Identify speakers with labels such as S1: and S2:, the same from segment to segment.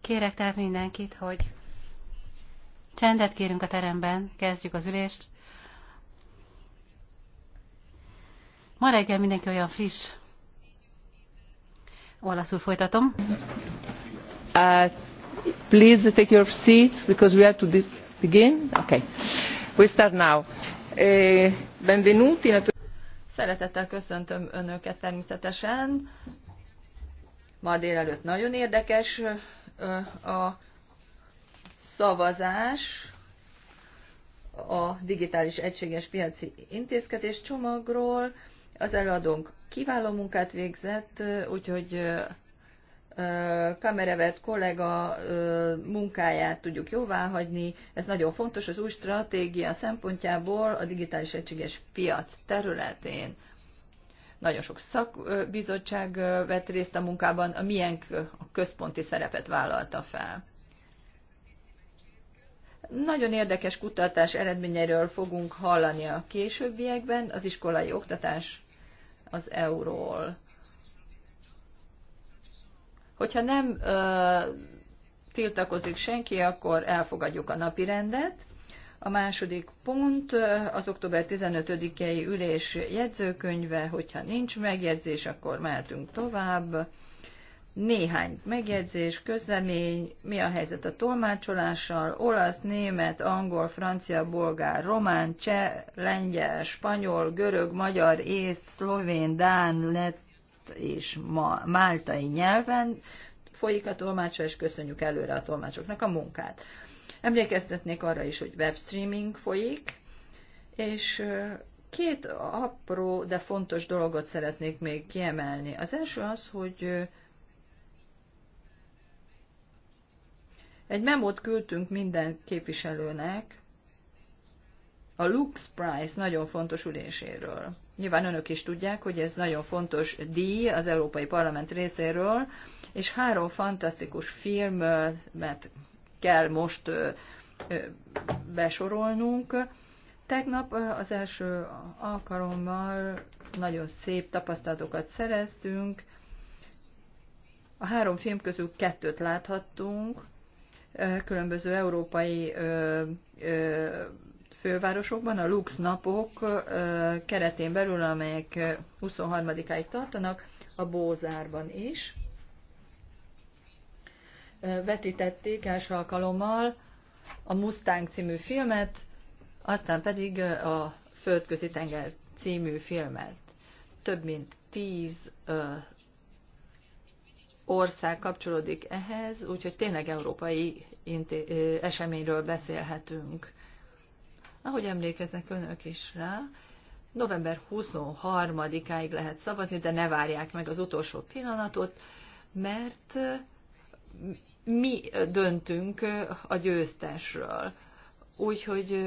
S1: Kérek tehát mindenkit, hogy csendet kérünk a teremben, kezdjük az ülést. Ma reggel mindenki olyan friss. Olaszul folytatom. Uh,
S2: please take your seat, because we have to begin. Okay. We start
S3: now. Uh, benvenuti. Szeretettel köszöntöm Önöket természetesen ma délelőtt nagyon érdekes a szavazás a digitális egységes piaci intézkedés csomagról. Az előadónk kiváló munkát végzett, úgyhogy Kamerevet kollega munkáját tudjuk jóváhagyni. Ez nagyon fontos az új stratégia szempontjából a digitális egységes piac területén. Nagyon sok szakbizottság vett részt a munkában, a miénk a központi szerepet vállalta fel. Nagyon érdekes kutatás eredményeiről fogunk hallani a későbbiekben, az iskolai oktatás az euról. Hogyha nem ö, tiltakozik senki, akkor elfogadjuk a napi rendet. A második pont az október 15-i ülés jegyzőkönyve, hogyha nincs megjegyzés, akkor mehetünk tovább. Néhány megjegyzés, közlemény, mi a helyzet a tolmácsolással, olasz, német, angol, francia, bolgár, román, cseh, lengyel, spanyol, görög, magyar, észt, szlovén, dán, lett és ma, máltai nyelven folyik a tolmácsa, és köszönjük előre a tolmácsoknak a munkát. Emlékeztetnék arra is, hogy webstreaming folyik, és két apró, de fontos dolgot szeretnék még kiemelni. Az első az, hogy egy memót küldtünk minden képviselőnek a Lux Prize nagyon fontos üléséről. Nyilván önök is tudják, hogy ez nagyon fontos díj az Európai Parlament részéről, és három fantasztikus filmet kell most besorolnunk. Tegnap az első alkalommal nagyon szép tapasztalatokat szereztünk. A három film közül kettőt láthattunk, különböző európai fővárosokban, a Lux napok keretén belül, amelyek 23-áig tartanak, a Bózárban is vetítették első alkalommal a Mustang című filmet, aztán pedig a Földközi tenger című filmet. Több mint tíz ország kapcsolódik ehhez, úgyhogy tényleg európai eseményről beszélhetünk. Ahogy emlékeznek önök is rá, november 23-áig lehet szavazni, de ne várják meg az utolsó pillanatot, mert mi döntünk a győztesről. Úgyhogy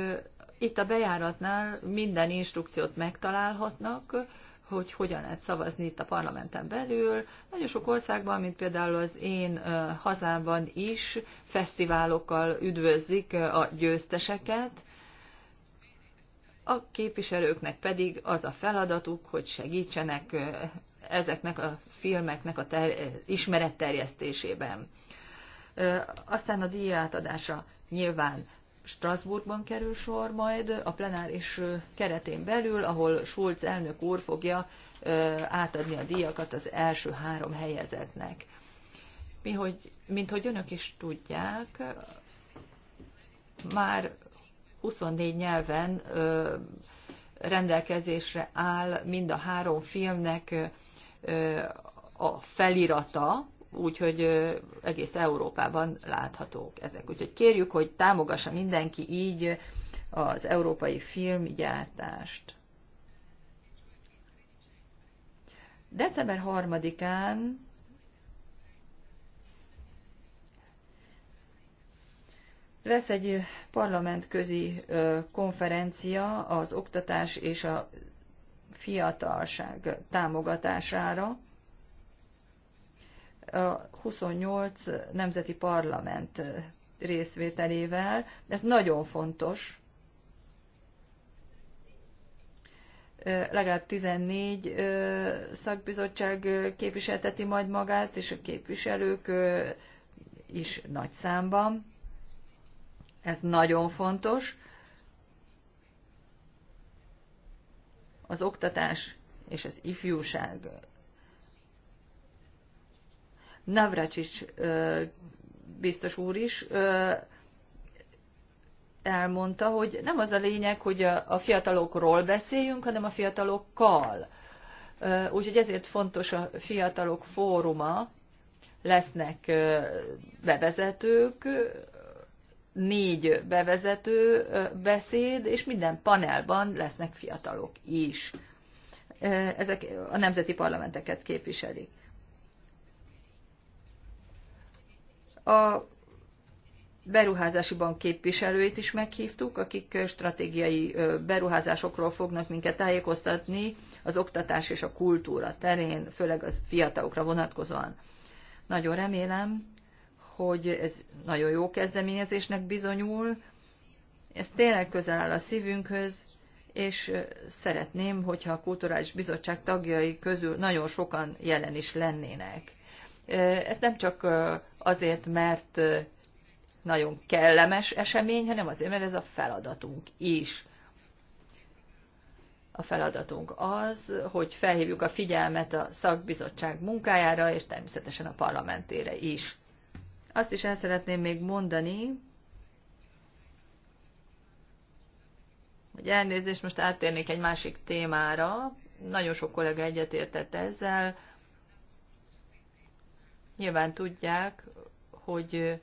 S3: itt a bejáratnál minden instrukciót megtalálhatnak, hogy hogyan lehet szavazni itt a parlamenten belül. Nagyon sok országban, mint például az én hazámban is, fesztiválokkal üdvözlik a győzteseket, a képviselőknek pedig az a feladatuk, hogy segítsenek ezeknek a filmeknek a ter- ismeretterjesztésében. Aztán a díj átadása nyilván Strasbourgban kerül sor majd a plenáris keretén belül, ahol Schulz elnök úr fogja átadni a díjakat az első három helyezetnek. Mi, hogy, mint hogy önök is tudják, már 24 nyelven rendelkezésre áll mind a három filmnek a felirata, úgyhogy egész Európában láthatók ezek. Úgyhogy kérjük, hogy támogassa mindenki így az európai filmgyártást. December 3-án lesz egy parlamentközi konferencia az oktatás és a fiatalság támogatására a 28 nemzeti parlament részvételével. Ez nagyon fontos. Legalább 14 szakbizottság képviselteti majd magát, és a képviselők is nagy számban. Ez nagyon fontos. Az oktatás és az ifjúság Navracsics biztos úr is elmondta, hogy nem az a lényeg, hogy a fiatalokról beszéljünk, hanem a fiatalokkal. Úgyhogy ezért fontos a fiatalok fóruma, lesznek bevezetők, négy bevezető beszéd, és minden panelban lesznek fiatalok is. Ezek a nemzeti parlamenteket képviselik. A beruházási bank képviselőit is meghívtuk, akik stratégiai beruházásokról fognak minket tájékoztatni az oktatás és a kultúra terén, főleg az fiatalokra vonatkozóan. Nagyon remélem, hogy ez nagyon jó kezdeményezésnek bizonyul, ez tényleg közel áll a szívünkhöz, és szeretném, hogyha a Kulturális Bizottság tagjai közül nagyon sokan jelen is lennének. Ez nem csak azért, mert nagyon kellemes esemény, hanem azért, mert ez a feladatunk is. A feladatunk az, hogy felhívjuk a figyelmet a szakbizottság munkájára, és természetesen a parlamentére is. Azt is el szeretném még mondani, hogy elnézést, most áttérnék egy másik témára. Nagyon sok kollega egyetértett ezzel, Nyilván tudják, hogy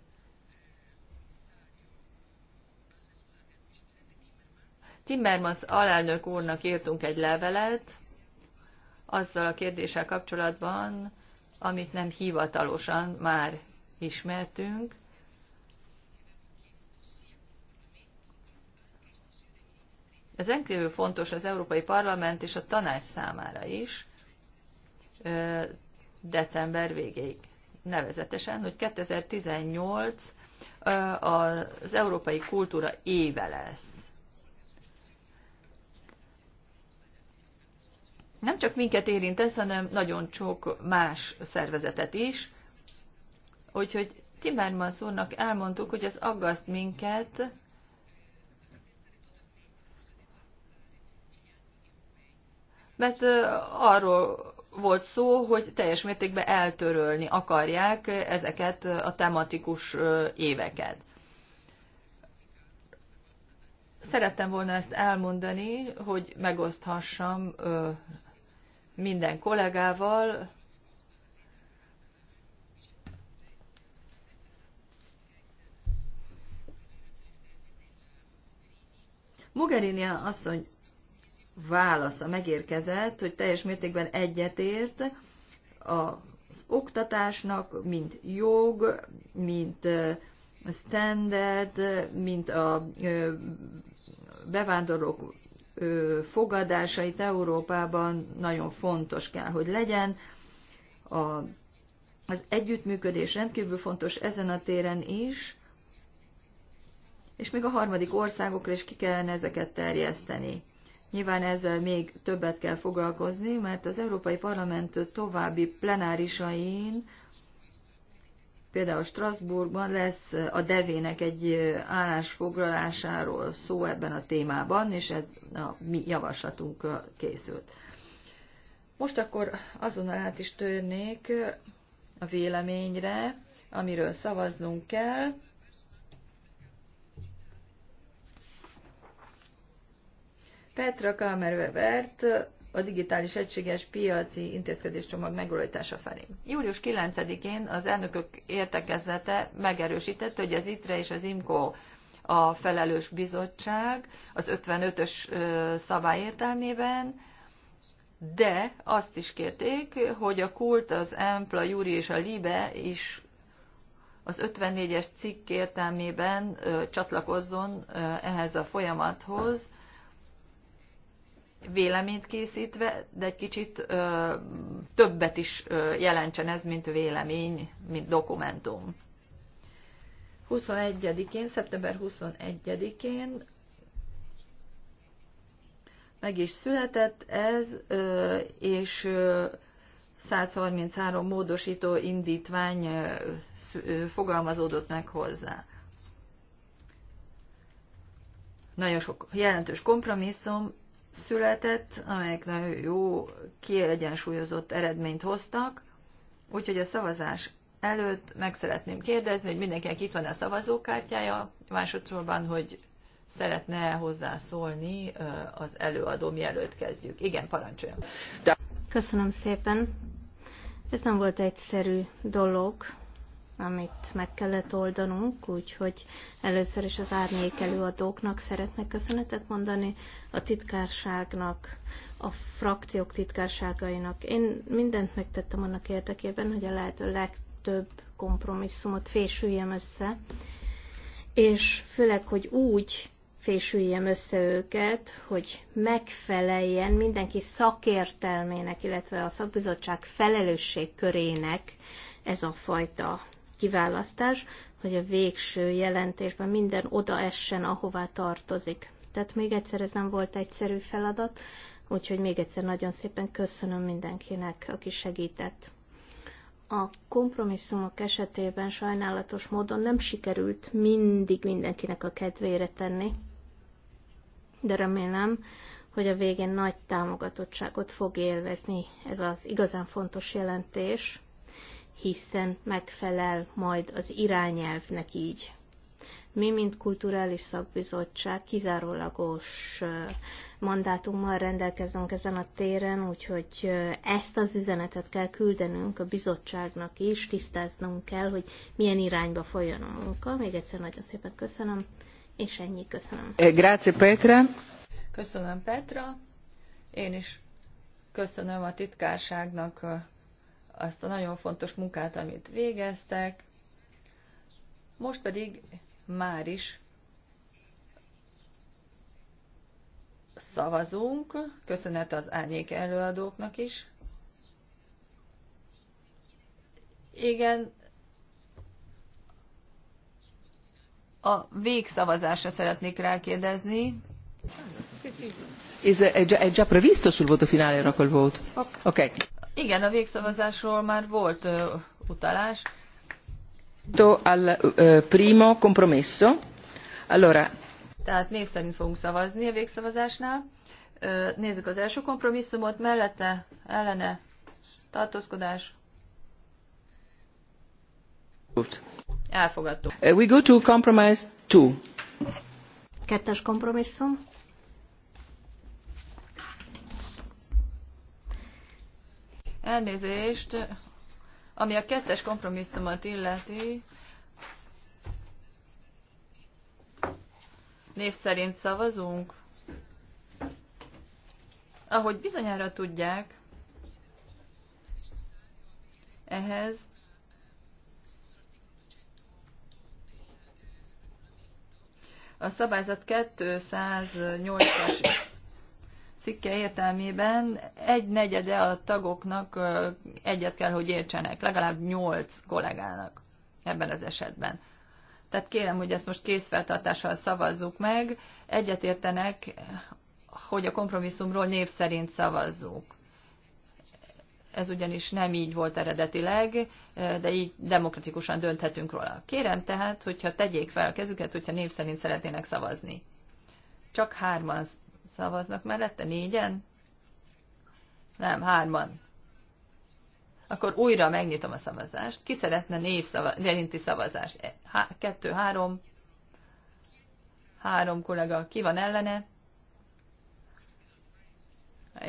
S3: Timmermans alelnök úrnak írtunk egy levelet azzal a kérdéssel kapcsolatban, amit nem hivatalosan már ismertünk, Ez rendkívül fontos az Európai Parlament és a tanács számára is december végéig nevezetesen, hogy 2018 az európai kultúra éve lesz. Nem csak minket érint ez, hanem nagyon sok más szervezetet is. Úgyhogy Timmermans úrnak elmondtuk, hogy ez aggaszt minket, mert arról volt szó, hogy teljes mértékben eltörölni akarják ezeket a tematikus éveket. Szerettem volna ezt elmondani, hogy megoszthassam minden kollégával, Mogherini asszony válasza megérkezett, hogy teljes mértékben egyetért az oktatásnak, mint jog, mint standard, mint a bevándorlók fogadásait Európában nagyon fontos kell, hogy legyen. A, az együttműködés rendkívül fontos ezen a téren is, és még a harmadik országokra is ki kellene ezeket terjeszteni. Nyilván ezzel még többet kell foglalkozni, mert az Európai Parlament további plenárisain, például Strasbourgban lesz a devének egy állásfoglalásáról szó ebben a témában, és ez a mi javaslatunk készült. Most akkor azonnal át is törnék a véleményre, amiről szavaznunk kell. Petra vert a digitális egységes piaci intézkedéscsomag megoldása felé. Július 9-én az elnökök értekezlete megerősítette, hogy az ITRE és az IMCO a felelős bizottság az 55-ös szabály értelmében, de azt is kérték, hogy a kult, az Empla, Júri és a Libe is az 54-es cikk értelmében csatlakozzon ehhez a folyamathoz, véleményt készítve, de egy kicsit ö, többet is ö, jelentsen ez, mint vélemény, mint dokumentum. 21-én, szeptember 21-én meg is született ez, ö, és ö, 133 módosító indítvány ö, ö, fogalmazódott meg hozzá nagyon sok jelentős kompromisszum született, amelyek nagyon jó, kiegyensúlyozott eredményt hoztak, úgyhogy a szavazás előtt meg szeretném kérdezni, hogy mindenkinek itt van a szavazókártyája, másodszorban, hogy szeretne hozzászólni az előadó, mielőtt kezdjük. Igen, parancsoljon.
S4: Köszönöm szépen. Ez nem volt egyszerű dolog, amit meg kellett oldanunk, úgyhogy először is az árnyék előadóknak szeretnek köszönetet mondani, a titkárságnak, a frakciók titkárságainak. Én mindent megtettem annak érdekében, hogy a lehető legtöbb kompromisszumot fésüljem össze, és főleg, hogy úgy fésüljem össze őket, hogy megfeleljen mindenki szakértelmének, illetve a szakbizottság felelősség körének ez a fajta kiválasztás, hogy a végső jelentésben minden oda essen, ahová tartozik. Tehát még egyszer ez nem volt egyszerű feladat, úgyhogy még egyszer nagyon szépen köszönöm mindenkinek, aki segített. A kompromisszumok esetében sajnálatos módon nem sikerült mindig mindenkinek a kedvére tenni, de remélem, hogy a végén nagy támogatottságot fog élvezni ez az igazán fontos jelentés, hiszen megfelel majd az irányelvnek így. Mi, mint kulturális szakbizottság kizárólagos mandátummal rendelkezünk ezen a téren, úgyhogy ezt az üzenetet kell küldenünk a bizottságnak is, tisztáznunk kell, hogy milyen irányba folyjon a munka.
S3: Még egyszer nagyon szépen köszönöm, és ennyi köszönöm. Eh, grazie Petra. Köszönöm Petra. Én is köszönöm a titkárságnak azt a nagyon fontos munkát, amit végeztek. Most pedig már is szavazunk, köszönet az árnyék előadóknak is. Igen, a végszavazásra szeretnék rákérdezni.
S2: Is eh, già previsto sul voto finale, Rockall Vote? Ok. okay.
S3: Igen, a végszavazásról már volt ö, utalás.
S2: Al ö, primo compromesso. Allora.
S3: Tehát név szerint fogunk szavazni a végszavazásnál. Ö, nézzük az első kompromisszumot, mellette, ellene, tartózkodás. Elfogadtuk. Uh,
S2: we go to compromise two.
S4: Kettes kompromisszum
S3: Elnézést, ami a kettes kompromisszumot illeti, név szerint szavazunk. Ahogy bizonyára tudják, ehhez a szabályzat 280 as cikke értelmében egy negyede a tagoknak egyet kell, hogy értsenek, legalább nyolc kollégának ebben az esetben. Tehát kérem, hogy ezt most készfeltartással szavazzuk meg, egyetértenek, hogy a kompromisszumról név szerint szavazzuk. Ez ugyanis nem így volt eredetileg, de így demokratikusan dönthetünk róla. Kérem tehát, hogyha tegyék fel a kezüket, hogyha név szerint szeretnének szavazni. Csak hárman szavaznak mellette? Négyen? Nem, hárman. Akkor újra megnyitom a szavazást. Ki szeretne név szerinti szavazást? E, há, kettő, három. Három kollega. Ki van ellene?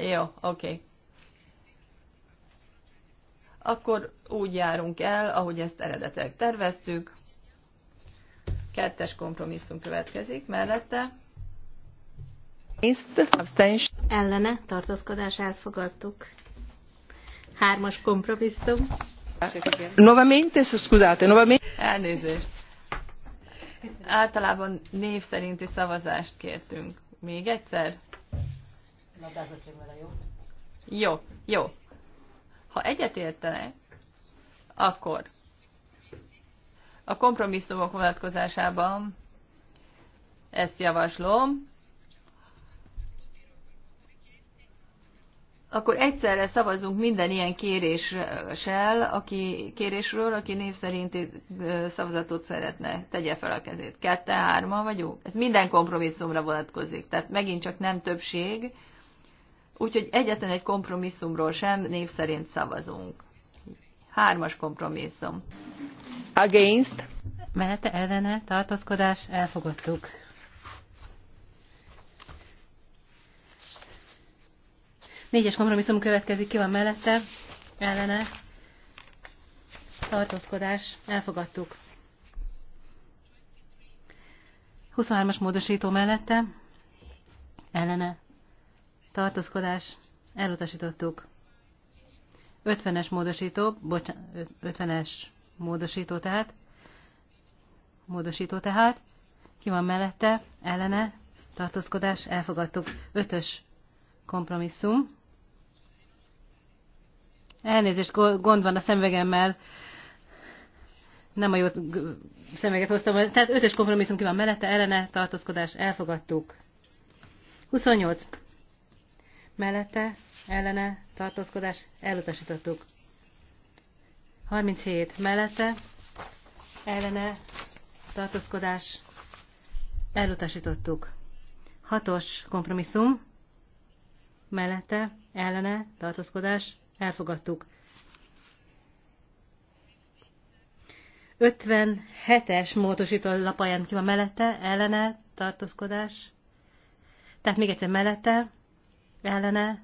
S3: Jó, oké. Okay. Akkor úgy járunk el, ahogy ezt eredetileg terveztük. Kettes kompromisszum következik mellette.
S4: Ellene tartózkodás elfogadtuk. Hármas
S3: kompromisszum.
S2: Novamente, scusate, novamente.
S3: Elnézést. Általában név szerinti szavazást kértünk. Még egyszer? Jó, jó. Ha egyetértenek, akkor a kompromisszumok vonatkozásában ezt javaslom, akkor egyszerre szavazunk minden ilyen kéréssel, aki kérésről, aki név szerint szavazatot szeretne, tegye fel a kezét. Kette, hárma vagyunk? Ez minden kompromisszumra vonatkozik, tehát megint csak nem többség, úgyhogy egyetlen egy kompromisszumról sem név szerint szavazunk.
S1: Hármas kompromisszum. Against. Menete ellene tartózkodás elfogadtuk. Négyes kompromisszum következik, ki van mellette, ellene, tartózkodás, elfogadtuk. 23-as módosító mellette, ellene, tartózkodás, elutasítottuk. 50-es módosító, bocsánat, 50-es módosító tehát, módosító tehát, ki van mellette, ellene, tartózkodás, elfogadtuk. 5-ös kompromisszum, Elnézést, gond van a szemvegemmel. Nem a jó szemeget hoztam. Tehát ötös kompromisszum ki van mellette, ellene, tartózkodás, elfogadtuk. 28. Mellette, ellene, tartózkodás, elutasítottuk. 37. Mellette, ellene, tartózkodás, elutasítottuk. 6-os kompromisszum, mellette, ellene, tartózkodás, elfogadtuk. 57-es módosító ajánlom ki van mellette, ellene, tartózkodás. Tehát még egyszer mellette, ellene,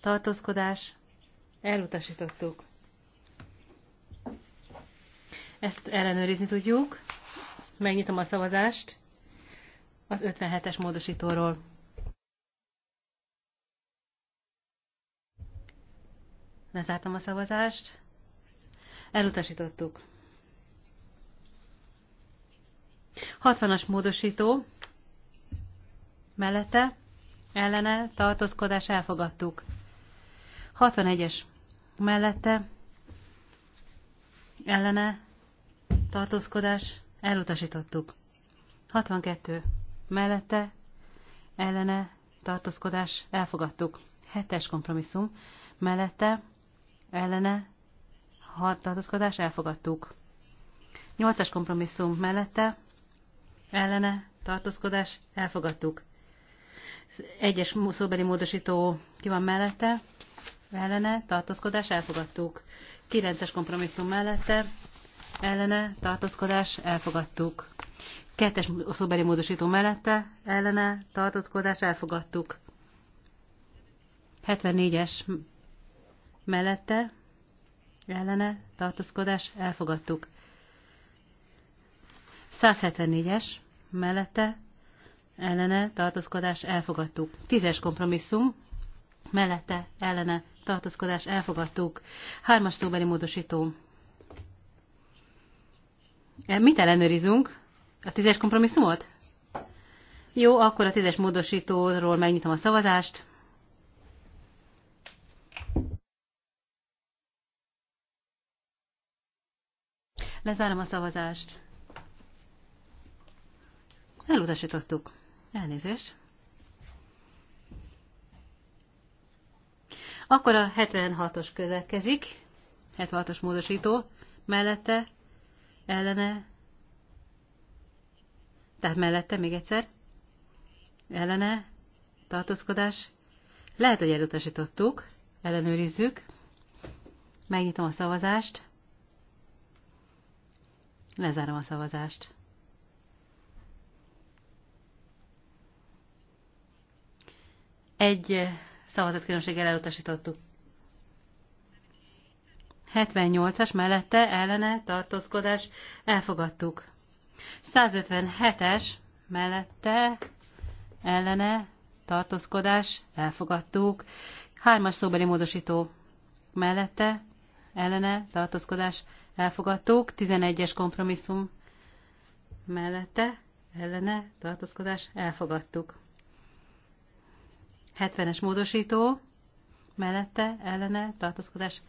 S1: tartózkodás, elutasítottuk. Ezt ellenőrizni tudjuk. Megnyitom a szavazást az 57-es módosítóról. Lezártam a szavazást. Elutasítottuk. 60-as módosító. Mellette. Ellene. Tartózkodás. Elfogadtuk. 61-es. Mellette. Ellene. Tartózkodás. Elutasítottuk. 62. Mellette. Ellene. Tartózkodás. Elfogadtuk. 7-es kompromisszum. Mellette ellene tartózkodás elfogadtuk. 8-as kompromisszum mellette ellene tartózkodás elfogadtuk. Egyes szóbeli módosító ki van mellette, ellene tartózkodás elfogadtuk. 9-es kompromisszum mellette ellene tartózkodás elfogadtuk. Kettes szóbeli módosító mellette ellene tartózkodás elfogadtuk. 74-es mellette ellene tartózkodás elfogadtuk. 174-es mellette ellene tartózkodás elfogadtuk. 10-es kompromisszum mellette ellene tartózkodás elfogadtuk. 3-as szóbeli módosító. E, mit ellenőrizünk? A 10-es kompromisszumot? Jó, akkor a 10-es módosítóról megnyitom a szavazást. Lezárom a szavazást. Elutasítottuk. Elnézést. Akkor a 76-os következik. 76-os módosító. Mellette, ellene, tehát mellette még egyszer, ellene, tartózkodás. Lehet, hogy elutasítottuk, ellenőrizzük. Megnyitom a szavazást. Lezárom a szavazást. Egy szavazatkülönbséggel elutasítottuk. 78-as mellette ellene tartózkodás elfogadtuk. 157-es mellette ellene tartózkodás elfogadtuk. Hármas szóbeli módosító mellette ellene tartózkodás elfogadtuk, 11-es kompromisszum mellette, ellene, tartózkodás, elfogadtuk. 70-es módosító, mellette, ellene, tartózkodás,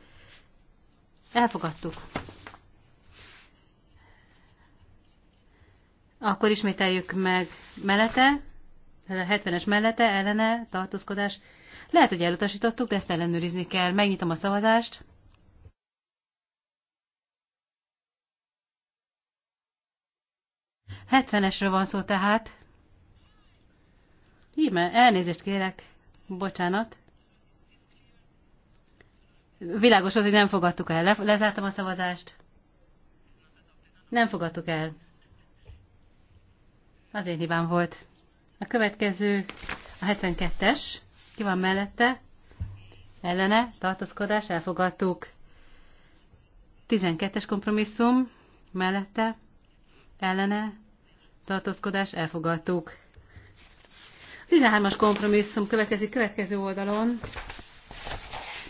S1: elfogadtuk. Akkor ismételjük meg mellette, a 70-es mellette, ellene, tartózkodás. Lehet, hogy elutasítottuk, de ezt ellenőrizni kell. Megnyitom a szavazást. 70-esről van szó tehát. Íme, elnézést kérek. Bocsánat. Világos az hogy nem fogadtuk el. Lezártam a szavazást. Nem fogadtuk el. Azért hibám volt. A következő a 72-es. Ki van mellette? Ellene, tartózkodás, elfogadtuk. 12-es kompromisszum mellette, ellene, tartózkodás elfogadtuk. 13-as kompromisszum következik következő oldalon.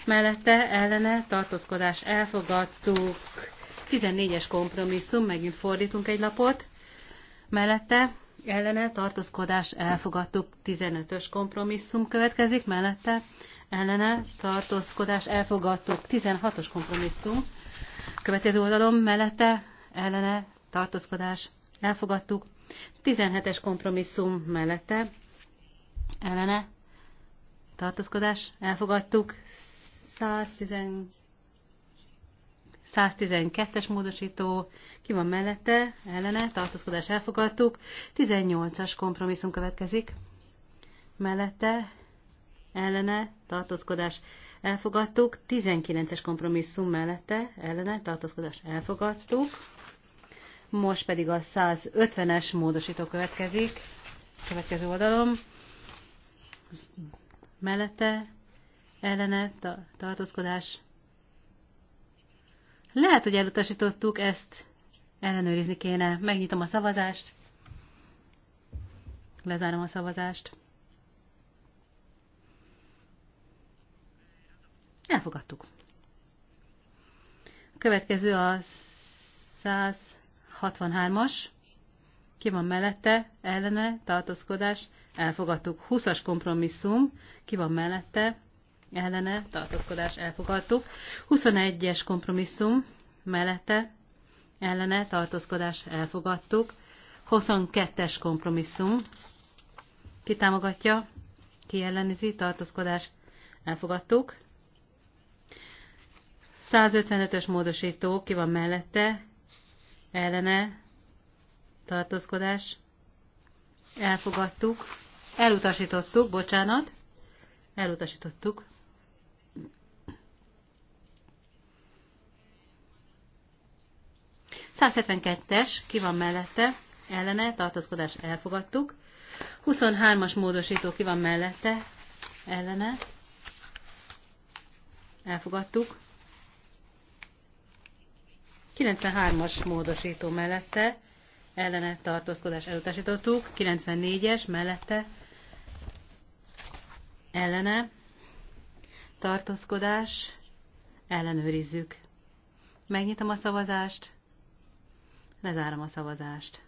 S1: Mellette ellene tartózkodás elfogadtuk. 14-es kompromisszum, megint fordítunk egy lapot. Mellette ellene tartózkodás elfogadtuk. 15-ös kompromisszum következik. Mellette ellene tartózkodás elfogadtuk. 16-os kompromisszum. Következő oldalon mellette ellene tartózkodás elfogadtuk. 17-es kompromisszum mellette ellene tartózkodás elfogadtuk. 110, 112-es módosító ki van mellette, ellene tartózkodás elfogadtuk. 18-as kompromisszum következik mellette ellene tartózkodás elfogadtuk, 19-es kompromisszum mellette ellene tartózkodás elfogadtuk, most pedig a 150-es módosító következik, következő oldalom. mellette ellene ta, tartózkodás. Lehet, hogy elutasítottuk, ezt ellenőrizni kéne. Megnyitom a szavazást, lezárom a szavazást. Elfogadtuk. következő a 100 63-as, ki van mellette, ellene, tartózkodás, elfogadtuk. 20-as kompromisszum, ki van mellette, ellene, tartózkodás, elfogadtuk. 21-es kompromisszum, mellette, ellene, tartózkodás, elfogadtuk. 22-es kompromisszum, ki támogatja, ki ellenizi, tartózkodás, elfogadtuk. 155-ös módosító, ki van mellette, ellene tartózkodás elfogadtuk, elutasítottuk, bocsánat, elutasítottuk. es ki van mellette, ellene, tartózkodás elfogadtuk. 23-as módosító ki van mellette, ellene, elfogadtuk. 93-as módosító mellette ellene tartózkodás elutasítottuk, 94-es mellette ellene tartózkodás ellenőrizzük. Megnyitom a szavazást, lezárom a szavazást.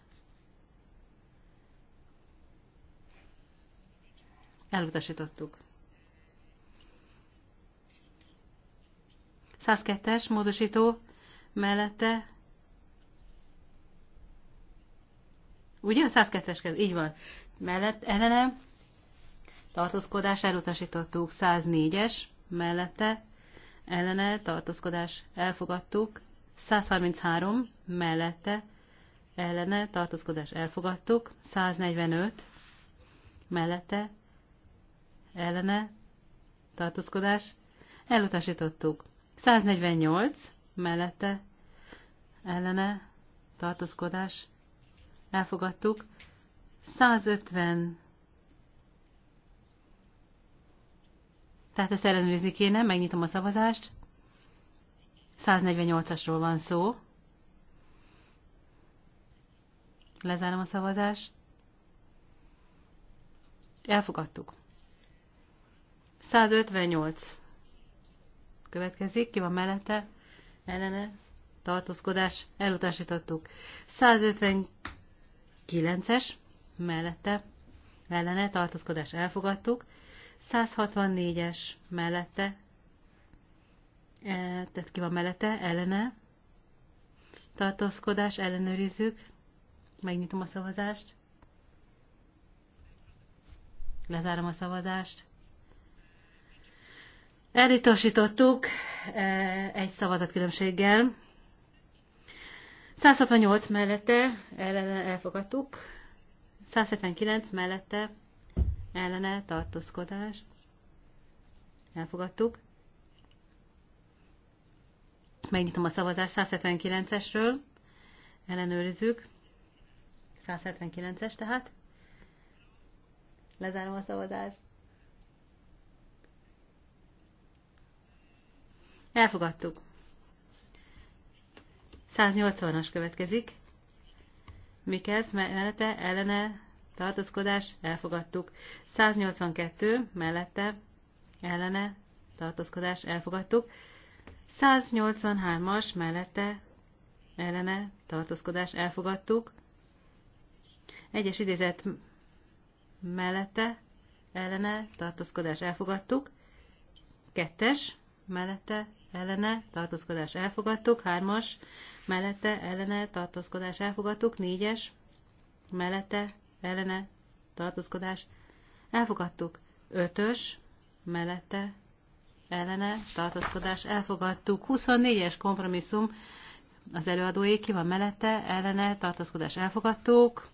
S1: Elutasítottuk. 102-es módosító mellette. Ugye? 102-es kell, így van. Mellett, ellene, tartózkodás, elutasítottuk. 104-es, mellette, ellene, tartózkodás, elfogadtuk. 133, mellette, ellene, tartózkodás, elfogadtuk. 145, mellette, ellene, tartózkodás, elutasítottuk. 148, mellette ellene tartózkodás elfogadtuk. 150 tehát ezt ellenőrizni kéne, megnyitom a szavazást. 148-asról van szó. Lezárom a szavazást. Elfogadtuk. 158. Következik, ki van mellette? ne, tartózkodás elutasítottuk. 159-es mellette ellene tartózkodás elfogadtuk. 164-es mellette, e, tehát ki van mellette, ellene tartózkodás, ellenőrizzük. Megnyitom a szavazást. Lezárom a szavazást. Elutasítottuk e, egy szavazatkülönbséggel. 168 mellette ellene elfogadtuk, 179 mellette ellene tartózkodás elfogadtuk. Megnyitom a szavazást 179-esről, ellenőrizzük. 179-es tehát. Lezárom a szavazást. Elfogadtuk. 180-as következik. kezd mellette ellene tartózkodás elfogadtuk. 182 mellette ellene tartózkodás elfogadtuk. 183-as mellette ellene tartózkodás elfogadtuk. Egyes idézet mellette ellene tartózkodás elfogadtuk. Kettes mellette ellene tartózkodás elfogadtuk, hármas mellette ellene tartózkodás elfogadtuk, négyes mellette ellene tartózkodás elfogadtuk, ötös mellette ellene tartózkodás elfogadtuk, 24-es kompromisszum az előadói ki van mellette, ellene tartózkodás elfogadtuk,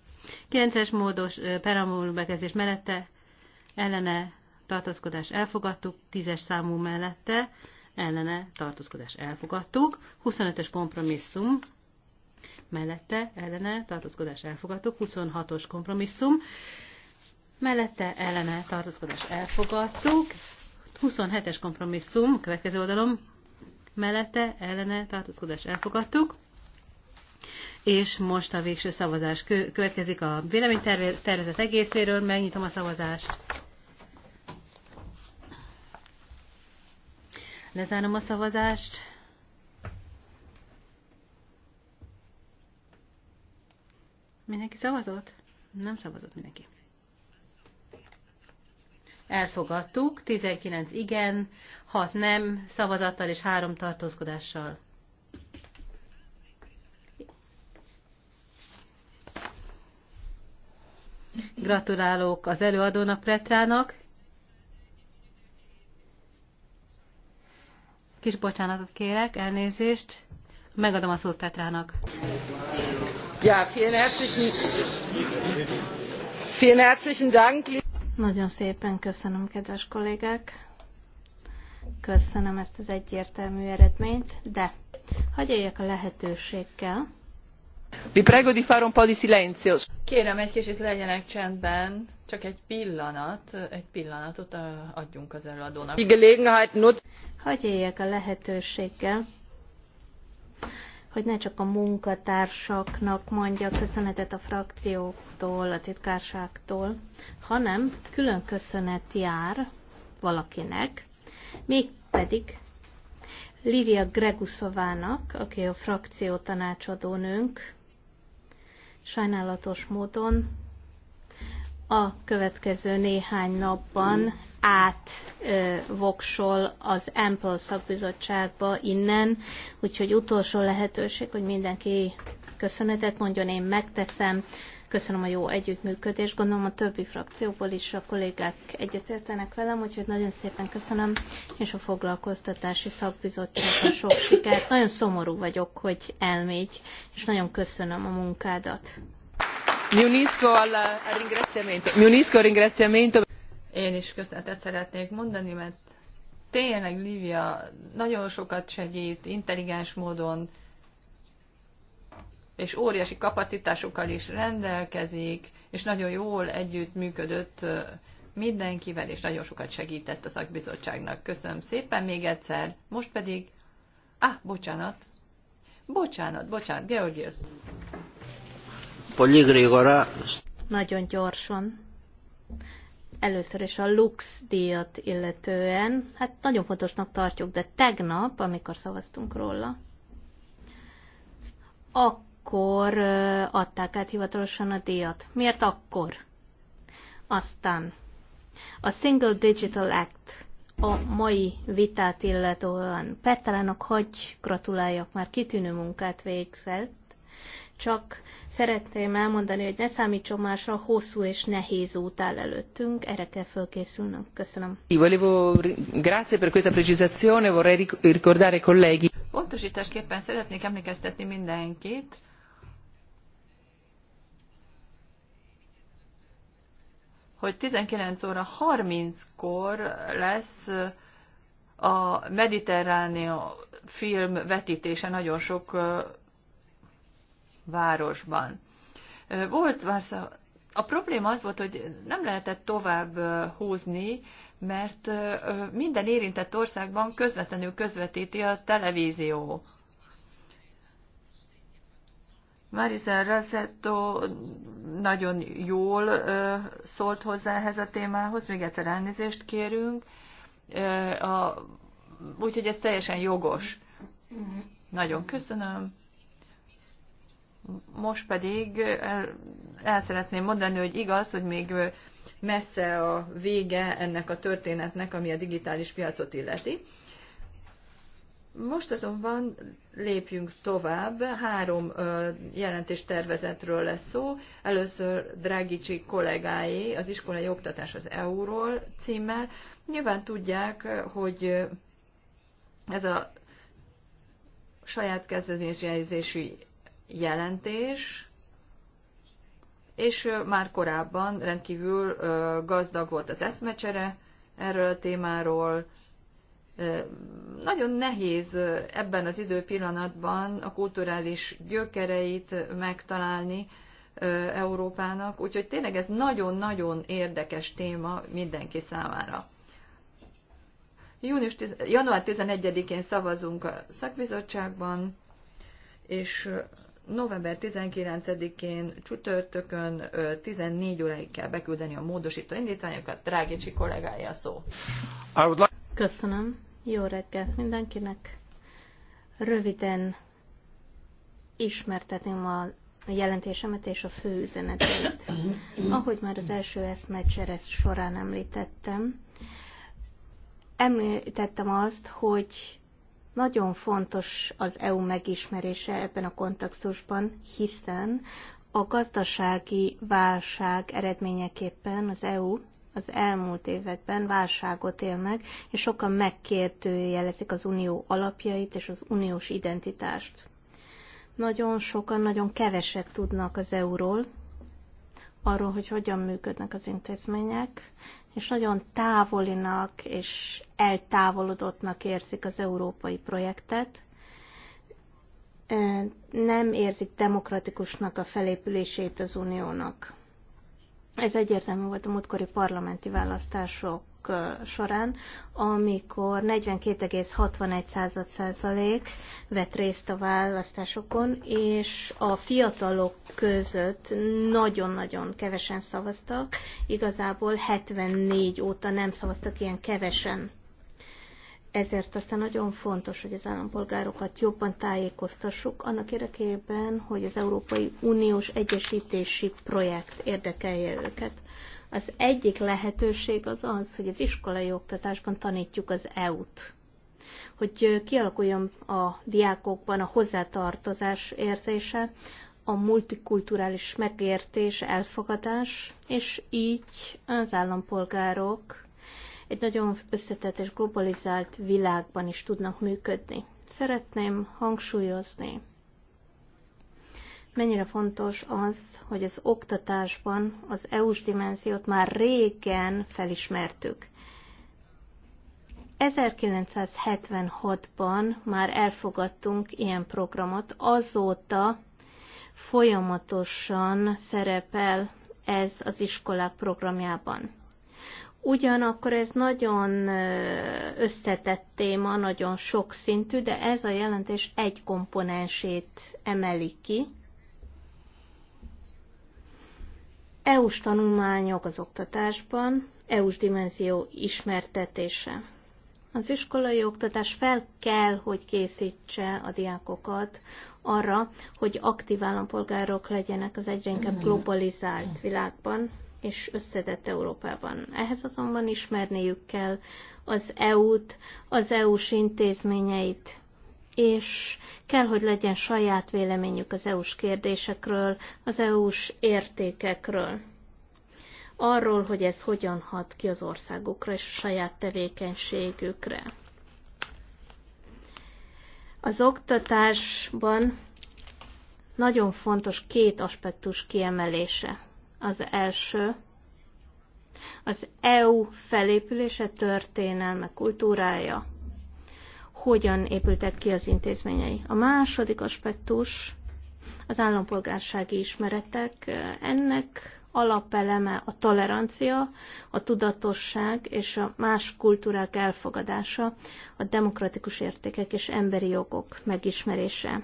S1: 9-es módos peramul bekezdés mellette ellene tartózkodás elfogadtuk, 10-es számú mellette ellene tartózkodás elfogadtuk, 25-ös kompromisszum mellette ellene tartózkodás elfogadtuk, 26-os kompromisszum mellette ellene tartózkodás elfogadtuk, 27-es kompromisszum a következő oldalom, mellette ellene tartózkodás elfogadtuk, és most a végső szavazás következik a véleménytervezet egészéről, megnyitom a szavazást. Lezárom a szavazást. Mindenki szavazott? Nem szavazott mindenki. Elfogadtuk, 19 igen, 6 nem, szavazattal és 3 tartózkodással. Gratulálok az előadónak, Petrának. Kis bocsánatot kérek, elnézést. Megadom a szót Petrának.
S2: Ja, vielen herzlichen,
S1: vielen herzlichen
S4: Dank. Nagyon szépen köszönöm, kedves kollégák. Köszönöm ezt az egyértelmű eredményt, de hagyják a lehetőséggel. Vi prego di fare un po' di silenzio.
S3: Kérem, egy kicsit legyenek csendben. Csak egy pillanat, egy pillanatot adjunk az előadónak.
S4: Hogy éljek a lehetőséggel, hogy ne csak a munkatársaknak mondja köszönetet a frakcióktól, a titkárságtól, hanem külön köszönet jár valakinek, mégpedig Livia Gregusovának, aki a frakció tanácsadónőnk, sajnálatos módon a következő néhány napban átvoksol az Ample szakbizottságba innen, úgyhogy utolsó lehetőség, hogy mindenki köszönetet mondjon, én megteszem. Köszönöm a jó együttműködést, gondolom a többi frakcióból is a kollégák egyetértenek velem, úgyhogy nagyon szépen köszönöm, és a foglalkoztatási szakbizottságban sok sikert. Nagyon szomorú vagyok, hogy elmégy, és nagyon köszönöm a munkádat.
S3: Mi Én is köszönetet szeretnék mondani, mert tényleg Lívia nagyon sokat segít, intelligens módon, és óriási kapacitásokkal is rendelkezik, és nagyon jól együtt működött mindenkivel, és nagyon sokat segített a szakbizottságnak. Köszönöm szépen még egyszer. Most pedig... Ah, bocsánat. Bocsánat, bocsánat, Georgios. Nagyon gyorsan. Először is a Lux
S4: díjat illetően, hát nagyon fontosnak tartjuk, de tegnap, amikor szavaztunk róla, akkor adták át hivatalosan a díjat. Miért akkor? Aztán a Single Digital Act a mai vitát illetően Petrának hogy gratuláljak, már kitűnő munkát végzett, csak szeretném elmondani, hogy ne számítson másra, hosszú és nehéz út áll előttünk, erre kell fölkészülnünk.
S3: Köszönöm.
S2: Volevo, grazie per questa precisazione, vorrei ricordare colleghi.
S3: Pontosításképpen szeretnék emlékeztetni mindenkit, hogy 19 óra 30-kor lesz a mediterránia film vetítése nagyon sok városban. Volt Vásza, a probléma az volt, hogy nem lehetett tovább húzni, mert minden érintett országban közvetlenül közvetíti a televízió. Marisel Razetto nagyon jól szólt hozzá ehhez a témához, még egyszer elnézést kérünk, úgyhogy ez teljesen jogos. Nagyon köszönöm. Most pedig el, el szeretném mondani, hogy igaz, hogy még messze a vége ennek a történetnek, ami a digitális piacot illeti. Most azonban lépjünk tovább. Három jelentéstervezetről lesz szó. Először Dragicsi kollégái az iskolai oktatás az EU-ról címmel. Nyilván tudják, hogy ez a saját kezdeményezési jelentés, és már korábban rendkívül gazdag volt az eszmecsere erről a témáról. Nagyon nehéz ebben az időpillanatban a kulturális gyökereit megtalálni Európának, úgyhogy tényleg ez nagyon-nagyon érdekes téma mindenki számára. Június, január 11-én szavazunk a szakbizottságban, és november 19-én csütörtökön 14 óráig kell beküldeni a módosító indítványokat. Drágicsi kollégája szó.
S4: Köszönöm. Jó reggelt mindenkinek. Röviden ismertetném a jelentésemet és a fő üzenetét. Ahogy már az első eszmecsere során említettem, említettem azt, hogy nagyon fontos az EU megismerése ebben a kontextusban, hiszen a gazdasági válság eredményeképpen az EU az elmúlt években válságot él meg, és sokan megkértőjelezik az unió alapjait és az uniós identitást. Nagyon sokan nagyon keveset tudnak az eu EU-ról, arról, hogy hogyan működnek az intézmények, és nagyon távolinak és eltávolodottnak érzik az európai projektet. Nem érzik demokratikusnak a felépülését az uniónak. Ez egyértelmű volt a múltkori parlamenti választások során, amikor 42,61 százalék vett részt a választásokon, és a fiatalok között nagyon-nagyon kevesen szavaztak, igazából 74 óta nem szavaztak ilyen kevesen. Ezért aztán nagyon fontos, hogy az állampolgárokat jobban tájékoztassuk annak érdekében, hogy az Európai Uniós Egyesítési Projekt érdekelje őket. Az egyik lehetőség az az, hogy az iskolai oktatásban tanítjuk az EU-t, hogy kialakuljon a diákokban a hozzátartozás érzése, a multikulturális megértés, elfogadás, és így az állampolgárok egy nagyon összetett és globalizált világban is tudnak működni. Szeretném hangsúlyozni, mennyire fontos az, hogy az oktatásban az EU-s dimenziót már régen felismertük. 1976-ban már elfogadtunk ilyen programot, azóta folyamatosan szerepel ez az iskolák programjában. Ugyanakkor ez nagyon összetett téma, nagyon sokszintű, de ez a jelentés egy komponensét emeli ki, EU-s tanulmányok az oktatásban, EU-s dimenzió ismertetése. Az iskolai oktatás fel kell, hogy készítse a diákokat arra, hogy aktív állampolgárok legyenek az egyre inkább mhm. globalizált világban és összetett Európában. Ehhez azonban ismerniük kell az EU-t, az EU-s intézményeit, és kell, hogy legyen saját véleményük az EU-s kérdésekről, az EU-s értékekről, arról, hogy ez hogyan hat ki az országukra és a saját tevékenységükre. Az oktatásban nagyon fontos két aspektus kiemelése. Az első, az EU felépülése, történelme, kultúrája, hogyan épültek ki az intézményei. A második aspektus az állampolgársági ismeretek. Ennek alapeleme a tolerancia, a tudatosság és a más kultúrák elfogadása, a demokratikus értékek és emberi jogok megismerése.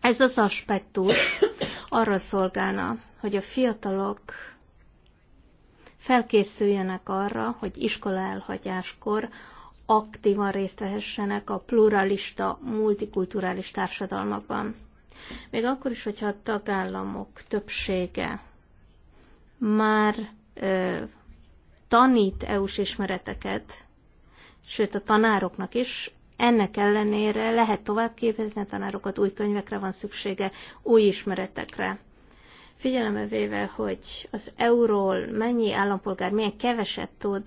S4: Ez az aspektus arra szolgálna, hogy a fiatalok felkészüljenek arra, hogy iskola elhagyáskor aktívan részt vehessenek a pluralista, multikulturális társadalmakban. Még akkor is, hogyha a tagállamok többsége már ö, tanít EU-s ismereteket, sőt a tanároknak is, ennek ellenére lehet tovább képezni a tanárokat, új könyvekre van szüksége, új ismeretekre. Figyelembe véve, hogy az euról mennyi állampolgár milyen keveset tud,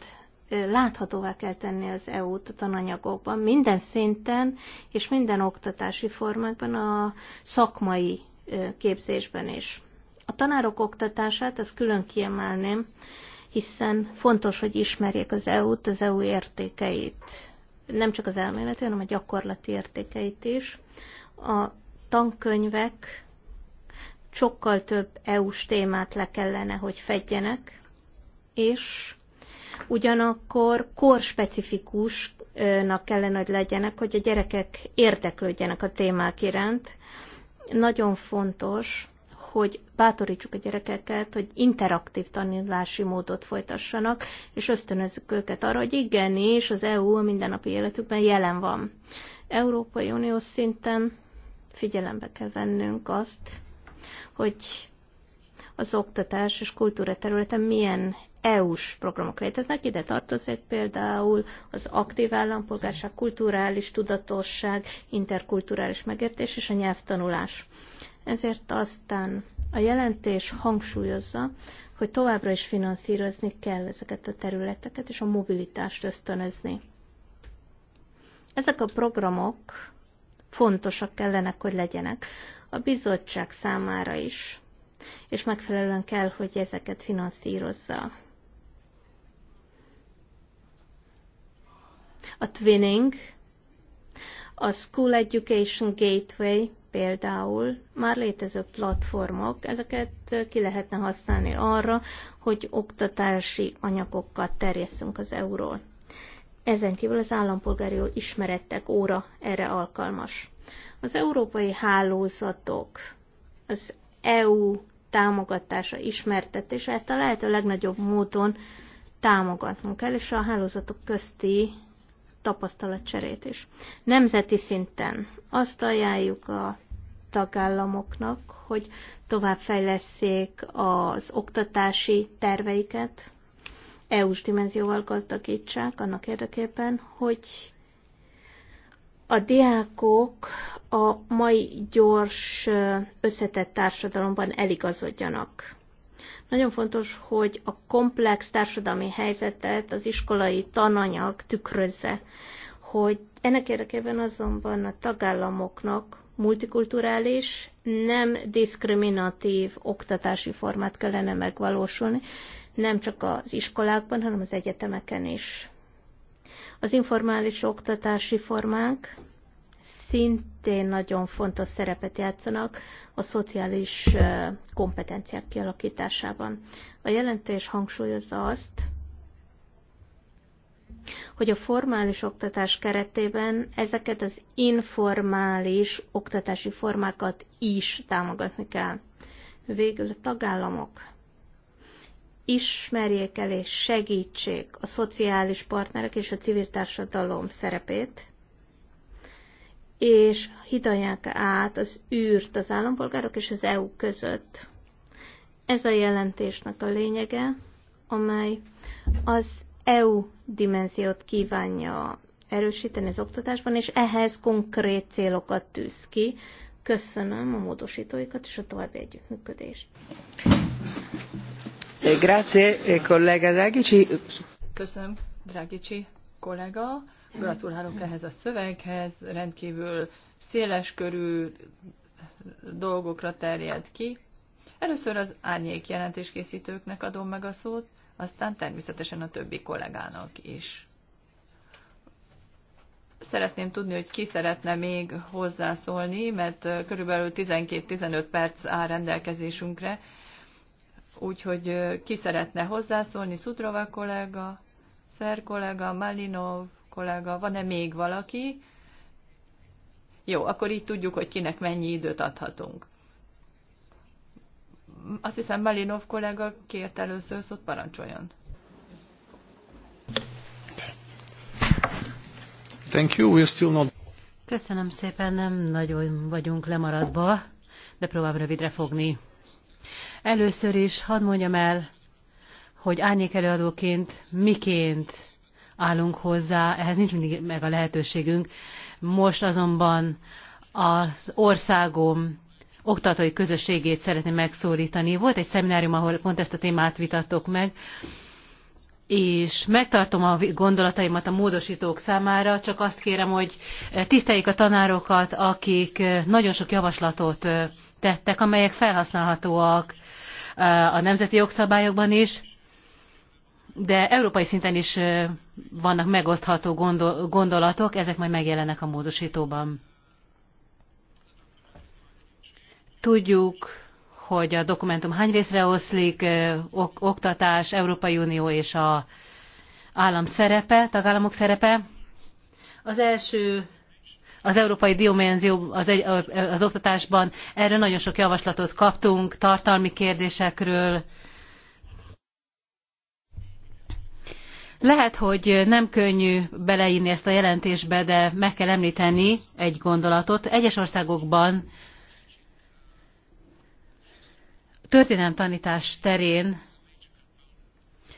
S4: láthatóvá kell tenni az EU-t a tananyagokban, minden szinten és minden oktatási formákban, a szakmai képzésben is. A tanárok oktatását, ezt külön kiemelném, hiszen fontos, hogy ismerjék az EU-t, az EU értékeit, nem csak az elméleti, hanem a gyakorlati értékeit is. A tankönyvek sokkal több EU-s témát le kellene, hogy fedjenek, és ugyanakkor korspecifikusnak kellene, hogy legyenek, hogy a gyerekek érdeklődjenek a témák iránt. Nagyon fontos, hogy bátorítsuk a gyerekeket, hogy interaktív tanulási módot folytassanak, és ösztönözzük őket arra, hogy igenis az EU a mindennapi életükben jelen van. Európai Unió szinten figyelembe kell vennünk azt, hogy az oktatás és kultúra területen milyen EU-s programok léteznek, ide tartozik például az aktív állampolgárság, kulturális tudatosság, interkulturális megértés és a nyelvtanulás. Ezért aztán a jelentés hangsúlyozza, hogy továbbra is finanszírozni kell ezeket a területeket és a mobilitást ösztönözni. Ezek a programok fontosak kellenek, hogy legyenek a bizottság számára is, és megfelelően kell, hogy ezeket finanszírozza. A twinning, a School Education Gateway például már létező platformok, ezeket ki lehetne használni arra, hogy oktatási anyagokkal terjesszünk az euról. Ezen kívül az állampolgári ismerettek óra erre alkalmas. Az európai hálózatok, az EU támogatása, ismertetése, ezt a lehető legnagyobb módon támogatnunk kell, és a hálózatok közti tapasztalatcserét is. Nemzeti szinten azt ajánljuk a tagállamoknak, hogy továbbfejleszék az oktatási terveiket, EU-s dimenzióval gazdagítsák annak érdekében, hogy a diákok a mai gyors összetett társadalomban eligazodjanak. Nagyon fontos, hogy a komplex társadalmi helyzetet az iskolai tananyag tükrözze, hogy ennek érdekében azonban a tagállamoknak multikulturális, nem diszkriminatív oktatási formát kellene megvalósulni, nem csak az iskolákban, hanem az egyetemeken is. Az informális oktatási formák szintén nagyon fontos szerepet játszanak a szociális kompetenciák kialakításában. A jelentés hangsúlyozza azt, hogy a formális oktatás keretében ezeket az informális oktatási formákat is támogatni kell. Végül a tagállamok ismerjék el és segítsék a szociális partnerek és a civil társadalom szerepét, és hidalják át az űrt az állampolgárok és az EU között. Ez a jelentésnek a lényege, amely az EU dimenziót kívánja erősíteni az oktatásban, és ehhez konkrét célokat tűz ki. Köszönöm a módosítóikat és a további együttműködést.
S2: Eh, grazie, kollega eh, Dragici.
S3: Köszönöm, Dragici kollega. Gratulálok ehhez a szöveghez, rendkívül széles körű dolgokra terjed ki. Először az árnyék jelentéskészítőknek adom meg a szót, aztán természetesen a többi kollégának is. Szeretném tudni, hogy ki szeretne még hozzászólni, mert körülbelül 12-15 perc áll rendelkezésünkre, úgyhogy ki szeretne hozzászólni, Szudrova kollega, Szer kollega, Malinov, kollega, van-e még valaki? Jó, akkor így tudjuk, hogy kinek mennyi időt adhatunk. Azt hiszem, Malinov kollega kért először szót, parancsoljon.
S4: Thank you, we're still not...
S1: Köszönöm szépen, nem nagyon vagyunk lemaradva, de próbálom rövidre fogni. Először is hadd mondjam el, hogy árnyék előadóként miként állunk hozzá, ehhez nincs mindig meg a lehetőségünk. Most azonban az országom oktatói közösségét szeretném megszólítani. Volt egy szeminárium, ahol pont ezt a témát vitattok meg, és megtartom a gondolataimat a módosítók számára, csak azt kérem, hogy tiszteljék a tanárokat, akik nagyon sok javaslatot tettek, amelyek felhasználhatóak a nemzeti jogszabályokban is, de európai szinten is vannak megosztható gondol gondolatok, ezek majd megjelennek a módosítóban. Tudjuk, hogy a dokumentum hány részre oszlik, ok oktatás, Európai Unió és a állam szerepe, tagállamok szerepe. Az első az európai dimenzió az, egy, az oktatásban, erről nagyon sok javaslatot kaptunk, tartalmi kérdésekről, Lehet, hogy nem könnyű beleírni ezt a jelentésbe, de meg kell említeni egy gondolatot. Egyes országokban történelemtanítás terén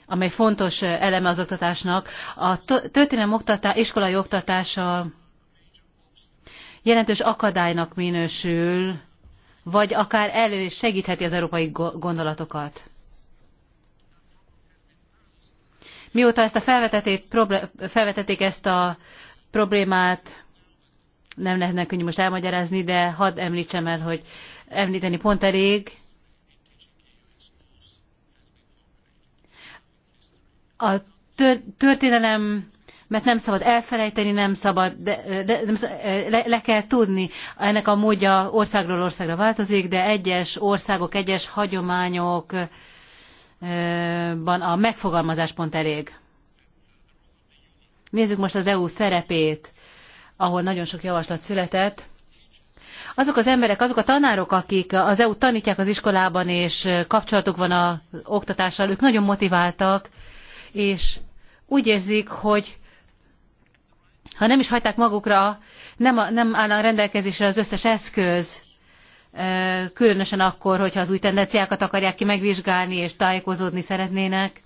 S1: amely fontos eleme az oktatásnak. A történelem oktatá, iskolai oktatása jelentős akadálynak minősül, vagy akár elő segítheti az európai gondolatokat. Mióta ezt a felvetették ezt a problémát, nem lehetne könnyű most elmagyarázni, de hadd említsem el, hogy említeni pont elég. A tör történelem mert nem szabad elfelejteni, nem szabad, de, de, le, le kell tudni, ennek a módja országról országra változik, de egyes országok, egyes hagyományok, ban a megfogalmazás pont elég. Nézzük most az EU szerepét, ahol nagyon sok javaslat született. Azok az emberek, azok a tanárok, akik az EU tanítják az iskolában, és kapcsolatuk van az oktatással, ők nagyon motiváltak, és úgy érzik, hogy ha nem is hagyták magukra, nem, nem áll a rendelkezésre az összes eszköz, különösen akkor, hogyha az új tendenciákat akarják ki megvizsgálni és tájékozódni szeretnének.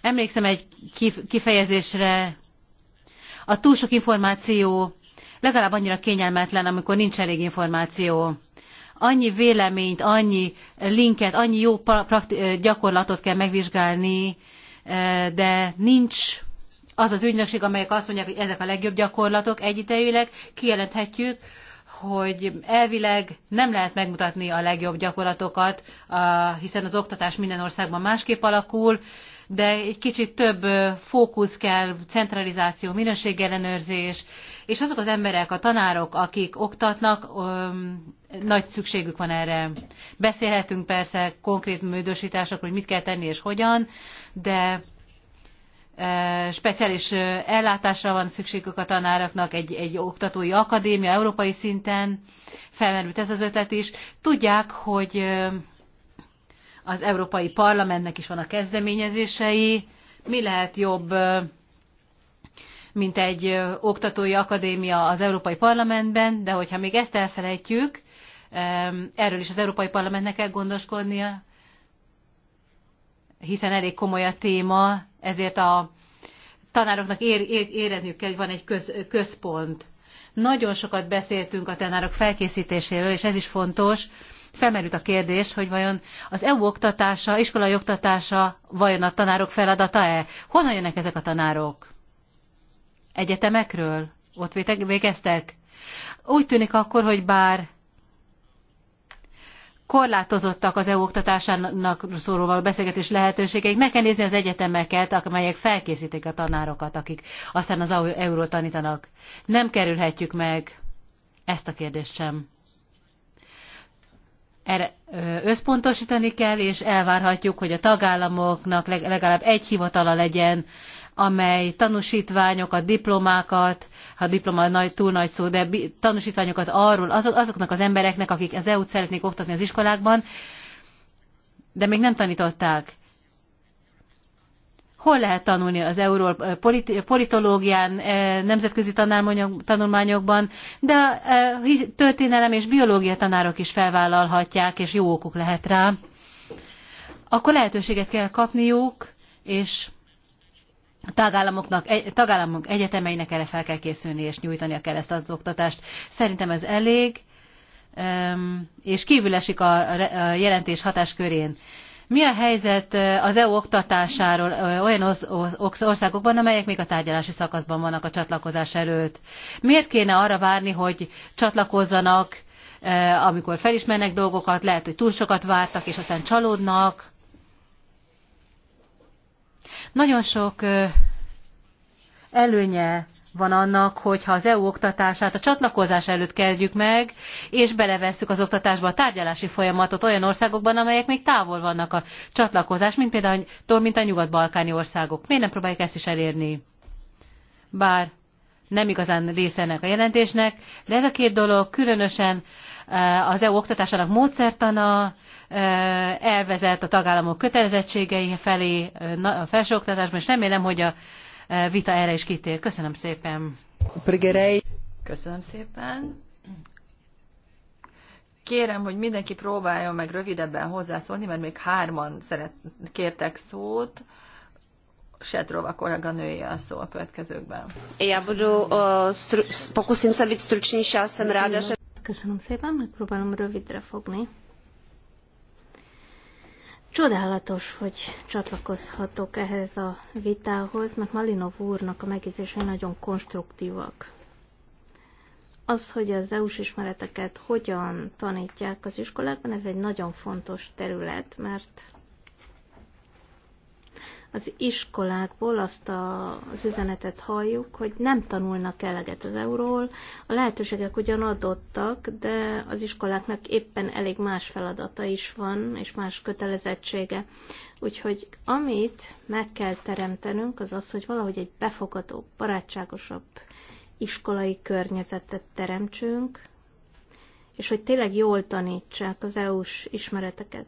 S1: Emlékszem egy kifejezésre, a túl sok információ legalább annyira kényelmetlen, amikor nincs elég információ. Annyi véleményt, annyi linket, annyi jó gyakorlatot kell megvizsgálni, de nincs az az ügynökség, amelyek azt mondják, hogy ezek a legjobb gyakorlatok egyidejűleg, kijelenthetjük, hogy elvileg nem lehet megmutatni a legjobb gyakorlatokat, hiszen az oktatás minden országban másképp alakul, de egy kicsit több fókusz kell, centralizáció, minőségellenőrzés, és azok az emberek, a tanárok, akik oktatnak, nagy szükségük van erre. Beszélhetünk persze konkrét módosításokról, hogy mit kell tenni és hogyan, de speciális ellátásra van szükségük a tanároknak, egy, egy oktatói akadémia európai szinten, felmerült ez az ötlet is. Tudják, hogy az Európai Parlamentnek is van a kezdeményezései, mi lehet jobb, mint egy oktatói akadémia az Európai Parlamentben, de hogyha még ezt elfelejtjük, erről is az Európai Parlamentnek kell gondoskodnia, hiszen elég komoly a téma, ezért a tanároknak érezniük kell, hogy van egy köz, központ. Nagyon sokat beszéltünk a tanárok felkészítéséről, és ez is fontos. Felmerült a kérdés, hogy vajon az EU oktatása, iskolai oktatása vajon a tanárok feladata-e? Honnan jönnek ezek a tanárok? Egyetemekről? Ott végeztek? Úgy tűnik akkor, hogy bár korlátozottak az EU oktatásának szóló beszélgetés lehetőségeik. Meg kell nézni az egyetemeket, amelyek felkészítik a tanárokat, akik aztán az EU-ról tanítanak. Nem kerülhetjük meg ezt a kérdést sem. Erre összpontosítani kell, és elvárhatjuk, hogy a tagállamoknak legalább egy hivatala legyen amely tanúsítványokat, diplomákat, ha diploma nagy, túl nagy szó, de tanúsítványokat arról azok, azoknak az embereknek, akik az EU-t szeretnék oktatni az iskolákban, de még nem tanították. Hol lehet tanulni az euról eh, politológián, eh, nemzetközi tanulmányokban, de eh, történelem és biológia tanárok is felvállalhatják, és jó okuk lehet rá. Akkor lehetőséget kell kapniuk, és a tagállamoknak, tagállamok egyetemeinek erre fel kell készülni, és nyújtania kell ezt az oktatást. Szerintem ez elég, és kívül esik a jelentés hatáskörén. Mi a helyzet eh, az EU oktatásáról eh, olyan országokban, amelyek még a tárgyalási szakaszban vannak a csatlakozás előtt? Miért kéne arra várni, hogy csatlakozzanak, eh, amikor felismernek dolgokat, lehet, hogy túl sokat vártak, és aztán csalódnak? Nagyon sok előnye van annak, hogyha az EU oktatását a csatlakozás előtt kezdjük meg, és belevesszük az oktatásba a tárgyalási folyamatot olyan országokban, amelyek még távol vannak a csatlakozás, mint például mint a nyugat-balkáni országok. Miért nem próbáljuk ezt is elérni? Bár nem igazán része ennek a jelentésnek, de ez a két dolog különösen az EU oktatásának módszertana, elvezet a tagállamok kötelezettségei felé a felsőoktatásban, és remélem, hogy a vita erre is kitér. Köszönöm szépen. Köszönöm szépen.
S3: Kérem, hogy mindenki próbáljon meg rövidebben hozzászólni, mert még hárman szeret, kértek szót. Šetrova kolléganője a szó a következőkben.
S1: Já budu, uh, pokusím se být stručnější, já jsem ráda, že...
S4: Köszönöm szépen, megpróbálom rövidre fogni. Csodálatos, hogy csatlakozhatok ehhez a vitához, mert Malinov úrnak a megjegyzései nagyon konstruktívak. Az, hogy az EU-s ismereteket hogyan tanítják az iskolákban, ez egy nagyon fontos terület, mert az iskolákból azt a, az üzenetet halljuk, hogy nem tanulnak eleget az euróról. A lehetőségek ugyan adottak, de az iskoláknak éppen elég más feladata is van, és más kötelezettsége. Úgyhogy amit meg kell teremtenünk, az az, hogy valahogy egy befogadóbb, barátságosabb iskolai környezetet teremtsünk, és hogy tényleg jól tanítsák az EU-s ismereteket.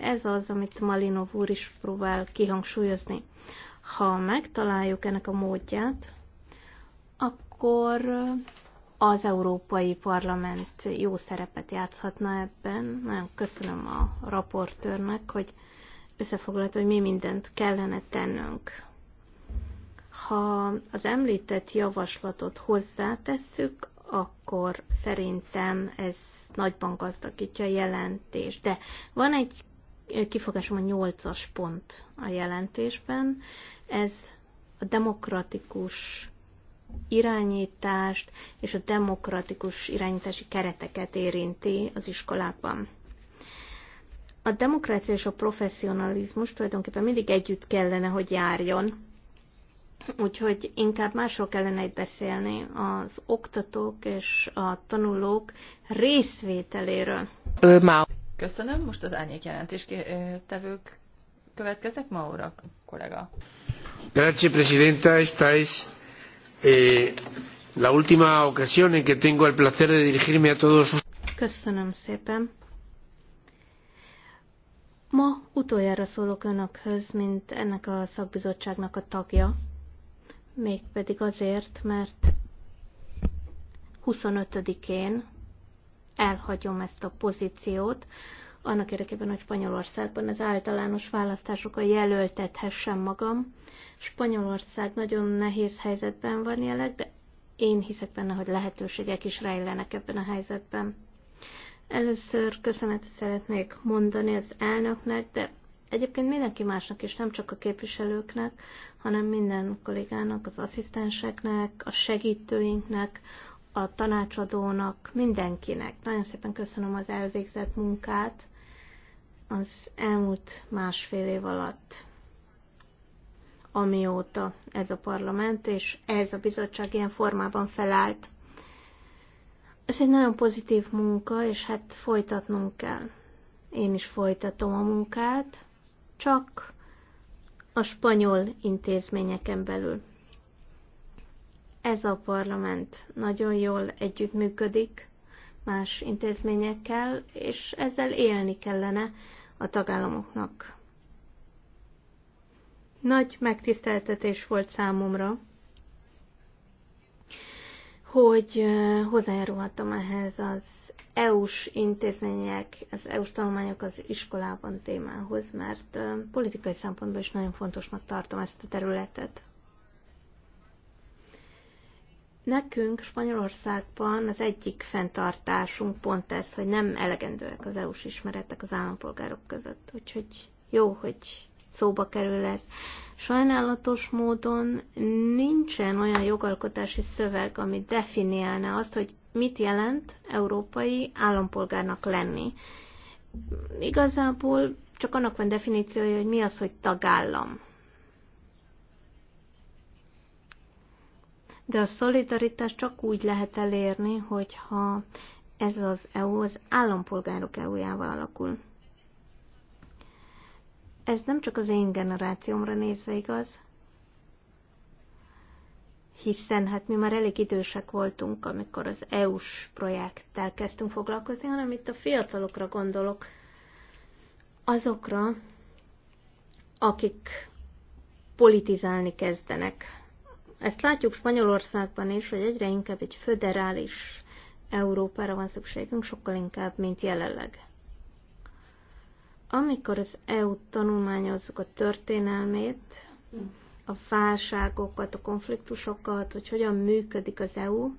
S4: Ez az, amit Malinov úr is próbál kihangsúlyozni. Ha megtaláljuk ennek a módját, akkor az Európai Parlament jó szerepet játszhatna ebben. Nagyon köszönöm a raportőrnek, hogy összefoglalta, hogy mi mindent kellene tennünk. Ha az említett javaslatot hozzátesszük, akkor szerintem ez nagyban gazdagítja a jelentést. De van egy kifogásom a nyolcas pont a jelentésben, ez a demokratikus irányítást és a demokratikus irányítási kereteket érinti az iskolában. A demokrácia és a professzionalizmus tulajdonképpen mindig együtt kellene, hogy járjon, Úgyhogy inkább másról kellene itt beszélni, az oktatók és a tanulók
S3: részvételéről. Ő már. Köszönöm, most az árnyék jelentés tevők következnek, Maura kollega.
S2: Grazie, Presidenta, esta es eh, la última ocasión en que tengo el placer de dirigirme a todos.
S4: Köszönöm szépen. Ma utoljára szólok Önökhöz, mint ennek a szakbizottságnak a tagja mégpedig azért, mert 25-én elhagyom ezt a pozíciót, annak érdekében, hogy Spanyolországban az általános választásokkal jelöltethessem magam. Spanyolország nagyon nehéz helyzetben van jelenleg, de én hiszek benne, hogy lehetőségek is rejlenek ebben a helyzetben. Először köszönetet szeretnék mondani az elnöknek, de Egyébként mindenki másnak is, nem csak a képviselőknek, hanem minden kollégának, az asszisztenseknek, a segítőinknek, a tanácsadónak, mindenkinek. Nagyon szépen köszönöm az elvégzett munkát az elmúlt másfél év alatt, amióta ez a parlament és ez a bizottság ilyen formában felállt. Ez egy nagyon pozitív munka, és hát folytatnunk kell. Én is folytatom a munkát, csak a spanyol intézményeken belül. Ez a parlament nagyon jól együttműködik más intézményekkel, és ezzel élni kellene a tagállamoknak. Nagy megtiszteltetés volt számomra, hogy eh, hozzájárulhatom ehhez az EU-s intézmények, az EU-s tanulmányok az iskolában témához, mert politikai szempontból is nagyon fontosnak tartom ezt a területet. Nekünk Spanyolországban az egyik fenntartásunk pont ez, hogy nem elegendőek az EU-s ismeretek az állampolgárok között. Úgyhogy jó, hogy szóba kerül ez. Sajnálatos módon nincsen olyan jogalkotási szöveg, ami definiálna azt, hogy mit jelent európai állampolgárnak lenni. Igazából csak annak van definíciója, hogy mi az, hogy tagállam. De a szolidaritást csak úgy lehet elérni, hogyha ez az EU az állampolgárok EU-jával alakul. Ez nem csak az én generációmra nézve igaz, hiszen hát mi már elég idősek voltunk, amikor az EU-s projekttel kezdtünk foglalkozni, hanem itt a fiatalokra gondolok, azokra, akik politizálni kezdenek. Ezt látjuk Spanyolországban is, hogy egyre inkább egy föderális Európára van szükségünk, sokkal inkább, mint jelenleg. Amikor az eu tanulmányozzuk a történelmét, a válságokat, a konfliktusokat, hogy hogyan működik az EU,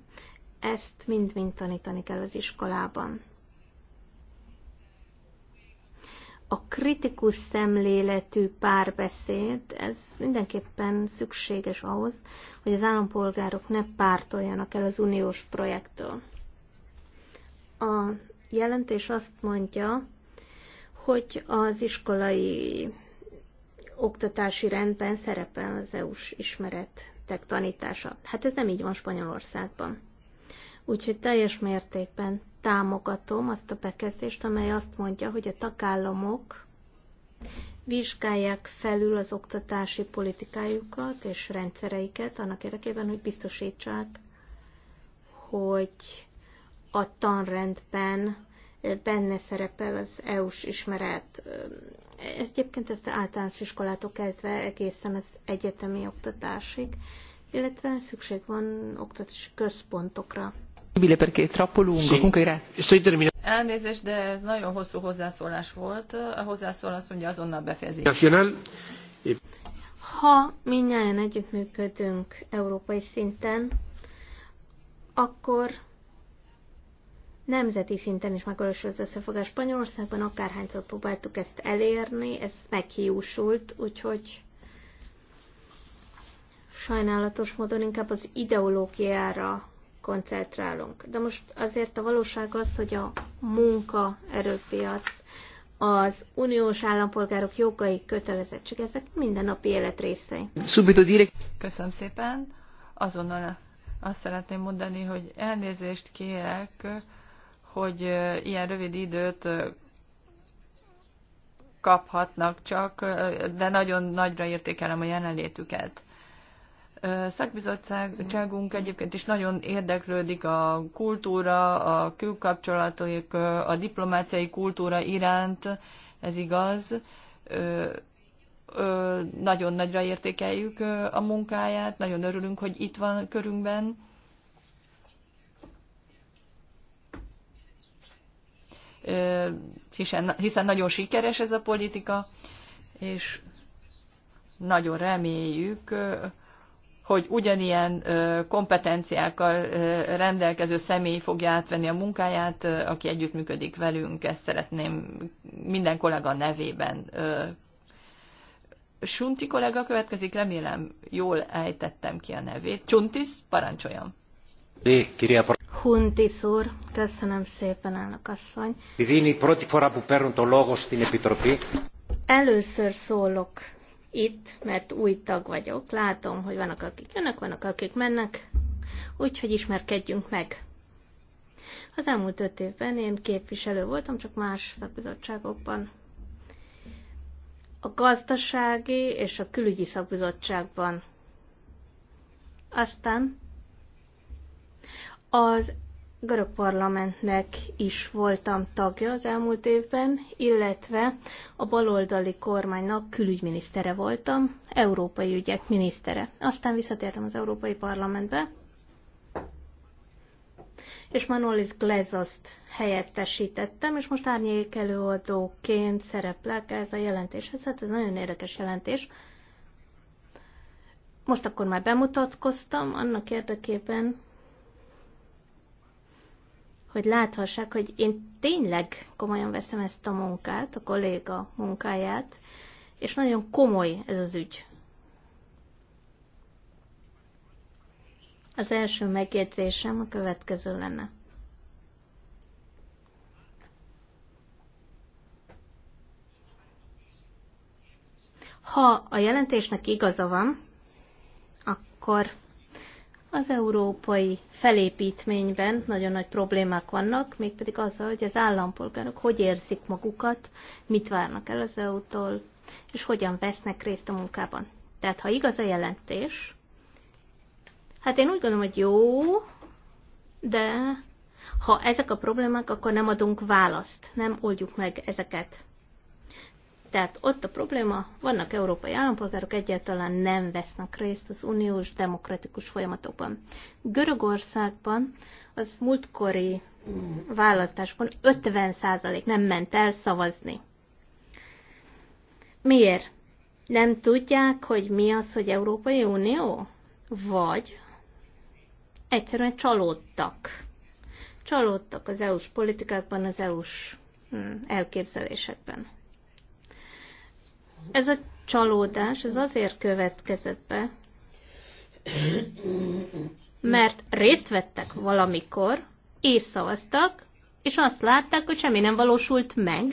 S4: ezt mind-mind tanítani kell az iskolában. A kritikus szemléletű párbeszéd, ez mindenképpen szükséges ahhoz, hogy az állampolgárok ne pártoljanak el az uniós projektől. A jelentés azt mondja, hogy az iskolai oktatási rendben szerepel az EU-s ismeretek tanítása. Hát ez nem így van Spanyolországban. Úgyhogy teljes mértékben támogatom azt a bekezdést, amely azt mondja, hogy a tagállamok vizsgálják felül az oktatási politikájukat és rendszereiket annak érdekében, hogy biztosítsák, hogy a tanrendben benne szerepel az EU-s ismeret. Ez egyébként ezt általános iskolától kezdve egészen az egyetemi oktatásig, illetve
S3: szükség van oktatási központokra.
S2: Perché troppo lungo, Sto
S3: Elnézést, de ez nagyon hosszú hozzászólás volt. A hozzászól azt mondja, azonnal befejezik. Ha
S4: minnyáján együttműködünk európai szinten, akkor nemzeti szinten is megvalósul az összefogás. Spanyolországban akárhányszor próbáltuk ezt elérni, ez meghiúsult, úgyhogy sajnálatos módon inkább az ideológiára koncentrálunk. De most azért a valóság az, hogy a munka erőpiac, az uniós állampolgárok jogai,
S3: kötelezettség, ezek mindennapi élet részei. Köszönöm szépen. Azonnal azt szeretném mondani, hogy elnézést kérek, hogy ilyen rövid időt kaphatnak csak, de nagyon nagyra értékelem a jelenlétüket. Szakbizottságunk egyébként is nagyon érdeklődik a kultúra, a külkapcsolatok, a diplomáciai kultúra iránt, ez igaz. Nagyon nagyra értékeljük a munkáját, nagyon örülünk, hogy itt van körünkben hiszen, hiszen nagyon sikeres ez a politika, és nagyon reméljük, hogy ugyanilyen kompetenciákkal rendelkező személy fogja átvenni a munkáját, aki együttműködik velünk, ezt szeretném minden kollega nevében. Sunti kollega következik, remélem jól ejtettem ki a nevét. Csuntis, parancsoljam! Huntis úr, köszönöm szépen,
S4: elnök asszony. Először szólok itt, mert új tag vagyok. Látom, hogy vannak, akik jönnek, vannak, akik mennek, úgyhogy ismerkedjünk meg. Az elmúlt öt évben én képviselő voltam, csak más szakbizottságokban. A gazdasági és a külügyi szakbizottságban. Aztán az görög parlamentnek is voltam tagja az elmúlt évben, illetve a baloldali kormánynak külügyminisztere voltam, európai ügyek minisztere. Aztán visszatértem az Európai Parlamentbe, és Manolis Glezost helyettesítettem, és most árnyék előadóként szereplek ez a jelentéshez. Hát ez nagyon érdekes jelentés. Most akkor már bemutatkoztam annak érdekében, hogy láthassák, hogy én tényleg komolyan veszem ezt a munkát, a kolléga munkáját, és nagyon komoly ez az ügy. Az első megjegyzésem a következő lenne. Ha a jelentésnek igaza van, akkor az európai felépítményben nagyon nagy problémák vannak, mégpedig azzal, hogy az állampolgárok hogy érzik magukat, mit várnak el az EU-tól, és hogyan vesznek részt a munkában. Tehát, ha igaz a jelentés, hát én úgy gondolom, hogy jó, de ha ezek a problémák, akkor nem adunk választ, nem oldjuk meg ezeket. Tehát ott a probléma, vannak európai állampolgárok, egyáltalán nem vesznek részt az uniós demokratikus folyamatokban. Görögországban az múltkori választáskon 50% nem ment el szavazni. Miért? Nem tudják, hogy mi az, hogy Európai Unió? Vagy egyszerűen csalódtak. Csalódtak az EU-s politikákban, az EU-s hm, elképzelésekben. Ez a csalódás ez azért következett be, mert részt vettek valamikor, és szavaztak, és azt látták, hogy semmi nem valósult meg,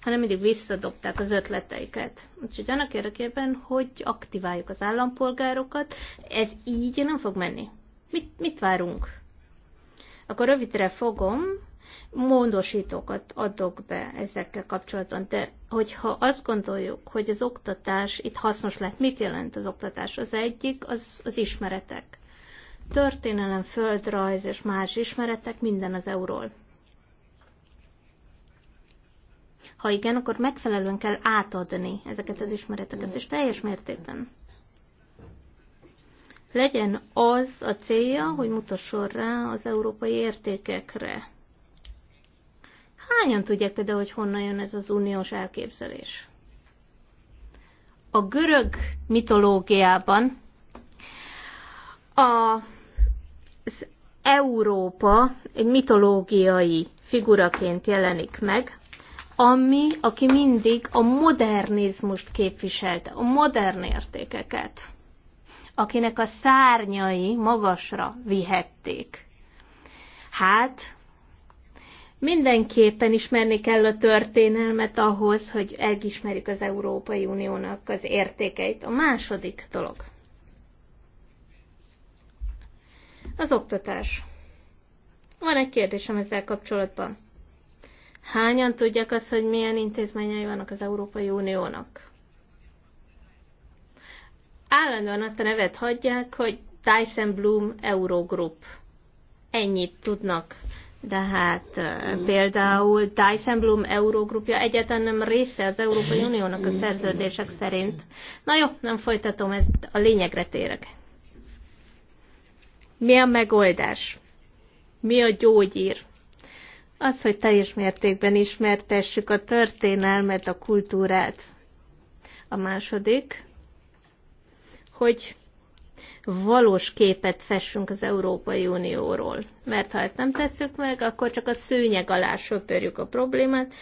S4: hanem mindig visszadobták az ötleteiket. Úgyhogy annak érdekében, hogy aktiváljuk az állampolgárokat, ez így nem fog menni. Mit, mit várunk? Akkor rövidre fogom, módosítókat adok be ezekkel kapcsolatban, de hogyha azt gondoljuk, hogy az oktatás itt hasznos lehet, mit jelent az oktatás? Az egyik az, az ismeretek. Történelem, földrajz és más ismeretek, minden az euról. Ha igen, akkor megfelelően kell átadni ezeket az ismereteket, és teljes mértékben legyen az a célja, hogy mutasson rá az európai értékekre. Hányan tudják például, hogy honnan jön ez az uniós elképzelés? A görög mitológiában a, az Európa egy mitológiai figuraként jelenik meg, ami, aki mindig a modernizmust képviselte, a modern értékeket, akinek a szárnyai magasra vihették. Hát, Mindenképpen ismerni kell a történelmet ahhoz, hogy elismerjük az Európai Uniónak az értékeit. A második dolog. Az oktatás. Van egy kérdésem ezzel kapcsolatban. Hányan tudják azt, hogy milyen intézményei vannak az Európai Uniónak? Állandóan azt a nevet hagyják, hogy Dyson Bloom Eurogroup. Ennyit tudnak de hát például Bloom Eurógrupja egyetlen nem része az Európai Uniónak a szerződések szerint. Na jó, nem folytatom, ezt a lényegre térek. Mi a megoldás? Mi a gyógyír? Az, hogy teljes mértékben ismertessük a történelmet, a kultúrát. A második, hogy valós képet fessünk az Európai Unióról. Mert ha ezt nem tesszük meg, akkor csak a szőnyeg alá söpörjük a problémát,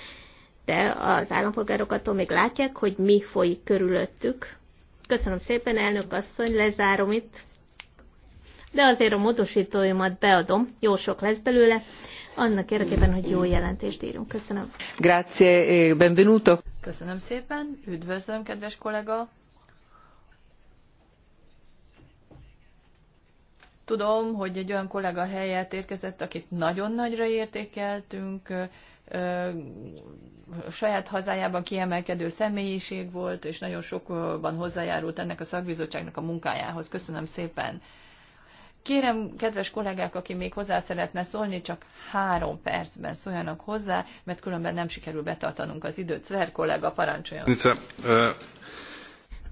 S4: de az állampolgárok attól még látják, hogy mi folyik körülöttük. Köszönöm szépen, elnök asszony, lezárom itt. De azért a módosítóimat beadom, jó sok lesz belőle, annak érdekében, hogy jó
S3: jelentést írunk. Köszönöm.
S2: Grazie, eh, benvenuto.
S3: Köszönöm szépen, üdvözlöm, kedves kollega. Tudom, hogy egy olyan kollega helyett érkezett, akit nagyon nagyra értékeltünk, saját hazájában kiemelkedő személyiség volt, és nagyon sokban hozzájárult ennek a szakbizottságnak a munkájához. Köszönöm szépen! Kérem, kedves kollégák, aki még hozzá szeretne szólni, csak három percben szóljanak hozzá, mert különben nem sikerül betartanunk az időt. Szver kollega, parancsoljon!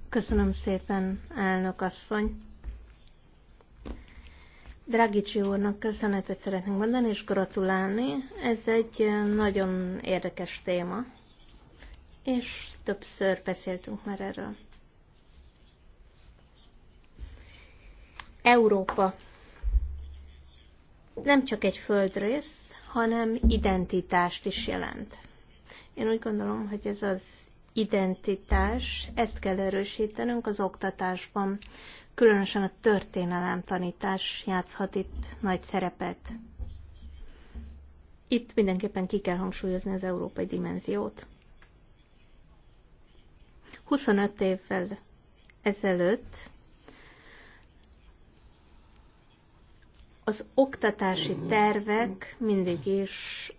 S4: Köszönöm szépen, elnök asszony! Dragicsi úrnak köszönetet szeretnénk mondani, és gratulálni. Ez egy nagyon érdekes téma, és többször beszéltünk már erről. Európa nem csak egy földrész, hanem identitást is jelent. Én úgy gondolom, hogy ez az identitás, ezt kell erősítenünk az oktatásban, Különösen a történelem tanítás játszhat itt nagy szerepet. Itt mindenképpen ki kell hangsúlyozni az európai dimenziót. 25 évvel ezelőtt az oktatási tervek mindig is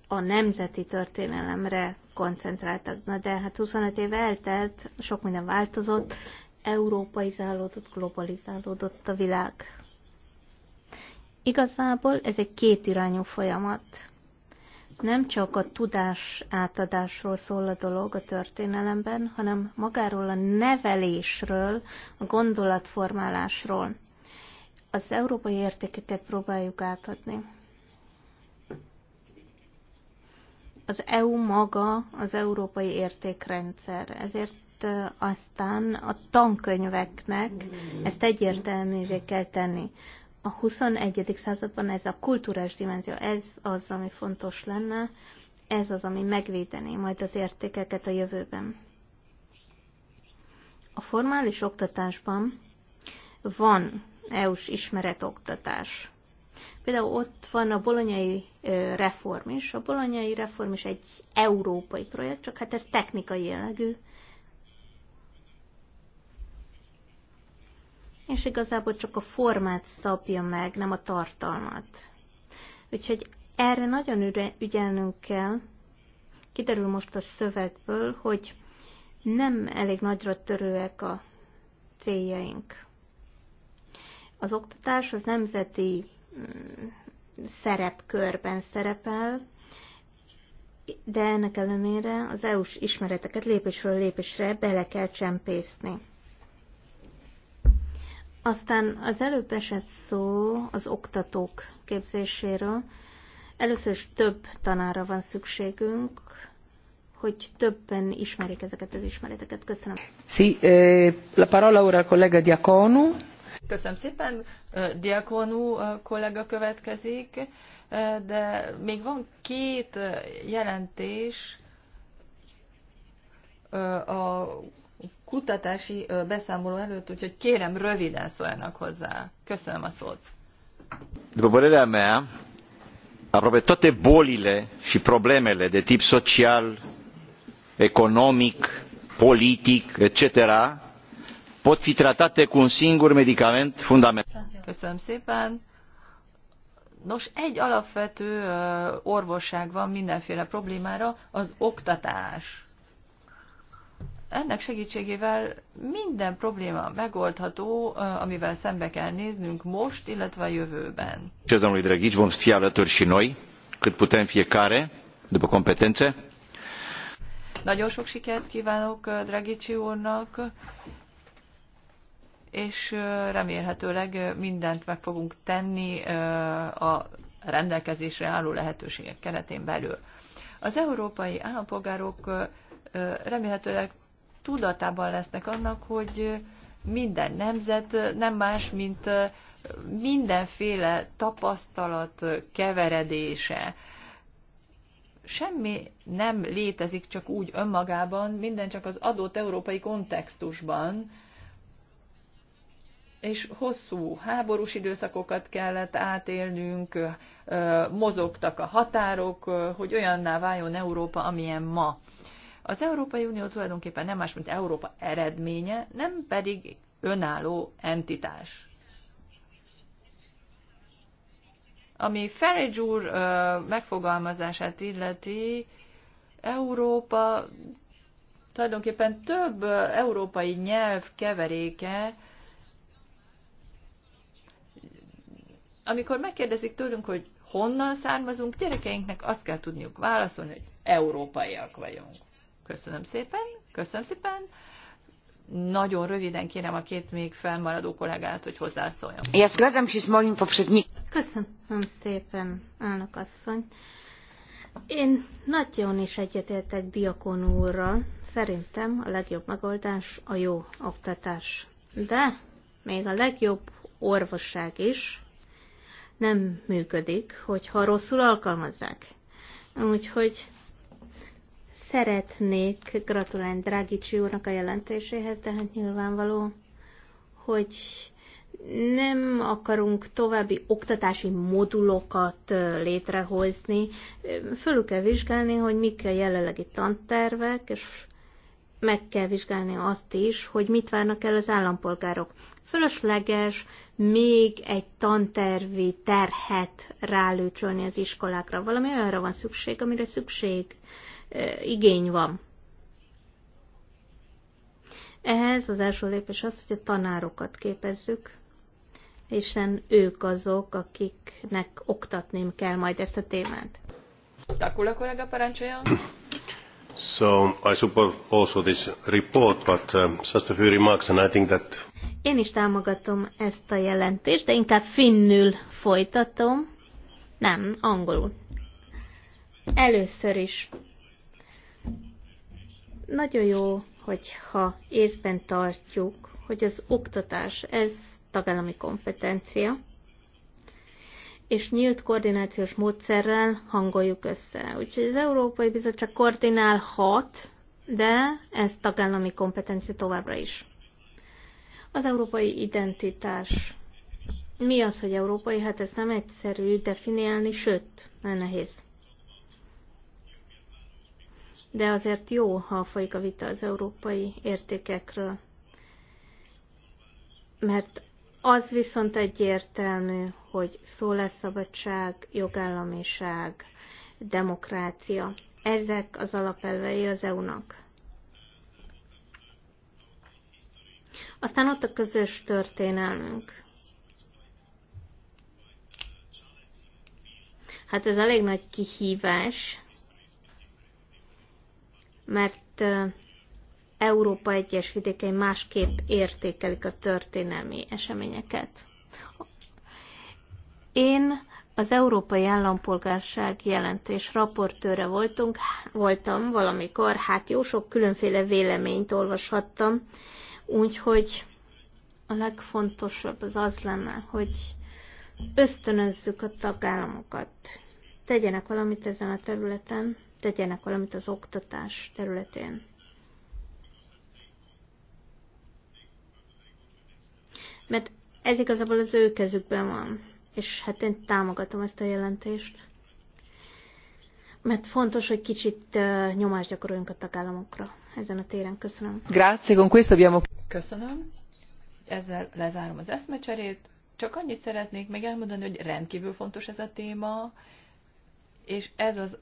S4: a nemzeti történelemre koncentráltak. Na de hát 25 év eltelt, sok minden változott, európaizálódott, globalizálódott a világ. Igazából ez egy kétirányú folyamat. Nem csak a tudás átadásról szól a dolog a történelemben, hanem magáról a nevelésről, a gondolatformálásról. Az európai értékeket próbáljuk átadni. Az EU maga az európai értékrendszer, ezért aztán a tankönyveknek ezt egyértelművé kell tenni. A 21. században ez a kulturális dimenzió, ez az, ami fontos lenne, ez az, ami megvédené majd az értékeket a jövőben. A formális oktatásban van EU-s oktatás. Például ott van a bolonyai reform is. A bolonyai reform is egy európai projekt, csak hát ez technikai jellegű, és igazából csak a formát szabja meg, nem a tartalmat. Úgyhogy erre nagyon ügyelnünk kell. Kiderül most a szövegből, hogy nem elég nagyra törőek a céljaink. Az oktatás az nemzeti mm, szerepkörben szerepel, de ennek ellenére az EU-s ismereteket lépésről lépésre bele kell csempészni. Aztán az előbb esett szó az oktatók képzéséről. Először is több tanára van szükségünk, hogy többen ismerik ezeket az ismereteket. Köszönöm. Sí,
S2: eh, la parola ora collega Diaconu.
S3: Köszönöm szépen. Eh, Diakonu eh, kollega következik, eh, de még van két jelentés a kutatási beszámoló előtt, úgyhogy kérem röviden szóljanak hozzá. Köszönöm a szót. Dobrele mea, aproape toate bolile și problemele
S2: de tip social, economic, politic, etc., pot fi tratate cu un singur medicament fundamental.
S3: Köszönöm szépen. Nos, egy alapvető orvosság van mindenféle problémára, az oktatás ennek segítségével minden probléma megoldható, amivel szembe kell néznünk most, illetve a jövőben. Domnului Drăghici, vom fi alături și noi, cât putem fiecare,
S2: după competențe.
S3: Nagyon sok sikert kívánok Dragicsi úrnak, és remélhetőleg mindent meg fogunk tenni a rendelkezésre álló lehetőségek keretén belül. Az európai állampolgárok remélhetőleg tudatában lesznek annak, hogy minden nemzet nem más, mint mindenféle tapasztalat keveredése. Semmi nem létezik csak úgy önmagában, minden csak az adott európai kontextusban, és hosszú háborús időszakokat kellett átélnünk, mozogtak a határok, hogy olyanná váljon Európa, amilyen ma. Az Európai Unió tulajdonképpen nem más, mint Európa eredménye, nem pedig önálló entitás. Ami Farage úr ö, megfogalmazását illeti, Európa tulajdonképpen több európai nyelv keveréke, amikor megkérdezik tőlünk, hogy honnan származunk, gyerekeinknek azt kell tudniuk válaszolni, hogy európaiak vagyunk. Köszönöm szépen, köszönöm szépen. Nagyon röviden kérem a két még felmaradó kollégát, hogy hozzászóljon.
S4: Köszönöm szépen, elnök asszony. Én nagyon is egyetértek Diakon úrral. Szerintem a legjobb megoldás a jó oktatás. De még a legjobb orvosság is nem működik, hogyha rosszul alkalmazzák. Úgyhogy Szeretnék gratulálni Drágicsi úrnak a jelentéséhez, de hát nyilvánvaló, hogy nem akarunk további oktatási modulokat létrehozni. Fölül kell vizsgálni, hogy mik a jelenlegi tantervek, és meg kell vizsgálni azt is, hogy mit várnak el az állampolgárok. Fölösleges még egy tantervi terhet rálőcsölni az iskolákra. Valami olyanra van szükség, amire szükség igény van. Ehhez az első lépés az, hogy a tanárokat képezzük, hiszen ők azok, akiknek oktatném kell majd ezt a témát.
S3: Takula kollega parancsolja.
S2: So I support also this report, but um, just a
S4: few remarks, and I think that... Én is támogatom ezt a jelentést, de inkább finnül folytatom. Nem, angolul. Először is nagyon jó, hogyha észben tartjuk, hogy az oktatás, ez tagállami kompetencia, és nyílt koordinációs módszerrel hangoljuk össze. Úgyhogy az Európai Bizottság koordinálhat, de ez tagállami kompetencia továbbra is. Az európai identitás. Mi az, hogy európai? Hát ez nem egyszerű definiálni, sőt, nagyon nehéz de azért jó, ha folyik a vita az európai értékekről. Mert az viszont egyértelmű, hogy szólásszabadság, jogállamiság, demokrácia. Ezek az alapelvei az EU-nak. Aztán ott a közös történelmünk. Hát ez elég nagy kihívás, mert Európa egyes vidékei másképp értékelik a történelmi eseményeket. Én az Európai Állampolgárság jelentés raportőre voltunk, voltam valamikor, hát jó sok különféle véleményt olvashattam, úgyhogy a legfontosabb az az lenne, hogy ösztönözzük a tagállamokat, tegyenek valamit ezen a területen, tegyenek valamit az oktatás területén. Mert ez igazából az ő kezükben van, és hát én támogatom ezt a jelentést. Mert fontos, hogy kicsit nyomást gyakoroljunk a tagállamokra ezen a téren. Köszönöm.
S2: Grazie, con
S3: questo abbiamo... Köszönöm. Ezzel lezárom az eszmecserét. Csak annyit szeretnék még elmondani, hogy rendkívül fontos ez a téma, és ez az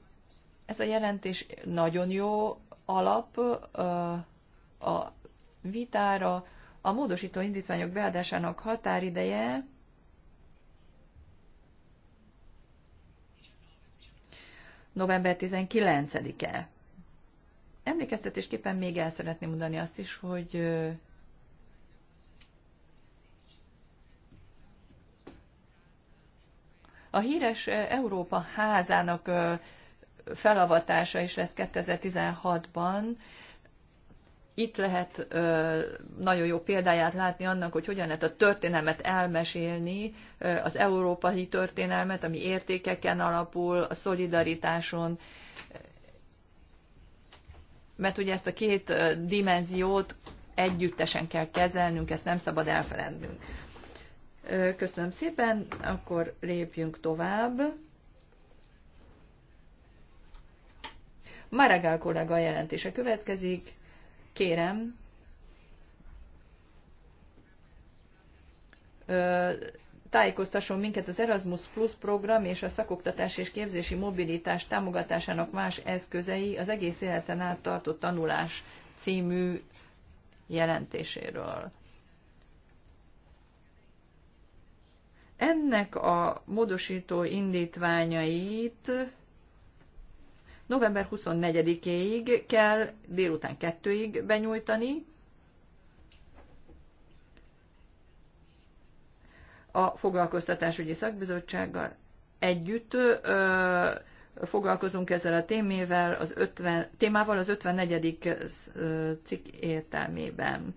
S3: ez a jelentés nagyon jó alap a vitára. A módosító indítványok beadásának határideje november 19-e. Emlékeztetésképpen még el szeretném mondani azt is, hogy a híres Európa házának felavatása is lesz 2016-ban. Itt lehet ö, nagyon jó példáját látni annak, hogy hogyan lehet a történelmet elmesélni, ö, az európai történelmet, ami értékeken alapul, a szolidaritáson, mert ugye ezt a két dimenziót együttesen kell kezelnünk, ezt nem szabad elfelednünk. Köszönöm szépen, akkor lépjünk tovább. Maragall kollega jelentése következik. Kérem, tájékoztasson minket az Erasmus Plus program és a szakoktatás és képzési mobilitás támogatásának más eszközei az egész életen át tartó tanulás című jelentéséről. Ennek a módosító indítványait November 24-éig kell délután 2-ig benyújtani, a foglalkoztatásügyi szakbizottsággal együtt ö, foglalkozunk ezzel a témével, az 50, témával az 54. cikk értelmében.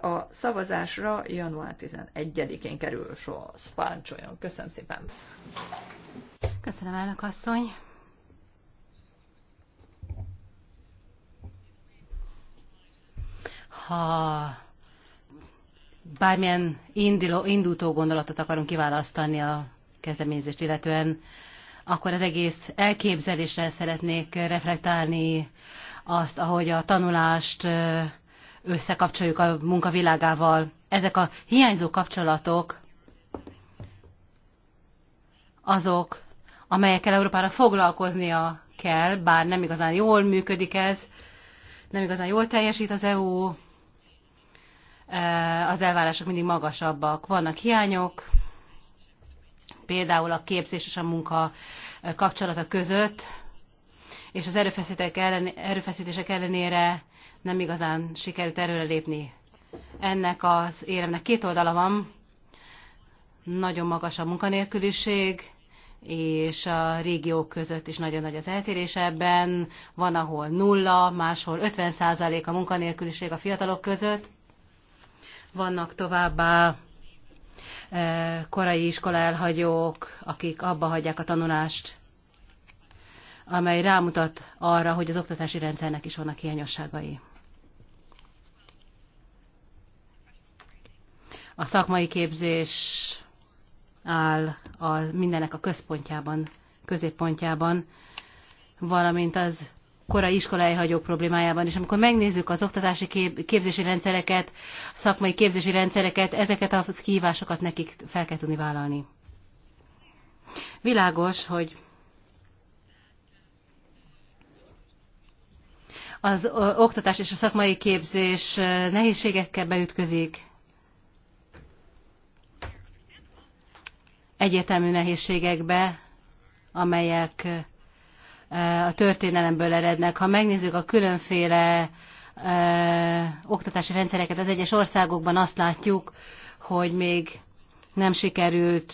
S3: A szavazásra január 11-én kerül sor. Spáncsoljon.
S1: Köszönöm szépen. Köszönöm, elnök asszony. ha bármilyen induló, indultó gondolatot akarunk kiválasztani a kezdeményezést illetően, akkor az egész elképzelésre szeretnék reflektálni azt, ahogy a tanulást összekapcsoljuk a munkavilágával. Ezek a hiányzó kapcsolatok azok, amelyekkel Európára foglalkoznia kell, bár nem igazán jól működik ez, nem igazán jól teljesít az EU, Eh, az elvárások mindig magasabbak. Vannak hiányok, például a képzés és a munka eh, kapcsolata között, és az erőfeszítések, ellen, erőfeszítések ellenére nem igazán sikerült erőre lépni. Ennek az éremnek két oldala van, nagyon magas a munkanélküliség, és a régiók között is nagyon nagy az eltérés ebben. Van, ahol nulla, máshol 50 a munkanélküliség a fiatalok között. Vannak továbbá e, korai iskola elhagyók, akik abba hagyják a tanulást, amely rámutat arra, hogy az oktatási rendszernek is vannak hiányosságai. A szakmai képzés áll a, mindenek a központjában, középpontjában, valamint az korai iskolai hagyók problémájában. És amikor megnézzük az oktatási kép, képzési rendszereket, szakmai képzési rendszereket, ezeket a kihívásokat nekik fel kell tudni vállalni. Világos, hogy az oktatás és a szakmai képzés nehézségekkel beütközik. Egyetemű nehézségekbe, amelyek a történelemből erednek. Ha megnézzük a különféle oktatási rendszereket az egyes országokban, azt látjuk, hogy még nem sikerült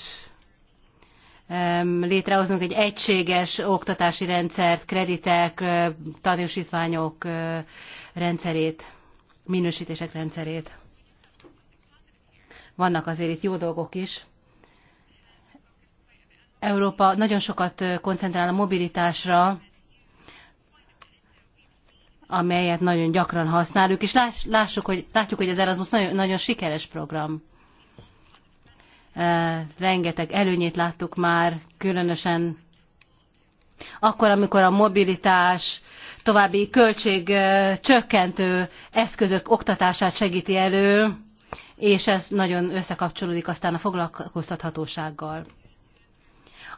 S1: létrehoznunk egy egységes oktatási rendszert, kreditek, tanúsítványok rendszerét, minősítések rendszerét. Vannak azért itt jó dolgok is. Európa nagyon sokat koncentrál a mobilitásra, amelyet nagyon gyakran használjuk, és lássuk, hogy, látjuk, hogy az Erasmus nagyon, nagyon sikeres program. Rengeteg előnyét láttuk már, különösen akkor, amikor a mobilitás további költség csökkentő eszközök oktatását segíti elő, és ez nagyon összekapcsolódik aztán a foglalkoztathatósággal.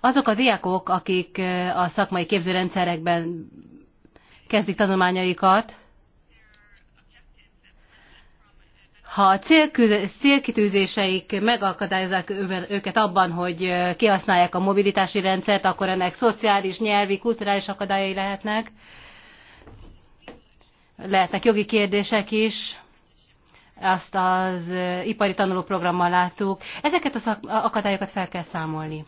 S1: Azok a diákok, akik a szakmai képzőrendszerekben kezdik tanulmányaikat, ha a célkitűzéseik megakadályozzák őket abban, hogy kihasználják a mobilitási rendszert, akkor ennek szociális, nyelvi, kulturális akadályai lehetnek. Lehetnek jogi kérdések is, azt az ipari tanulóprogrammal láttuk. Ezeket az akadályokat fel kell számolni.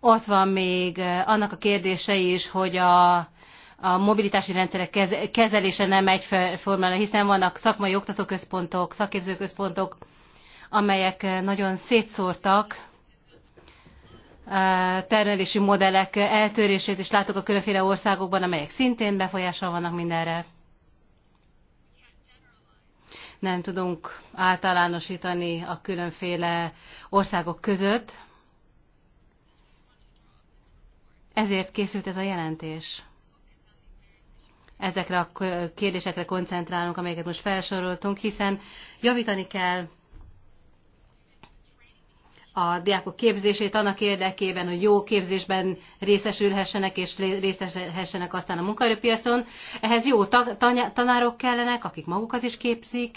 S1: ott van még annak a kérdése is, hogy a, a mobilitási rendszerek kezelése nem egyformán, hiszen vannak szakmai oktatóközpontok, szakképzőközpontok, amelyek nagyon szétszórtak termelési modellek eltörését, és látok a különféle országokban, amelyek szintén befolyással vannak mindenre. Nem tudunk általánosítani a különféle országok között Ezért készült ez a jelentés. Ezekre a kérdésekre koncentrálunk, amelyeket most felsoroltunk, hiszen javítani kell a diákok képzését annak érdekében, hogy jó képzésben részesülhessenek és részesülhessenek aztán a munkaerőpiacon. Ehhez jó tanárok kellenek, akik magukat is képzik.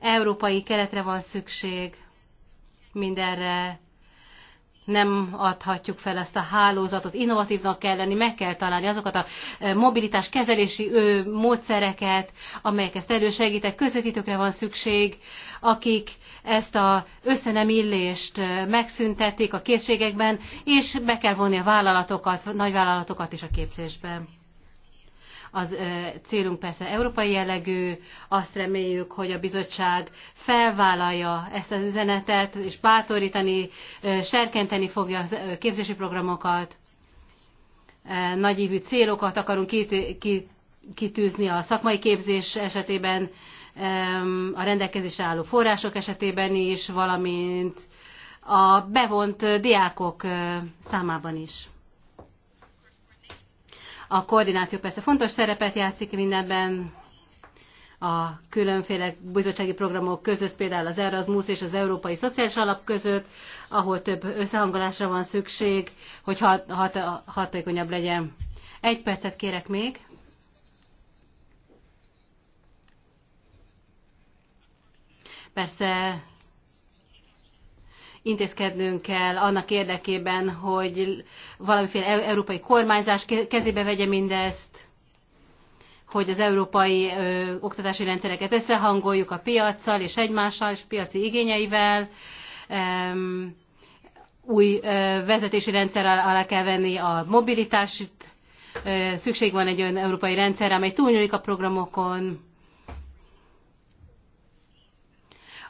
S1: Európai keretre van szükség mindenre, nem adhatjuk fel ezt a hálózatot, innovatívnak kell lenni, meg kell találni azokat a e, mobilitás kezelési módszereket, amelyek ezt elősegítek. Közvetítőkre van szükség, akik ezt a összenemillést e, megszüntették a készségekben, és be kell vonni a vállalatokat, nagyvállalatokat is a képzésbe. Az célunk persze európai jellegű, azt reméljük, hogy a bizottság felvállalja ezt az üzenetet, és bátorítani, serkenteni fogja a képzési programokat. Nagyívű célokat akarunk kitűzni a szakmai képzés esetében, a rendelkezésre álló források esetében is, valamint a bevont diákok számában is. A koordináció persze fontos szerepet játszik mindenben, a különféle bizottsági programok között, például az Erasmus és az Európai Szociális Alap között, ahol több összehangolásra van szükség, hogy hat, hat, hatékonyabb legyen. Egy percet kérek még. Persze intézkednünk kell annak érdekében, hogy valamiféle e- európai kormányzás kezébe vegye mindezt, hogy az európai ö, oktatási rendszereket összehangoljuk a piaccal és egymással és piaci igényeivel. Öm, új ö, vezetési rendszer alá kell venni a mobilitást. Ö, szükség van egy olyan európai rendszerre, amely túlnyúlik a programokon.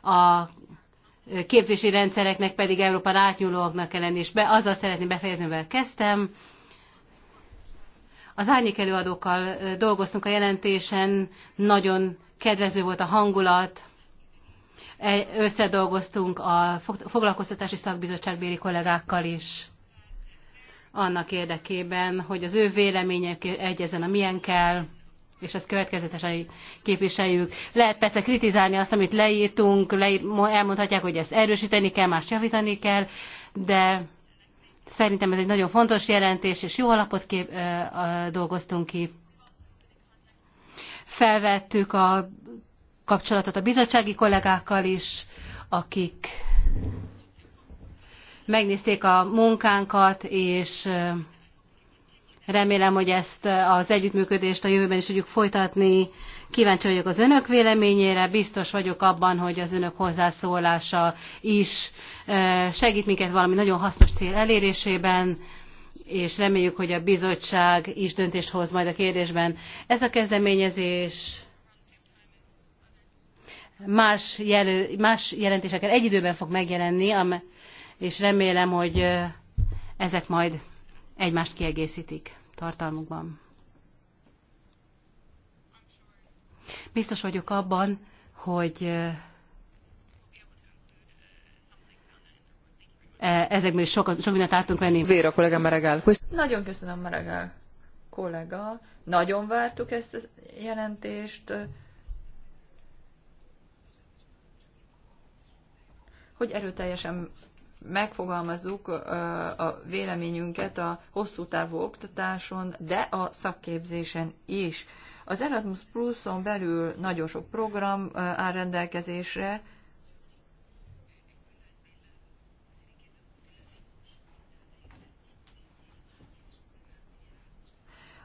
S1: A képzési rendszereknek pedig Európán átnyúlóaknak kell lenni, és be, azzal szeretném befejezni, mivel kezdtem. Az árnyék előadókkal dolgoztunk a jelentésen, nagyon kedvező volt a hangulat, e, összedolgoztunk a foglalkoztatási szakbizottságbéli kollégákkal is annak érdekében, hogy az ő vélemények egyezen a milyen kell, és ezt következetesen képviseljük. Lehet persze kritizálni azt, amit leírtunk, leír, elmondhatják, hogy ezt erősíteni kell, más javítani kell, de szerintem ez egy nagyon fontos jelentés, és jó alapot kép, ö, ö, dolgoztunk ki. Felvettük a kapcsolatot a bizottsági kollégákkal is, akik megnézték a munkánkat, és Remélem, hogy ezt eh, az együttműködést a jövőben is tudjuk folytatni. Kíváncsi vagyok az önök véleményére, biztos vagyok abban, hogy az önök hozzászólása is eh, segít minket valami nagyon hasznos cél elérésében, és reméljük, hogy a bizottság is döntést hoz majd a kérdésben. Ez a kezdeményezés más, jelö, más jelentésekkel egy időben fog megjelenni, és remélem, hogy eh, ezek majd egymást kiegészítik tartalmukban. Biztos vagyok abban, hogy e, ezekből is sok sok mindent át tudunk venni. Véra kollega Meregál.
S3: Nagyon köszönöm Meregál kollega. Nagyon vártuk ezt a jelentést. Hogy erőteljesen megfogalmazzuk a véleményünket a hosszú távú oktatáson, de a szakképzésen is. Az Erasmus Pluson belül nagyon sok program áll rendelkezésre,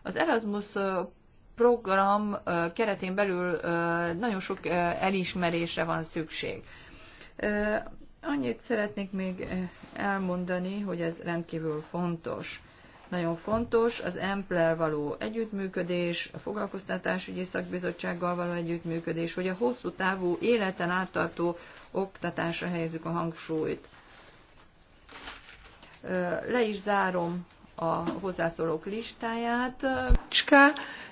S3: Az Erasmus program keretén belül nagyon sok elismerésre van szükség. Annyit szeretnék még eh, elmondani, hogy ez rendkívül fontos. Nagyon fontos az emplel való együttműködés, a foglalkoztatásügyi szakbizottsággal való együttműködés, hogy a hosszú távú életen áttartó oktatásra helyezzük a hangsúlyt. Le is zárom a hozzászólók listáját.
S2: csak.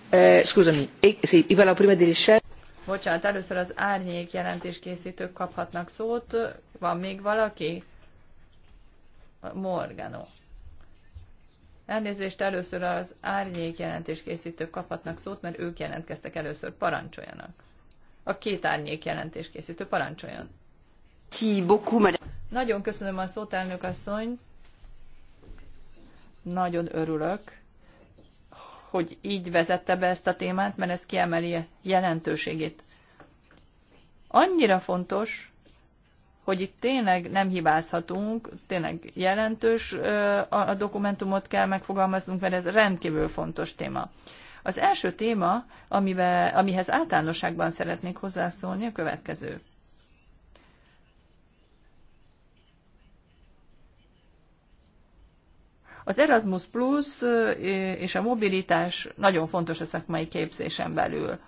S2: eh, scusami, eh, sí, iba la prima di
S3: Bocsánat, először az árnyék jelentéskészítők kaphatnak szót. Van még valaki? Morgano. Elnézést először az árnyék jelentéskészítők kaphatnak szót, mert ők jelentkeztek először. Parancsoljanak. A két árnyék jelentéskészítő parancsoljon. Nagyon köszönöm a szót, elnök asszony. Nagyon örülök hogy így vezette be ezt a témát, mert ez kiemeli jelentőségét. Annyira fontos, hogy itt tényleg nem hibázhatunk, tényleg jelentős a dokumentumot kell megfogalmaznunk, mert ez rendkívül fontos téma. Az első téma, amivel, amihez általánosságban szeretnék hozzászólni, a következő. Az Erasmus Plus és a mobilitás nagyon fontos a szakmai képzésen belül.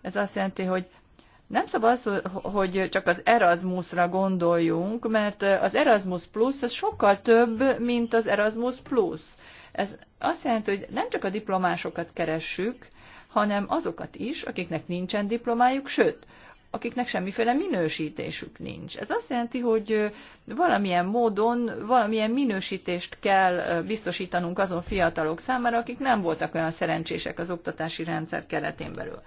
S3: Ez azt jelenti, hogy nem szabad az, hogy csak az Erasmusra gondoljunk, mert az Erasmus Plus az sokkal több, mint az Erasmus Plus. Ez azt jelenti, hogy nem csak a diplomásokat keressük, hanem azokat is, akiknek nincsen diplomájuk, sőt, akiknek semmiféle minősítésük nincs. Ez azt jelenti, hogy valamilyen módon, valamilyen minősítést kell biztosítanunk azon fiatalok számára, akik nem voltak olyan szerencsések az oktatási rendszer keretén belül.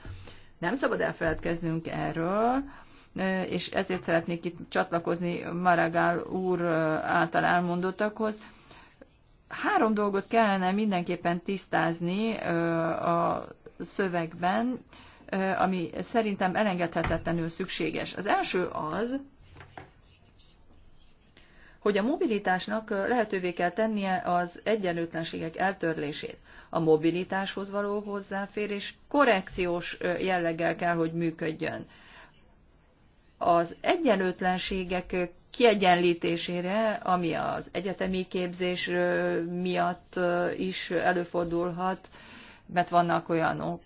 S3: Nem szabad elfeledkeznünk erről, és ezért szeretnék itt csatlakozni Maragál úr által elmondottakhoz. Három dolgot kellene mindenképpen tisztázni a szövegben, ami szerintem elengedhetetlenül szükséges. Az első az, hogy a mobilitásnak lehetővé kell tennie az egyenlőtlenségek eltörlését. A mobilitáshoz való hozzáférés korrekciós jelleggel kell, hogy működjön. Az egyenlőtlenségek kiegyenlítésére, ami az egyetemi képzés miatt is előfordulhat, mert vannak olyanok,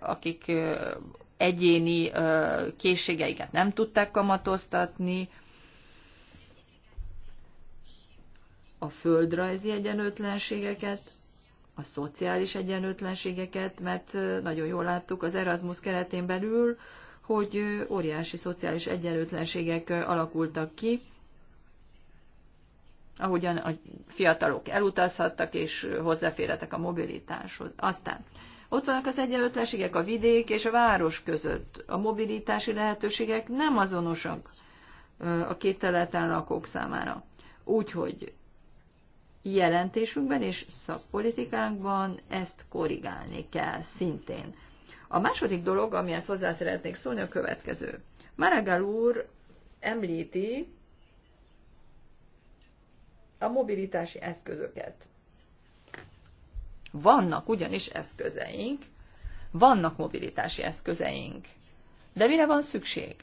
S3: akik egyéni készségeiket nem tudták kamatoztatni, a földrajzi egyenlőtlenségeket, a szociális egyenlőtlenségeket, mert nagyon jól láttuk az Erasmus keretén belül, hogy óriási szociális egyenlőtlenségek alakultak ki, ahogyan a fiatalok elutazhattak és hozzáférhetek a mobilitáshoz. Aztán ott vannak az egyenlőtlenségek a vidék és a város között. A mobilitási lehetőségek nem azonosak a két területen lakók számára. Úgyhogy jelentésünkben és szakpolitikánkban ezt korrigálni kell szintén. A második dolog, amihez hozzá szeretnék szólni, a következő. Maragall úr említi, a mobilitási eszközöket. Vannak ugyanis eszközeink, vannak mobilitási eszközeink. De mire van szükség?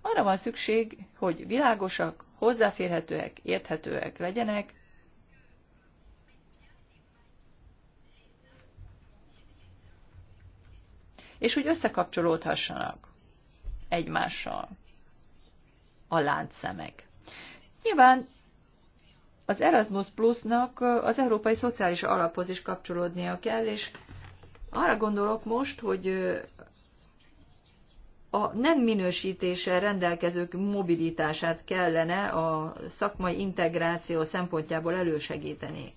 S3: Arra van szükség, hogy világosak, hozzáférhetőek, érthetőek legyenek, és hogy összekapcsolódhassanak egymással a láncszemek. Nyilván az Erasmus Plusnak az Európai Szociális Alaphoz is kapcsolódnia kell, és arra gondolok most, hogy a nem minősítéssel rendelkezők mobilitását kellene a szakmai integráció szempontjából elősegíteni.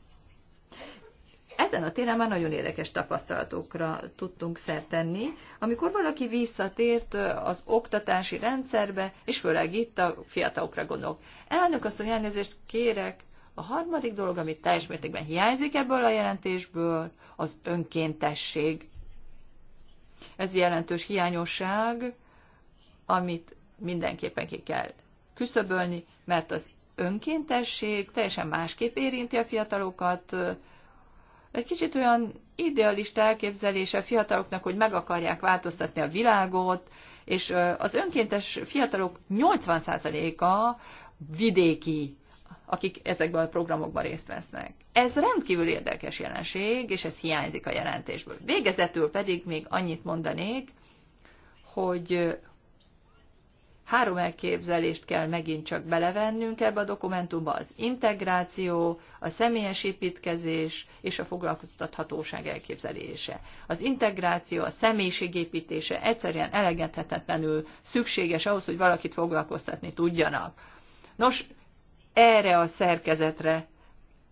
S3: Ezen a téren már nagyon érdekes tapasztalatokra tudtunk szert tenni, amikor valaki visszatért az oktatási rendszerbe, és főleg itt a fiatalokra gondolok. Elnök asszony, elnézést kérek, a harmadik dolog, amit teljes mértékben hiányzik ebből a jelentésből, az önkéntesség. Ez jelentős hiányosság, amit mindenképpen ki kell küszöbölni, mert az önkéntesség teljesen másképp érinti a fiatalokat. Egy kicsit olyan idealista elképzelése a fiataloknak, hogy meg akarják változtatni a világot, és az önkéntes fiatalok 80%-a vidéki akik ezekben a programokban részt vesznek. Ez rendkívül érdekes jelenség, és ez hiányzik a jelentésből. Végezetül pedig még annyit mondanék, hogy három elképzelést kell megint csak belevennünk ebbe a dokumentumba, az integráció, a személyes építkezés és a foglalkoztathatóság elképzelése. Az integráció, a személyiségépítése egyszerűen elengedhetetlenül szükséges ahhoz, hogy valakit foglalkoztatni tudjanak. Nos, erre a szerkezetre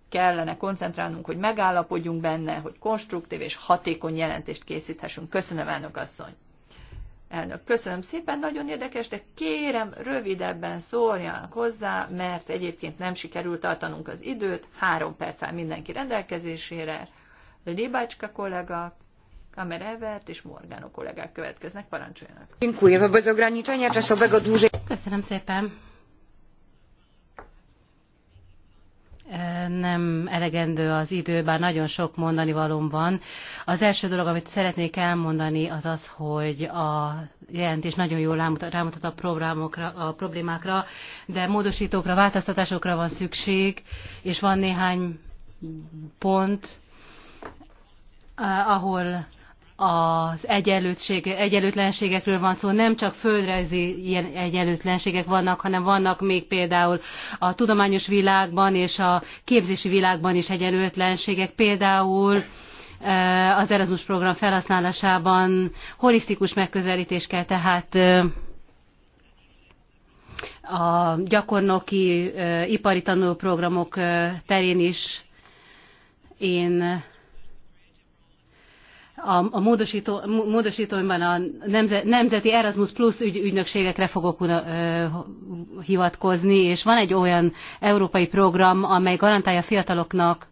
S3: kellene koncentrálnunk, hogy megállapodjunk benne, hogy konstruktív és hatékony jelentést készíthessünk. Köszönöm, elnök asszony! Elnök, köszönöm szépen, nagyon érdekes, de kérem, rövidebben szóljanak hozzá, mert egyébként nem sikerült tartanunk az időt, három perc áll mindenki rendelkezésére. Libácska kollega, Kamer Evert és Morgano kollégák következnek, parancsoljanak.
S1: Köszönöm szépen. nem elegendő az idő, bár nagyon sok mondani valóm van. Az első dolog, amit szeretnék elmondani, az az, hogy a jelentés nagyon jól rámutat a, programokra, a problémákra, de módosítókra, változtatásokra van szükség, és van néhány pont, ahol az egyenlőtlenségekről van szó, nem csak földrajzi ilyen egyenlőtlenségek vannak, hanem vannak még például a tudományos világban és a képzési világban is egyenlőtlenségek, például eh, az Erasmus program felhasználásában holisztikus megközelítés kell tehát eh, a gyakornoki eh, ipari tanulóprogramok terén is én a, a módosító, módosítóimban a nemze, nemzeti Erasmus Plus ügy, ügynökségekre fogok uh, hivatkozni, és van egy olyan európai program, amely garantálja fiataloknak,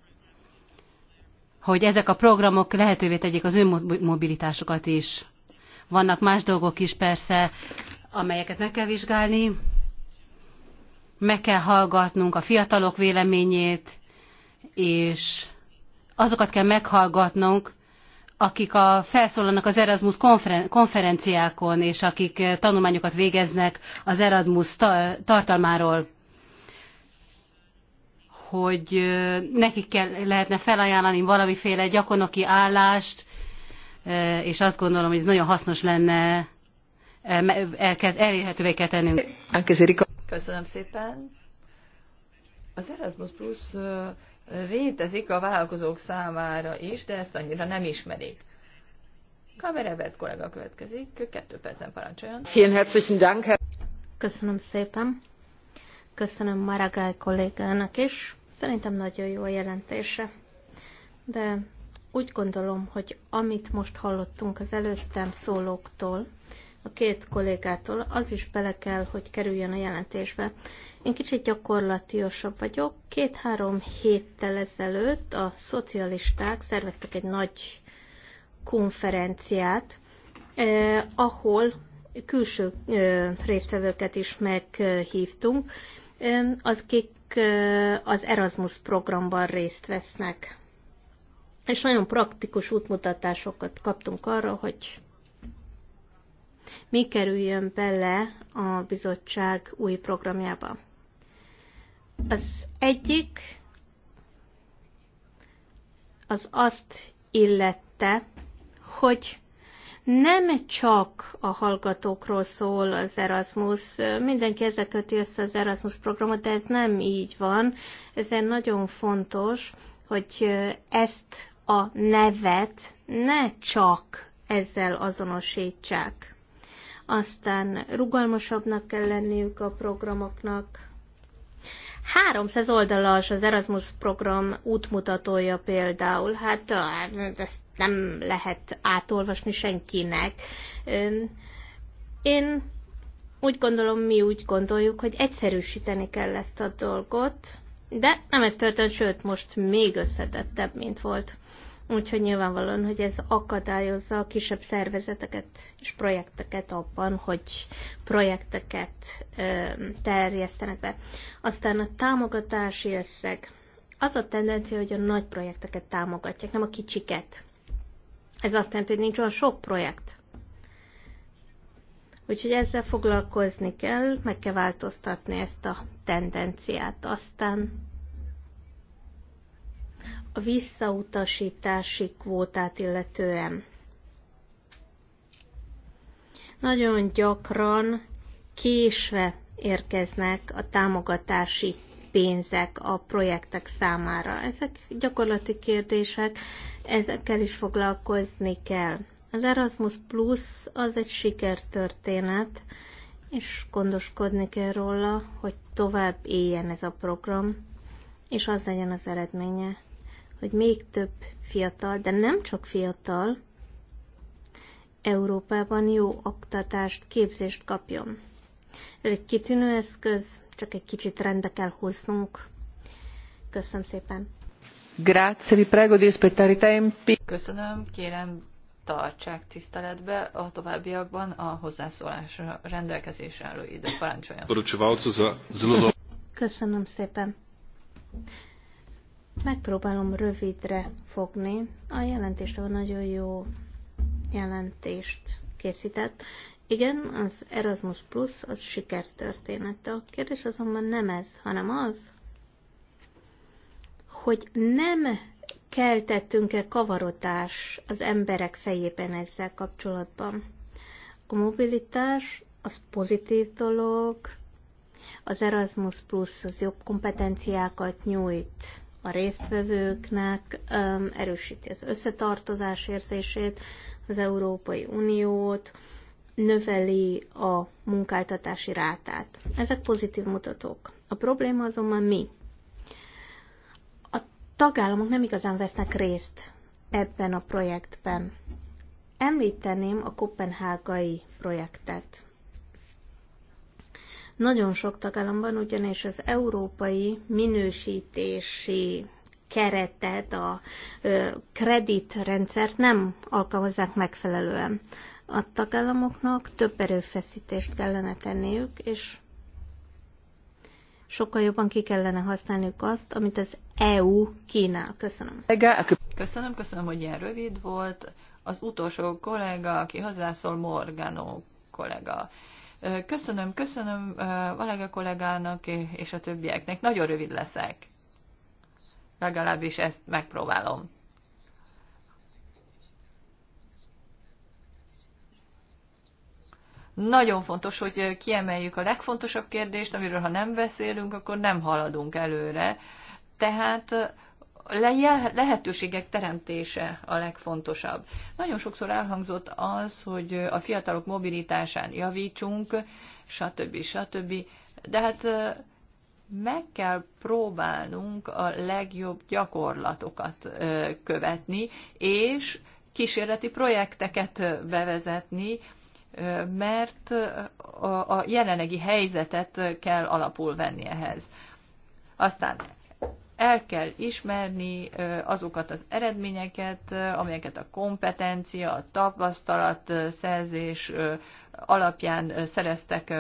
S1: hogy ezek a programok lehetővé tegyék az ő mobilitásukat is. Vannak más dolgok is persze, amelyeket meg kell vizsgálni, meg kell hallgatnunk a fiatalok véleményét, és azokat kell meghallgatnunk, akik a, felszólalnak az Erasmus konferenciákon, és akik eh, tanulmányokat végeznek az Erasmus ta, tartalmáról, hogy eh, nekik kell, lehetne felajánlani valamiféle gyakornoki állást, eh, és azt gondolom, hogy ez nagyon hasznos lenne, el kell, elérhetővé kell tennünk.
S3: Köszönöm szépen. Az Erasmus Plus létezik a vállalkozók számára is, de ezt annyira nem ismerik. Kamerevet kollega következik, kettő percen parancsoljon. Vielen
S4: herzlichen Dank. Köszönöm szépen. Köszönöm Maragály kollégának is. Szerintem nagyon jó a jelentése. De úgy gondolom, hogy amit most hallottunk az előttem szólóktól, a két kollégától, az is bele kell, hogy kerüljön a jelentésbe. Én kicsit gyakorlatiosabb vagyok. Két-három héttel ezelőtt a szocialisták szerveztek egy nagy konferenciát, eh, ahol külső eh, résztvevőket is meghívtunk, eh, akik eh, az Erasmus programban részt vesznek. És nagyon praktikus útmutatásokat kaptunk arra, hogy mi kerüljön bele a bizottság új programjába. Az egyik az azt illette, hogy nem csak a hallgatókról szól az Erasmus, mindenki ezzel köti össze az Erasmus programot, de ez nem így van. Ezért nagyon fontos, hogy ezt a nevet ne csak ezzel azonosítsák aztán rugalmasabbnak kell lenniük a programoknak. 300 oldalas az Erasmus program útmutatója például, hát ezt nem lehet átolvasni senkinek. Én úgy gondolom, mi úgy gondoljuk, hogy egyszerűsíteni kell ezt a dolgot, de nem ez történt, sőt, most még összetettebb, mint volt. Úgyhogy nyilvánvalóan, hogy ez akadályozza a kisebb szervezeteket és projekteket abban, hogy projekteket terjesztenek be. Aztán a támogatási összeg. Az a tendencia, hogy a nagy projekteket támogatják, nem a kicsiket. Ez azt jelenti, hogy nincs olyan sok projekt. Úgyhogy ezzel foglalkozni kell, meg kell változtatni ezt a tendenciát. Aztán a visszautasítási kvótát illetően. Nagyon gyakran késve érkeznek a támogatási pénzek a projektek számára. Ezek gyakorlati kérdések, ezekkel is foglalkozni kell. Az Erasmus Plus az egy sikertörténet, és gondoskodni kell róla, hogy tovább éljen ez a program, és az legyen az eredménye, hogy még több fiatal, de nem csak fiatal, Európában jó oktatást, képzést kapjon. Ez egy kitűnő eszköz, csak egy kicsit rendbe kell hoznunk. Köszönöm szépen.
S2: Grazie, vi prego di rispettare i tempi.
S3: Köszönöm, kérem tartsák tiszteletbe a továbbiakban a hozzászólás rendelkezésre álló időt Parancsoljon.
S4: Köszönöm szépen. Megpróbálom rövidre fogni. A jelentést a nagyon jó jelentést készített. Igen, az Erasmus Plus az sikertörténete. A kérdés azonban nem ez, hanem az, hogy nem keltettünk-e kavarodás az emberek fejében ezzel kapcsolatban. A mobilitás az pozitív dolog, az Erasmus Plus az jobb kompetenciákat nyújt a résztvevőknek, erősíti az összetartozás érzését, az Európai Uniót, növeli a munkáltatási rátát. Ezek pozitív mutatók. A probléma azonban mi? A tagállamok nem igazán vesznek részt ebben a projektben. Említeném a kopenhágai projektet. Nagyon sok tagállamban ugyanis az európai minősítési keretet, a kreditrendszert nem alkalmazzák megfelelően. A tagállamoknak több erőfeszítést kellene tenniük, és sokkal jobban ki kellene használniuk azt, amit az EU kínál. Köszönöm.
S3: Köszönöm, köszönöm, hogy ilyen rövid volt. Az utolsó kollega, aki hozzászól, Morgano kollega. Köszönöm, köszönöm Valega kollégának és a többieknek. Nagyon rövid leszek. Legalábbis ezt megpróbálom. Nagyon fontos, hogy kiemeljük a legfontosabb kérdést, amiről ha nem beszélünk, akkor nem haladunk előre. Tehát lehetőségek teremtése a legfontosabb. Nagyon sokszor elhangzott az, hogy a fiatalok mobilitásán javítsunk, stb. stb. De hát meg kell próbálnunk a legjobb gyakorlatokat követni, és kísérleti projekteket bevezetni, mert a jelenlegi helyzetet kell alapul venni ehhez. Aztán el kell ismerni azokat az eredményeket, amelyeket a kompetencia, a tapasztalat szerzés alapján szereztek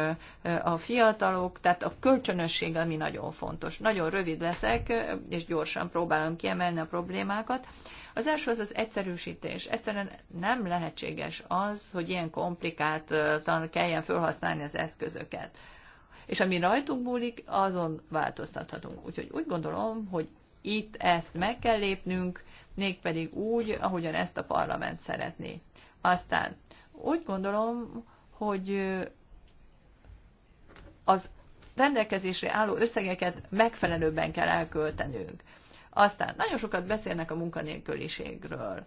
S3: a fiatalok, tehát a kölcsönösség, ami nagyon fontos. Nagyon rövid leszek, és gyorsan próbálom kiemelni a problémákat. Az első az az egyszerűsítés. Egyszerűen nem lehetséges az, hogy ilyen komplikáltan kelljen felhasználni az eszközöket és ami rajtunk múlik, azon változtathatunk. Úgyhogy úgy gondolom, hogy itt ezt meg kell lépnünk, mégpedig úgy, ahogyan ezt a parlament szeretné. Aztán úgy gondolom, hogy az rendelkezésre álló összegeket megfelelőbben kell elköltenünk. Aztán nagyon sokat beszélnek a munkanélküliségről.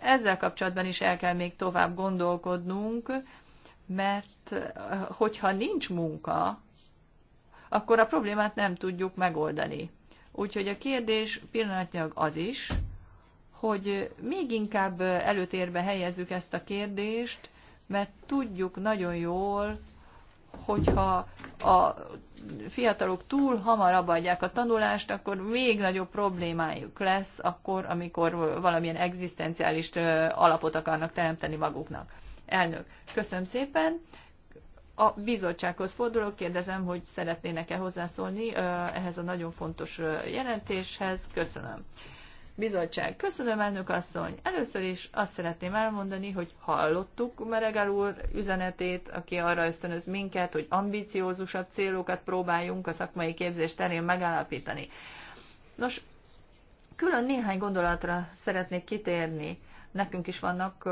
S3: Ezzel kapcsolatban is el kell még tovább gondolkodnunk, mert eh, hogyha nincs munka, akkor a problémát nem tudjuk megoldani. Úgyhogy a kérdés pillanatnyilag az is, hogy még inkább előtérbe helyezzük ezt a kérdést, mert tudjuk nagyon jól, hogyha a fiatalok túl hamar abadják a tanulást, akkor még nagyobb problémájuk lesz akkor, amikor valamilyen egzisztenciális eh, alapot akarnak teremteni maguknak. Elnök, köszönöm szépen. A bizottsághoz fordulok, kérdezem, hogy szeretnének-e hozzászólni ehhez a nagyon fontos jelentéshez. Köszönöm. Bizottság, köszönöm, elnök asszony. Először is azt szeretném elmondani, hogy hallottuk Meregel úr üzenetét, aki arra ösztönöz minket, hogy ambiciózusabb célokat próbáljunk a szakmai képzés terén megállapítani. Nos, külön néhány gondolatra szeretnék kitérni. Nekünk is vannak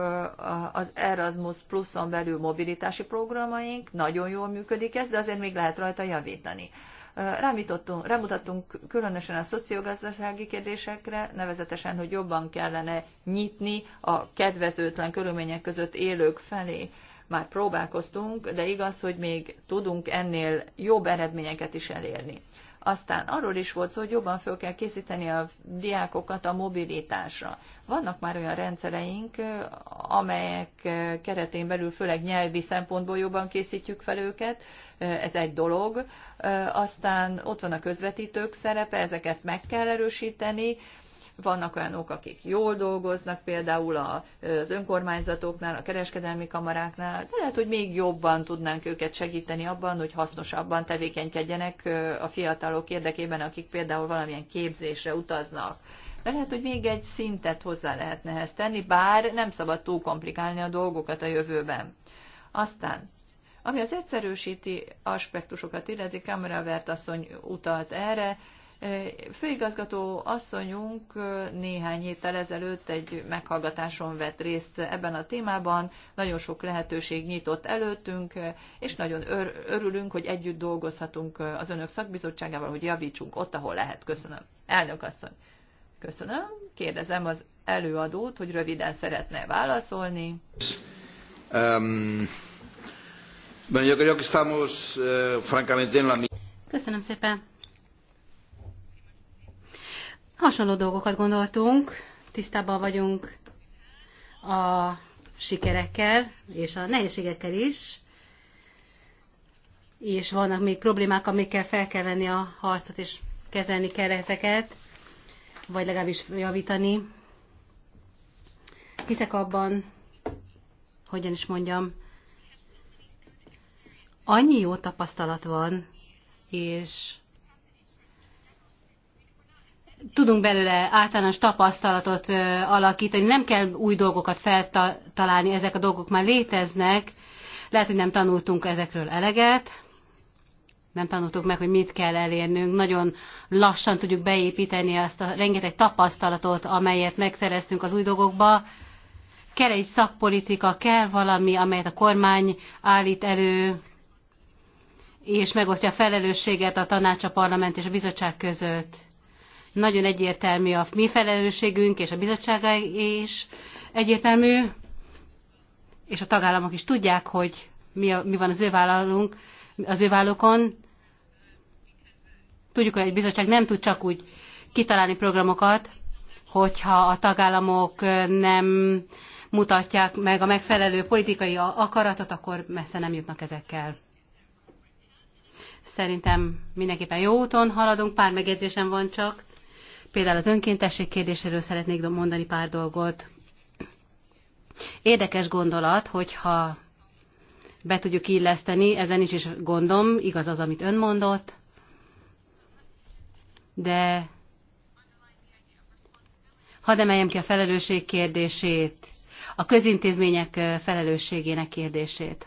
S3: az Erasmus pluszon belül mobilitási programaink, nagyon jól működik ez, de azért még lehet rajta javítani. Remutattunk rámutattunk különösen a szociogazdasági kérdésekre, nevezetesen, hogy jobban kellene nyitni a kedvezőtlen körülmények között élők felé. Már próbálkoztunk, de igaz, hogy még tudunk ennél jobb eredményeket is elérni. Aztán arról is volt szó, hogy jobban föl kell készíteni a diákokat a mobilitásra. Vannak már olyan rendszereink, amelyek keretén belül főleg nyelvi szempontból jobban készítjük fel őket, ez egy dolog. Aztán ott van a közvetítők szerepe, ezeket meg kell erősíteni, vannak olyanok, akik jól dolgoznak, például az önkormányzatoknál, a kereskedelmi kamaráknál, de lehet, hogy még jobban tudnánk őket segíteni abban, hogy hasznosabban tevékenykedjenek a fiatalok érdekében, akik például valamilyen képzésre utaznak. De lehet, hogy még egy szintet hozzá lehetne ehhez tenni, bár nem szabad túl komplikálni a dolgokat a jövőben. Aztán, ami az egyszerűsíti aspektusokat illeti, Vert asszony utalt erre, Főigazgató asszonyunk néhány héttel ezelőtt egy meghallgatáson vett részt ebben a témában, nagyon sok lehetőség nyitott előttünk, és nagyon örülünk, hogy együtt dolgozhatunk az önök szakbizottságával, hogy javítsunk ott, ahol lehet. Köszönöm. Elnök asszony. Köszönöm. Kérdezem az előadót, hogy röviden szeretne válaszolni.
S4: Um, bueno, yo creo que estamos, eh, francamente, en la...
S1: Köszönöm szépen. Hasonló dolgokat gondoltunk, tisztában vagyunk a sikerekkel és a nehézségekkel is, és vannak még problémák, amikkel fel kell venni a harcot, és kezelni kell ezeket, vagy legalábbis javítani. Hiszek abban, hogyan is mondjam, annyi jó tapasztalat van, és tudunk belőle általános tapasztalatot alakítani, nem kell új dolgokat feltalálni, ezek a dolgok már léteznek, lehet, hogy nem tanultunk ezekről eleget, nem tanultuk meg, hogy mit kell elérnünk, nagyon lassan tudjuk beépíteni azt a rengeteg tapasztalatot, amelyet megszereztünk az új dolgokba. Kell egy szakpolitika, kell valami, amelyet a kormány állít elő, és megosztja a felelősséget a tanács, a parlament és a bizottság között nagyon egyértelmű a mi felelősségünk, és a bizottsága is egyértelmű, és a tagállamok is tudják, hogy mi, a, mi van az ő vállalunk, az ő vállókon. Tudjuk, hogy egy bizottság nem tud csak úgy kitalálni programokat, hogyha a tagállamok nem mutatják meg a megfelelő politikai akaratot, akkor messze nem jutnak ezekkel. Szerintem mindenképpen jó úton haladunk, pár megjegyzésem van csak. Például az önkéntesség kérdéséről szeretnék mondani pár dolgot. Érdekes gondolat, hogyha be tudjuk illeszteni, ezen is is gondom, igaz az, amit ön mondott, de hadd emeljem ki a felelősség kérdését, a közintézmények felelősségének kérdését.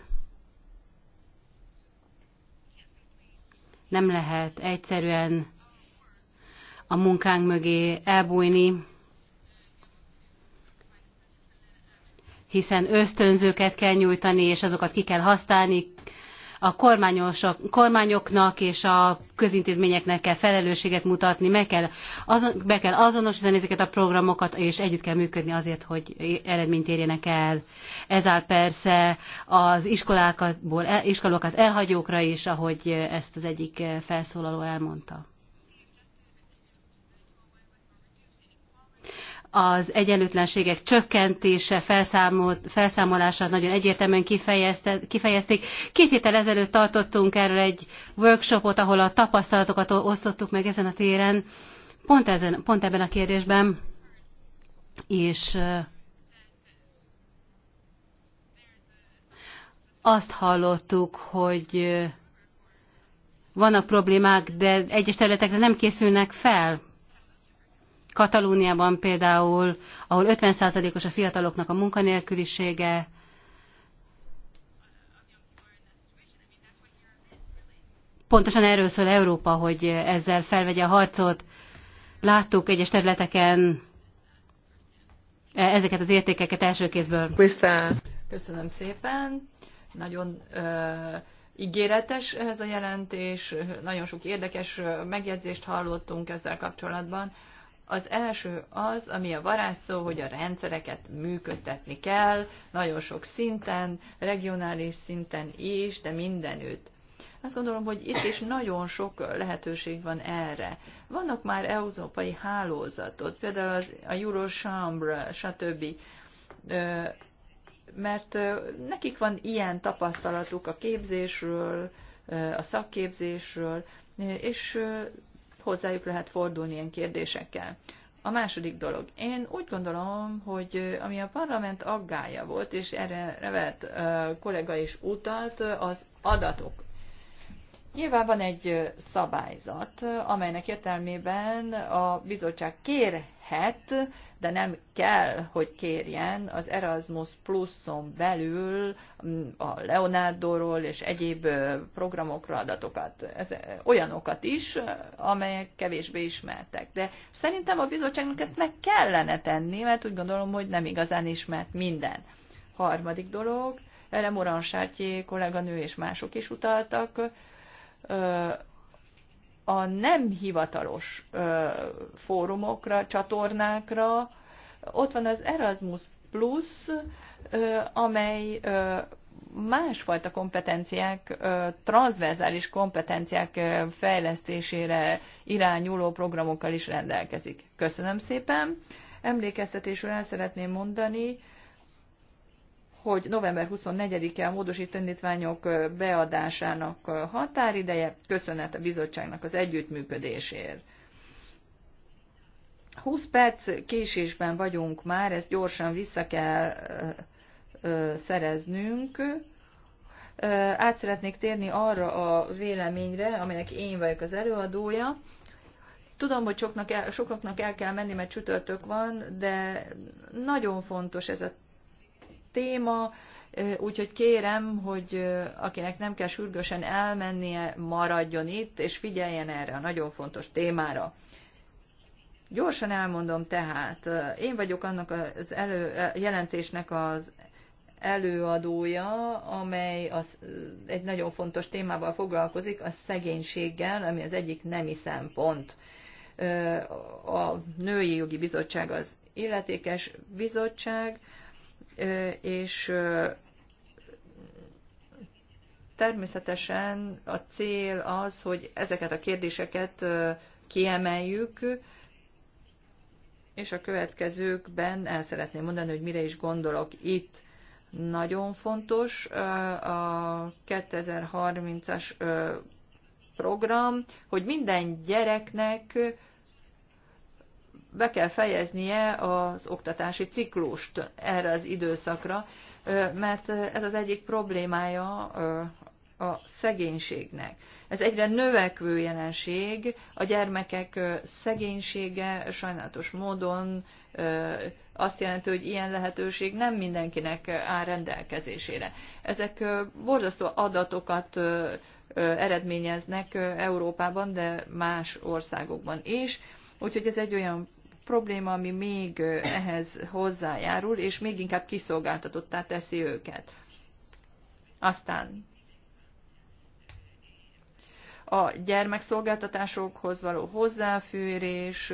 S1: Nem lehet egyszerűen a munkánk mögé elbújni, hiszen ösztönzőket kell nyújtani, és azokat ki kell használni. A kormányoknak és a közintézményeknek kell felelősséget mutatni, meg kell, azon, be kell azonosítani ezeket a programokat, és együtt kell működni azért, hogy eredményt érjenek el. Ezáltal persze az iskolákból, iskolákat elhagyókra is, ahogy ezt az egyik felszólaló elmondta. az egyenlőtlenségek csökkentése, felszámolása nagyon egyértelműen kifejezték. Két héttel ezelőtt tartottunk erről egy workshopot, ahol a tapasztalatokat osztottuk meg ezen a téren, pont, ezen, pont ebben a kérdésben, és azt hallottuk, hogy vannak problémák, de egyes területekre nem készülnek fel Katalóniában például, ahol 50%-os a fiataloknak a munkanélkülisége, pontosan erről szól Európa, hogy ezzel felvegye a harcot. Láttuk egyes területeken ezeket az értékeket első kézből. Köszönöm szépen.
S3: Nagyon uh, ígéretes ez a jelentés, nagyon sok érdekes megjegyzést hallottunk ezzel kapcsolatban. Az első az, ami a varázsszó, hogy a rendszereket működtetni kell, nagyon sok szinten, regionális szinten is, de mindenütt. Azt gondolom, hogy itt is nagyon sok lehetőség van erre. Vannak már európai hálózatot, például az, a Eurochambre, stb. Mert nekik van ilyen tapasztalatuk a képzésről, a szakképzésről, és hozzájuk lehet fordulni ilyen kérdésekkel. A második dolog. Én úgy gondolom, hogy ami a parlament aggája volt, és erre revett kollega is utalt, az adatok. Nyilván van egy szabályzat, amelynek értelmében a bizottság kér kérhet, de nem kell, hogy kérjen az Erasmus Pluson belül mm, a Leonardo-ról és egyéb programokra adatokat, Ez, olyanokat is, amelyek kevésbé ismertek. De szerintem a bizottságnak ezt meg kellene tenni, mert úgy gondolom, hogy nem igazán ismert minden. Harmadik dolog, erre Moran Sártyé kolléganő és mások is utaltak, a nem hivatalos ö, fórumokra, csatornákra. Ott van az Erasmus Plus, ö, amely ö, másfajta kompetenciák, transverzális kompetenciák fejlesztésére irányuló programokkal is rendelkezik. Köszönöm szépen! Emlékeztetésről el szeretném mondani, hogy november 24-e a módosít tanítványok beadásának határideje, köszönet a bizottságnak az együttműködésért. 20 perc késésben vagyunk már, ezt gyorsan vissza kell szereznünk. Át szeretnék térni arra a véleményre, aminek én vagyok az előadója. Tudom, hogy soknak el, sokaknak el kell menni, mert csütörtök van, de nagyon fontos ez a téma, úgyhogy kérem, hogy akinek nem kell sürgősen elmennie, maradjon itt, és figyeljen erre a nagyon fontos témára. Gyorsan elmondom tehát, én vagyok annak az elő, jelentésnek az előadója, amely az, egy nagyon fontos témával foglalkozik, a szegénységgel, ami az egyik nemi szempont. A Női Jogi Bizottság az illetékes bizottság, és természetesen a cél az, hogy ezeket a kérdéseket kiemeljük, és a következőkben el szeretném mondani, hogy mire is gondolok itt. Nagyon fontos a 2030-as program, hogy minden gyereknek be kell fejeznie az oktatási ciklust erre az időszakra, mert ez az egyik problémája a szegénységnek. Ez egyre növekvő jelenség, a gyermekek szegénysége sajnálatos módon azt jelenti, hogy ilyen lehetőség nem mindenkinek áll rendelkezésére. Ezek borzasztó adatokat eredményeznek Európában, de más országokban is. Úgyhogy ez egy olyan probléma, ami még ehhez hozzájárul, és még inkább kiszolgáltatottá teszi őket. Aztán a gyermekszolgáltatásokhoz való hozzáférés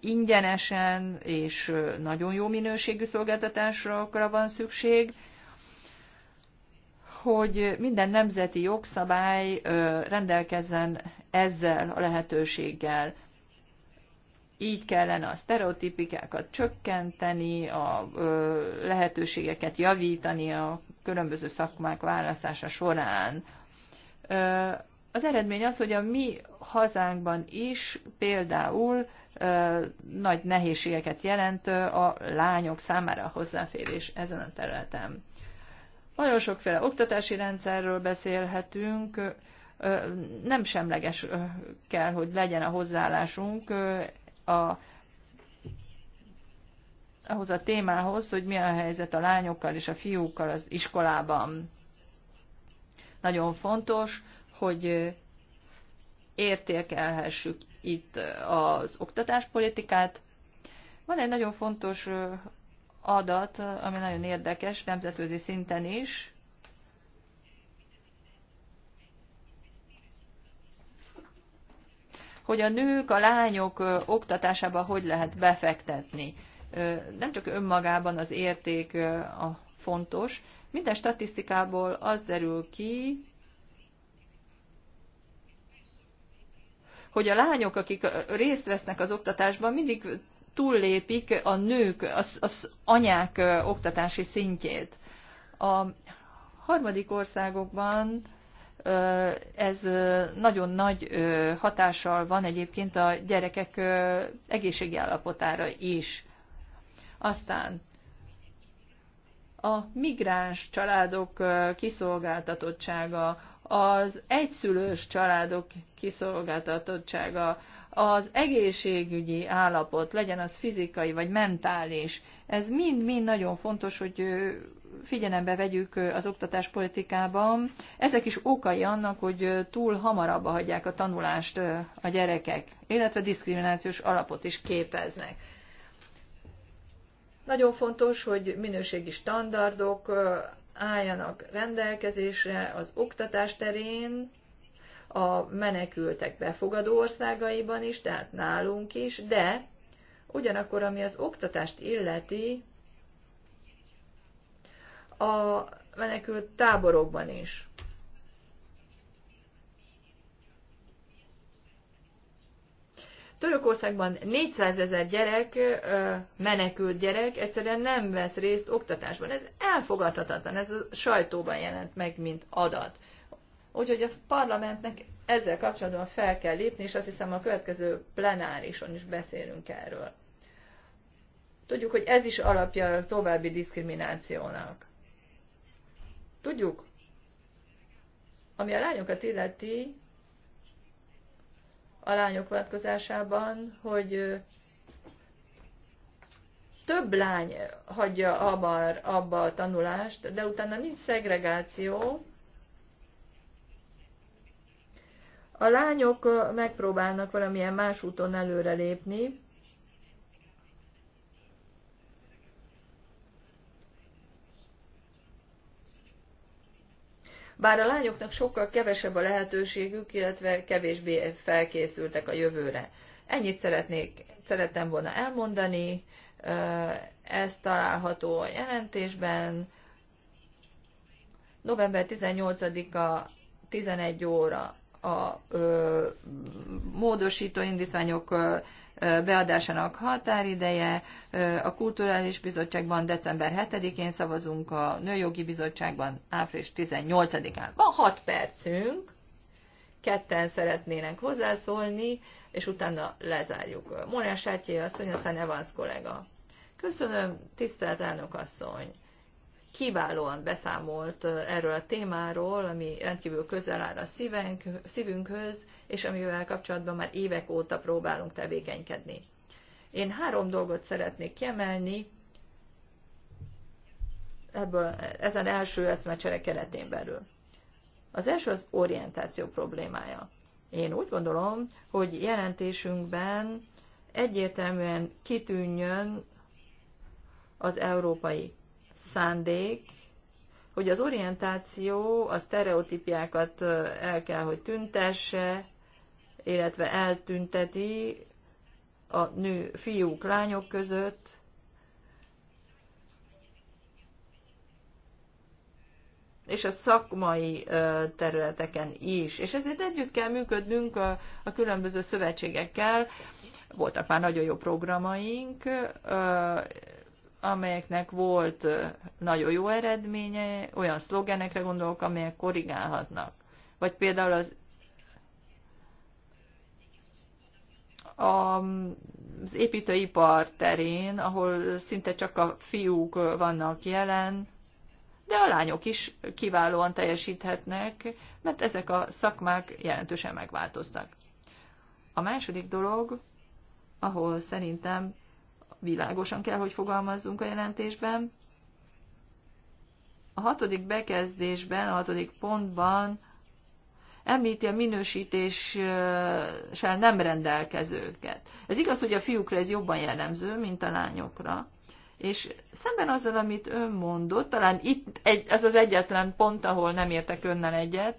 S3: ingyenesen és nagyon jó minőségű szolgáltatásokra van szükség, hogy minden nemzeti jogszabály rendelkezzen ezzel a lehetőséggel így kellene a sztereotipikákat csökkenteni, a ö, lehetőségeket javítani a különböző szakmák választása során. Ö, az eredmény az, hogy a mi hazánkban is például ö, nagy nehézségeket jelent a lányok számára a hozzáférés ezen a területen. Nagyon sokféle oktatási rendszerről beszélhetünk, nem semleges kell, hogy legyen a hozzáállásunk a, ahhoz a témához, hogy mi a helyzet a lányokkal és a fiúkkal az iskolában. Nagyon fontos, hogy értékelhessük itt az oktatáspolitikát. Van egy nagyon fontos adat, ami nagyon érdekes, nemzetközi szinten is, hogy a nők, a lányok oktatásába hogy lehet befektetni. Nem csak önmagában az érték a fontos. Minden statisztikából az derül ki, hogy a lányok, akik részt vesznek az oktatásban, mindig túllépik a nők, az, az anyák oktatási szintjét. A harmadik országokban ez nagyon nagy hatással van egyébként a gyerekek egészségi állapotára is. Aztán a migráns családok kiszolgáltatottsága, az egyszülős családok kiszolgáltatottsága, az egészségügyi állapot, legyen az fizikai vagy mentális, ez mind-mind nagyon fontos, hogy figyelembe vegyük az oktatáspolitikában. Ezek is okai annak, hogy túl hamarabb hagyják a tanulást a gyerekek, illetve diszkriminációs alapot is képeznek. Nagyon fontos, hogy minőségi standardok álljanak rendelkezésre az oktatás terén, a menekültek befogadó országaiban is, tehát nálunk is, de ugyanakkor, ami az oktatást illeti, a menekült táborokban is. Törökországban 400 ezer gyerek, menekült gyerek egyszerűen nem vesz részt oktatásban. Ez elfogadhatatlan, ez a sajtóban jelent meg, mint adat. Úgyhogy a parlamentnek ezzel kapcsolatban fel kell lépni, és azt hiszem a következő plenárison is beszélünk erről. Tudjuk, hogy ez is alapja a további diszkriminációnak. Tudjuk, ami a lányokat illeti, a lányok vonatkozásában, hogy több lány hagyja abba, abba a tanulást, de utána nincs szegregáció, A lányok megpróbálnak valamilyen más úton előrelépni, Bár a lányoknak sokkal kevesebb a lehetőségük, illetve kevésbé felkészültek a jövőre. Ennyit szeretnék, szerettem volna elmondani, ez található a jelentésben. November 18-a 11 óra a ö, módosító indítványok ö, beadásának határideje. A Kulturális Bizottságban december 7-én szavazunk, a Nőjogi Bizottságban április 18-án. Van 6 percünk, ketten szeretnének hozzászólni, és utána lezárjuk. Morán Sátjé asszony, aztán Evans kollega. Köszönöm, tisztelt elnök asszony! kiválóan beszámolt erről a témáról, ami rendkívül közel áll a szívenk, szívünkhöz, és amivel kapcsolatban már évek óta próbálunk tevékenykedni. Én három dolgot szeretnék kiemelni ebből, ezen első eszmecsere keretén belül. Az első az orientáció problémája. Én úgy gondolom, hogy jelentésünkben egyértelműen kitűnjön az európai szándék, hogy az orientáció a sztereotípiákat el kell, hogy tüntesse, illetve eltünteti a nő, fiúk, lányok között, és a szakmai területeken is. És ezért együtt kell működnünk a, a különböző szövetségekkel. Voltak már nagyon jó programaink, amelyeknek volt nagyon jó eredménye, olyan szlogenekre gondolok, amelyek korrigálhatnak. Vagy például az az építőipar terén, ahol szinte csak a fiúk vannak jelen, de a lányok is kiválóan teljesíthetnek, mert ezek a szakmák jelentősen megváltoztak. A második dolog, ahol szerintem világosan kell, hogy fogalmazzunk a jelentésben. A hatodik bekezdésben, a hatodik pontban említi a minősítéssel nem rendelkezőket. Ez igaz, hogy a fiúkra ez jobban jellemző, mint a lányokra. És szemben azzal, amit ön mondott, talán itt egy, ez az egyetlen pont, ahol nem értek önnel egyet,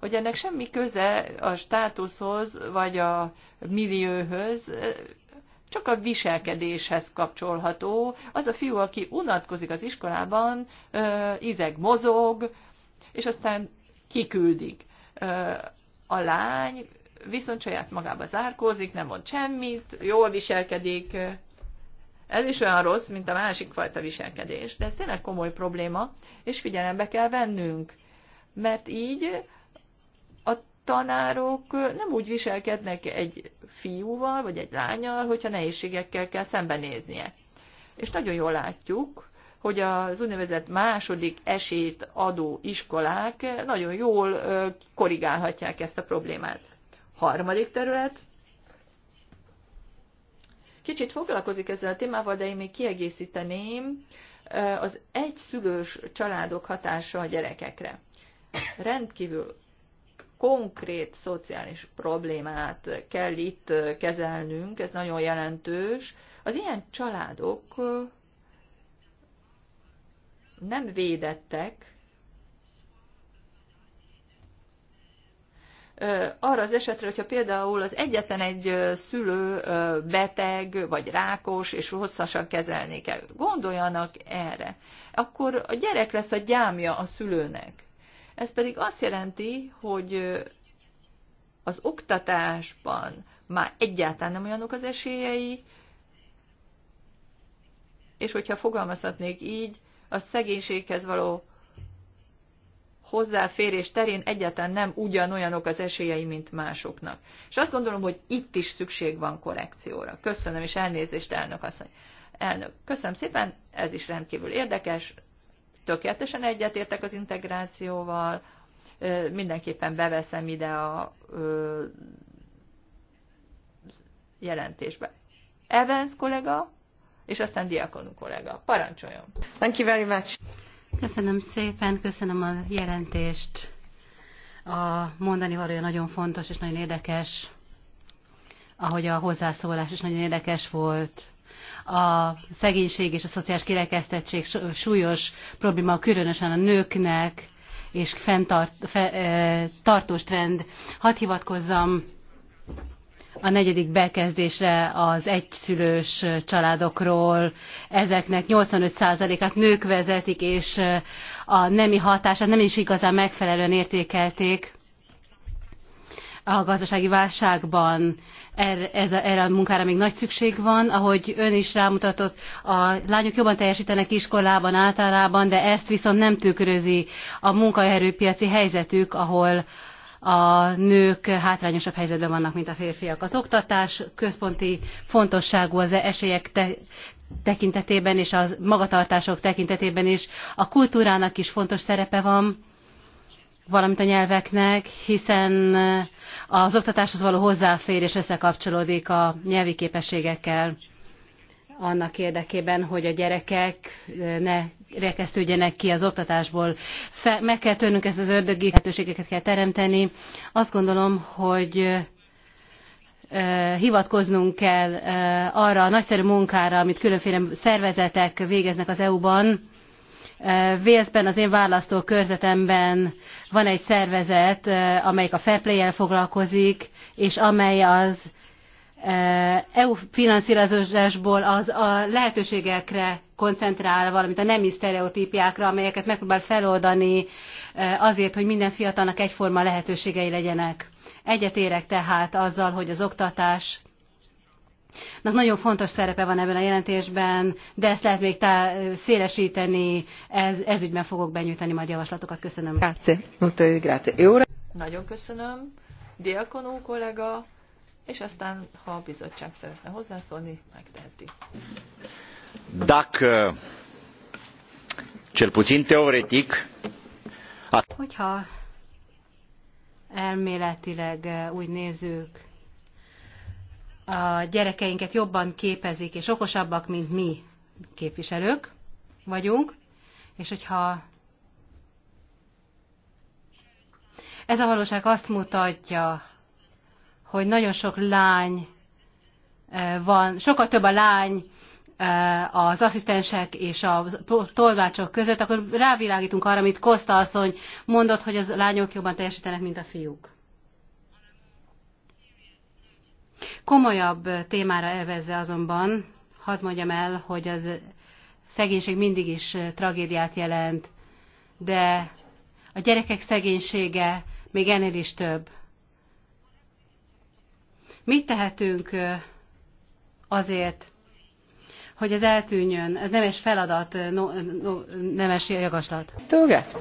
S3: hogy ennek semmi köze a státuszhoz, vagy a millióhöz, csak a viselkedéshez kapcsolható. Az a fiú, aki unatkozik az iskolában, izeg mozog, és aztán kiküldik. A lány viszont saját magába zárkózik, nem mond semmit, jól viselkedik. Ez is olyan rossz, mint a másik fajta viselkedés, de ez tényleg komoly probléma, és figyelembe kell vennünk, mert így tanárok nem úgy viselkednek egy fiúval, vagy egy lányal, hogyha nehézségekkel kell szembenéznie. És nagyon jól látjuk, hogy az úgynevezett második esélyt adó iskolák nagyon jól korrigálhatják ezt a problémát. Harmadik terület. Kicsit foglalkozik ezzel a témával, de én még kiegészíteném az egyszülős családok hatása a gyerekekre. Rendkívül konkrét szociális problémát kell itt kezelnünk, ez nagyon jelentős. Az ilyen családok nem védettek arra az esetre, hogyha például az egyetlen egy szülő beteg vagy rákos, és hosszasan kezelni kell. Gondoljanak erre. Akkor a gyerek lesz a gyámja a szülőnek. Ez pedig azt jelenti, hogy az oktatásban már egyáltalán nem olyanok az esélyei, és hogyha fogalmazhatnék így, a szegénységhez való hozzáférés terén egyáltalán nem ugyanolyanok az esélyei, mint másoknak. És azt gondolom, hogy itt is szükség van korrekcióra. Köszönöm, és elnézést, elnök asszony. Elnök, köszönöm szépen, ez is rendkívül érdekes, tökéletesen egyetértek az integrációval, mindenképpen beveszem ide a jelentésbe. Evans kollega, és aztán Diakonu kollega. Parancsoljon!
S1: Thank you very much! Köszönöm szépen, köszönöm a jelentést. A mondani valója nagyon fontos és nagyon érdekes, ahogy a hozzászólás is nagyon érdekes volt, a szegénység és a szociális kirekesztettség súlyos probléma, különösen a nőknek, és fenntart, fe, e, tartós trend. Hadd hivatkozzam a negyedik bekezdésre az egyszülős családokról. Ezeknek 85%-át nők vezetik, és a nemi hatását nem is igazán megfelelően értékelték a gazdasági válságban erre, ez, erre a munkára még nagy szükség van, ahogy ön is rámutatott, a lányok jobban teljesítenek iskolában általában, de ezt viszont nem tükrözi a munkaerőpiaci helyzetük, ahol a nők hátrányosabb helyzetben vannak, mint a férfiak. Az oktatás központi fontosságú az esélyek te tekintetében és a magatartások tekintetében is. A kultúrának is fontos szerepe van valamint a nyelveknek, hiszen eh, az oktatáshoz való hozzáférés összekapcsolódik a nyelvi képességekkel annak érdekében, hogy a gyerekek eh, ne rekesztődjenek ki az oktatásból. Fe, meg kell törnünk ezt az ördögi lehetőségeket kell teremteni. Azt gondolom, hogy eh, hivatkoznunk kell arra a nagyszerű munkára, amit különféle szervezetek végeznek az EU-ban, Eh, Walesben, az én választókörzetemben van egy szervezet, eh, amelyik a fair play-el foglalkozik, és amely az eh, EU finanszírozásból az a lehetőségekre koncentrál, valamint a nemi sztereotípiákra, amelyeket megpróbál feloldani azért, hogy minden fiatalnak egyforma lehetőségei legyenek. Egyetérek tehát azzal, hogy az oktatás nagyon fontos szerepe van ebben a jelentésben, de ezt lehet még tá- szélesíteni, ez, ez ügyben fogok benyújtani majd javaslatokat. Köszönöm. Grazie, molto grazie. Jó.
S3: Nagyon köszönöm, diakonó kollega, és aztán, ha a bizottság szeretne hozzászólni, megteheti.
S2: Dak, cel puțin teoretic,
S1: Hogyha elméletileg úgy nézzük, a gyerekeinket jobban képezik, és okosabbak, mint mi képviselők vagyunk, és hogyha ez a valóság azt mutatja, hogy nagyon sok lány van, sokkal több a lány az asszisztensek és a tolvácsok között, akkor rávilágítunk arra, amit Kosta asszony mondott, hogy az lányok jobban teljesítenek, mint a fiúk. Komolyabb témára evezve azonban, hadd mondjam el, hogy az szegénység mindig is tragédiát jelent, de a gyerekek szegénysége még ennél is több. Mit tehetünk azért, hogy ez eltűnjön? Ez nemes feladat, no, no, nemes javaslat.
S2: Tóget.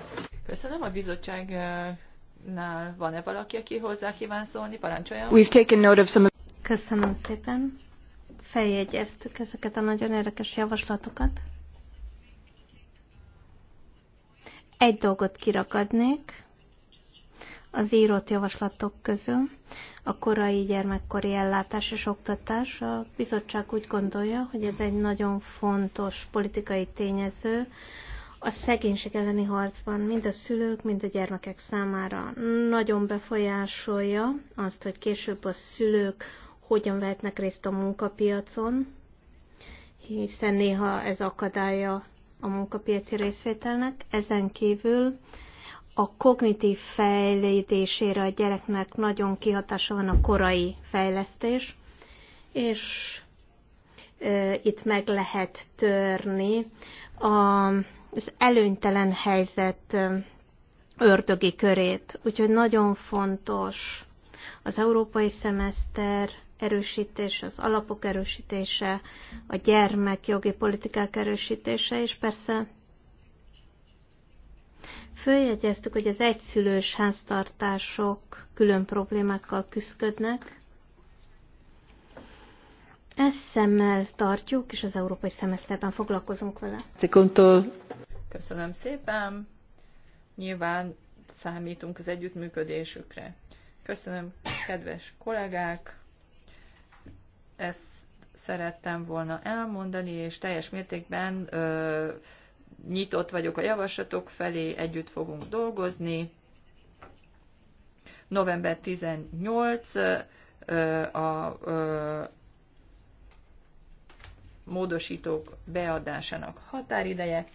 S3: Köszönöm a bizottság Nál van-e valaki, aki hozzá kíván szólni? Parancsoljon. We've
S4: taken note of some Köszönöm szépen. Feljegyeztük ezeket a nagyon érdekes javaslatokat. Egy dolgot kirakadnék az írott javaslatok közül, a korai gyermekkori ellátás és oktatás. A bizottság úgy gondolja, hogy ez egy nagyon fontos politikai tényező a szegénység elleni harcban, mind a szülők, mind a gyermekek számára. Nagyon befolyásolja azt, hogy később a szülők hogyan vehetnek részt a munkapiacon, hiszen néha ez akadálya a munkapiaci részvételnek. Ezen kívül a kognitív fejlődésére a gyereknek nagyon kihatása van a korai fejlesztés, és itt meg lehet törni az előnytelen helyzet ördögi körét. Úgyhogy nagyon fontos az európai szemeszter, erősítés, az alapok erősítése, a gyermek jogi politikák erősítése, és persze följegyeztük, hogy az egyszülős háztartások külön problémákkal küzdködnek. Ezt szemmel tartjuk, és az európai szemeszterben foglalkozunk vele.
S3: Köszönöm szépen. Nyilván számítunk az együttműködésükre. Köszönöm, kedves kollégák! Ezt szerettem volna elmondani, és teljes mértékben ö, nyitott vagyok a javaslatok felé, együtt fogunk dolgozni. November 18 ö, a ö, módosítók beadásának határideje.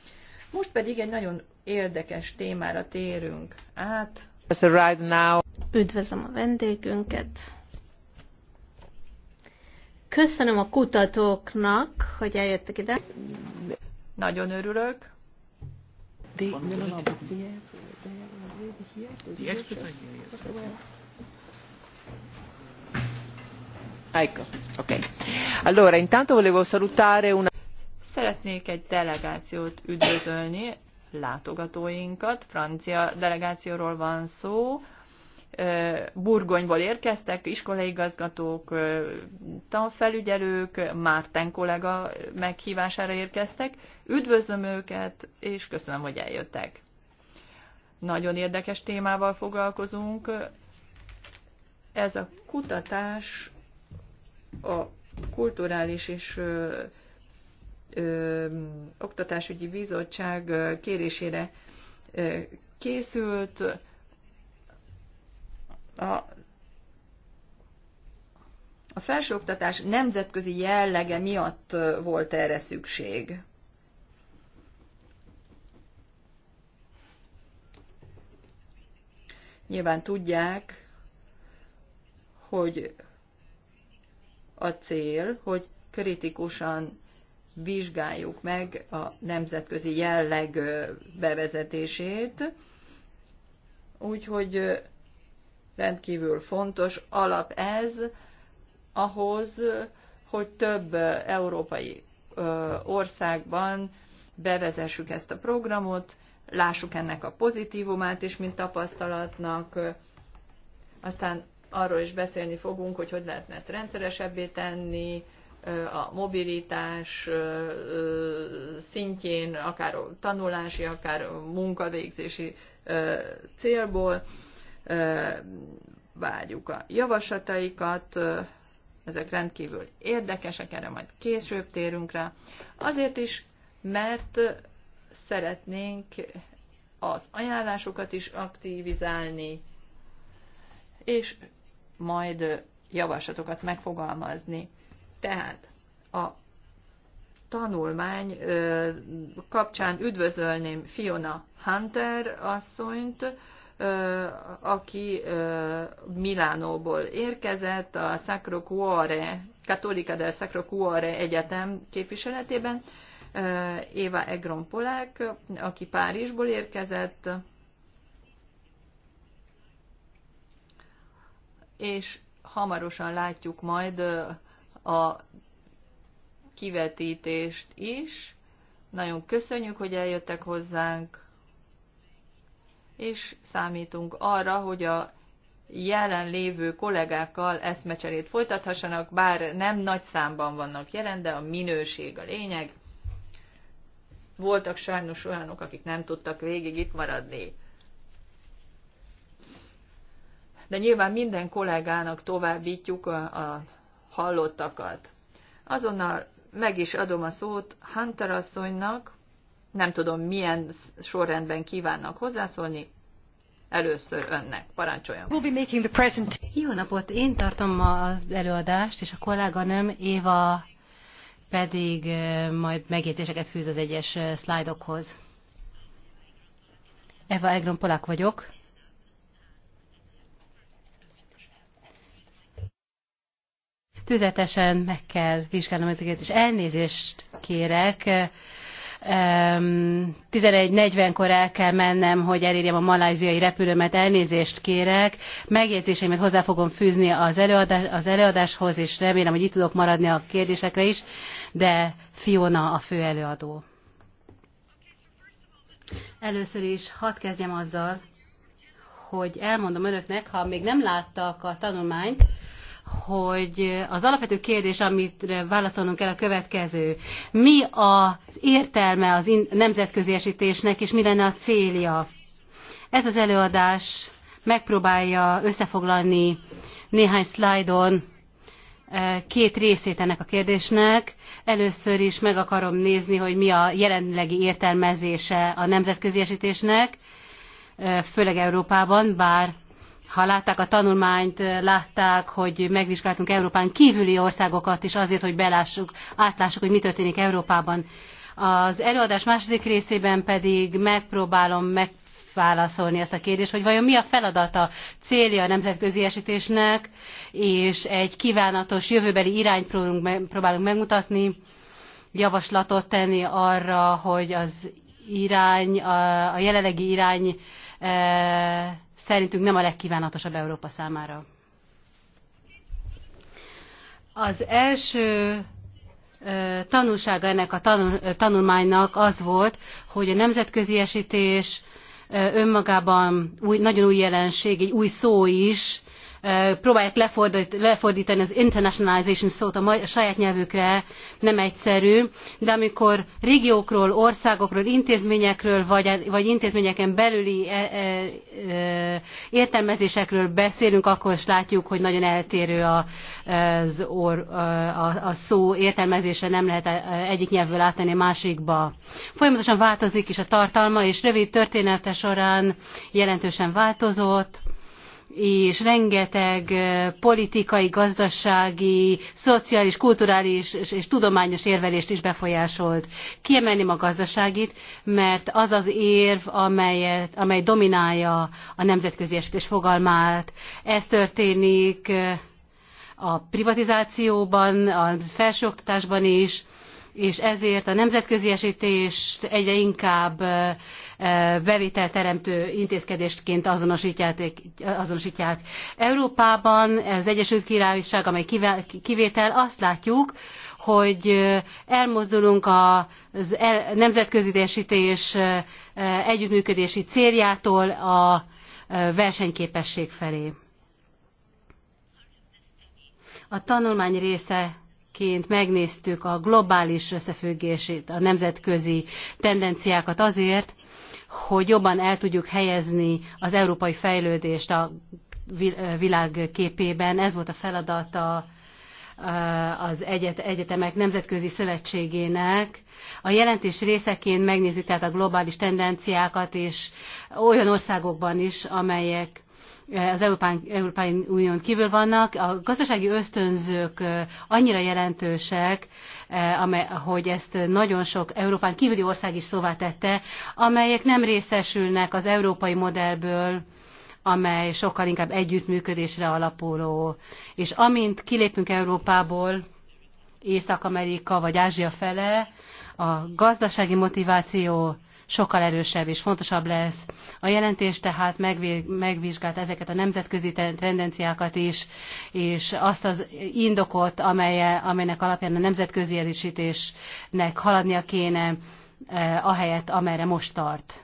S3: Most pedig egy nagyon érdekes témára térünk át. Right
S4: now. Üdvözlöm a vendégünket, Köszönöm a kutatóknak,
S3: hogy eljöttek ide. Nagyon örülök. Ecco, ok. Allora, intanto volevo salutare una... Szeretnék egy delegációt üdvözölni, látogatóinkat, francia delegációról van szó, Burgonyból érkeztek, iskolaigazgatók, tanfelügyelők, Márten kollega meghívására érkeztek. Üdvözlöm őket, és köszönöm, hogy eljöttek. Nagyon érdekes témával foglalkozunk. Ez a kutatás a kulturális és ö, ö, oktatásügyi bizottság kérésére készült a a felsőoktatás nemzetközi jellege miatt volt erre szükség. Nyilván tudják, hogy a cél, hogy kritikusan vizsgáljuk meg a nemzetközi jelleg bevezetését, úgyhogy rendkívül fontos alap ez ahhoz, hogy több európai országban bevezessük ezt a programot, lássuk ennek a pozitívumát is, mint tapasztalatnak, aztán arról is beszélni fogunk, hogy hogy lehetne ezt rendszeresebbé tenni, a mobilitás szintjén, akár tanulási, akár munkavégzési célból, várjuk a javaslataikat, ezek rendkívül érdekesek, erre majd később térünk rá. Azért is, mert szeretnénk az ajánlásokat is aktivizálni, és majd javaslatokat megfogalmazni. Tehát a tanulmány kapcsán üdvözölném Fiona Hunter asszonyt, aki Milánóból érkezett, a Sacro Cuore, Katolika del Sacro Cuore Egyetem képviseletében, Éva Egron Polák, aki Párizsból érkezett, és hamarosan látjuk majd a kivetítést is. Nagyon köszönjük, hogy eljöttek hozzánk és számítunk arra, hogy a jelenlévő kollégákkal eszmecserét folytathassanak, bár nem nagy számban vannak jelen, de a minőség a lényeg. Voltak sajnos olyanok, akik nem tudtak végig itt maradni. De nyilván minden kollégának továbbítjuk a, a hallottakat. Azonnal meg is adom a szót Hunter asszonynak, nem tudom, milyen sorrendben kívánnak hozzászólni. Először önnek. Parancsoljon.
S1: Jó napot! Én tartom ma az előadást, és a kolléganőm Éva pedig majd megértéseket fűz az egyes szlájdokhoz. Eva Egron Polák vagyok. Tüzetesen meg kell vizsgálnom ezeket, és elnézést kérek 11.40-kor el kell mennem, hogy elérjem a malajziai repülőmet, elnézést kérek. Megjegyzéseimet hozzá fogom fűzni az, előadás, az előadáshoz, és remélem, hogy itt tudok maradni a kérdésekre is, de Fiona a fő előadó. Először is hadd kezdjem azzal, hogy elmondom önöknek, ha még nem láttak a tanulmányt, hogy az alapvető kérdés, amit válaszolnunk kell a következő. Mi az értelme az nemzetközi esítésnek, és mi lenne a célja? Ez az előadás megpróbálja összefoglalni néhány szlájdon e, két részét ennek a kérdésnek. Először is meg akarom nézni, hogy mi a jelenlegi értelmezése a nemzetközi esítésnek, e, főleg Európában, bár ha látták a tanulmányt, látták, hogy megvizsgáltunk Európán kívüli országokat is azért, hogy belássuk, átlássuk, hogy mi történik Európában. Az előadás második részében pedig megpróbálom megválaszolni ezt a kérdést, hogy vajon mi a feladata, célja a nemzetközi esítésnek, és egy kívánatos jövőbeli irányt próbálunk megmutatni, javaslatot tenni arra, hogy az irány, a jelenlegi irány E, szerintünk nem a legkívánatosabb Európa számára. Az első e, tanulsága ennek a e, tanulmánynak az volt, hogy a nemzetközi esítés önmagában új, nagyon új jelenség, egy új szó is, Eh, próbálják lefordtani az internationalization szót a saját nyelvükre, nem egyszerű, de amikor régiókról, országokról, intézményekről vagy, vagy intézményeken belüli e, e, e, értelmezésekről beszélünk, akkor is látjuk, hogy nagyon eltérő a, az or, a, a szó értelmezése, nem lehet egyik nyelvből átvenni a másikba. Folyamatosan változik is a tartalma, és rövid története során jelentősen változott és rengeteg politikai, gazdasági, szociális, kulturális és, és tudományos érvelést is befolyásolt. Kiemelném a gazdaságit, mert az az érv, amelyet, amely dominálja a nemzetközi esetés fogalmát. Ez történik a privatizációban, a felsőoktatásban is, és ezért a nemzetközi esítést egyre inkább bevételteremtő intézkedésként azonosítják. azonosítják. Európában az Egyesült Királyság, amely kivétel, azt látjuk, hogy elmozdulunk a e, nemzetközidésítés együttműködési céljától a versenyképesség felé. A tanulmány részeként megnéztük a globális összefüggését, a nemzetközi tendenciákat azért, hogy jobban el tudjuk helyezni az európai fejlődést a világ képében. Ez volt a feladata az egyet, egyetemek nemzetközi szövetségének. A jelentés részeként megnézzük tehát a globális tendenciákat, és olyan országokban is, amelyek az Európai Unión kívül vannak. A gazdasági ösztönzők annyira jelentősek, hogy ezt nagyon sok Európán kívüli ország is szóvá tette, amelyek nem részesülnek az európai modellből, amely sokkal inkább együttműködésre alapuló. És amint kilépünk Európából, Észak-Amerika vagy Ázsia fele, a gazdasági motiváció sokkal erősebb és fontosabb lesz. A jelentés tehát megvizsgált ezeket a nemzetközi tendenciákat is, és azt az indokot, amely, amelynek alapján a nemzetközi erősítésnek haladnia kéne, eh, ahelyett, amerre most tart.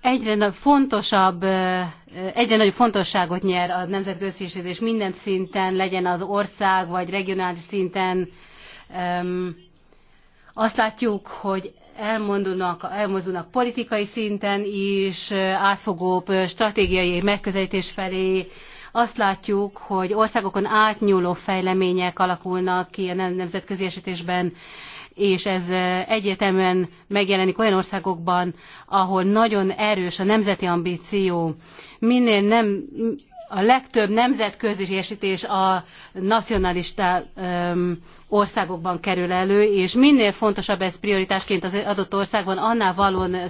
S1: egyre fontosabb, eh, egyre nagyobb fontosságot nyer a nemzetközi minden szinten, legyen az ország vagy regionális szinten. Azt látjuk, hogy elmondulnak, elmozdulnak politikai szinten is, átfogóbb stratégiai megközelítés felé. Azt látjuk, hogy országokon átnyúló fejlemények alakulnak ki a nemzetközi esetésben, és ez egyértelműen megjelenik olyan országokban, ahol nagyon erős a nemzeti ambíció. Minél nem a legtöbb nemzetközi esítés a nacionalista öm, országokban kerül elő, és minél fontosabb ez prioritásként az adott országban, annál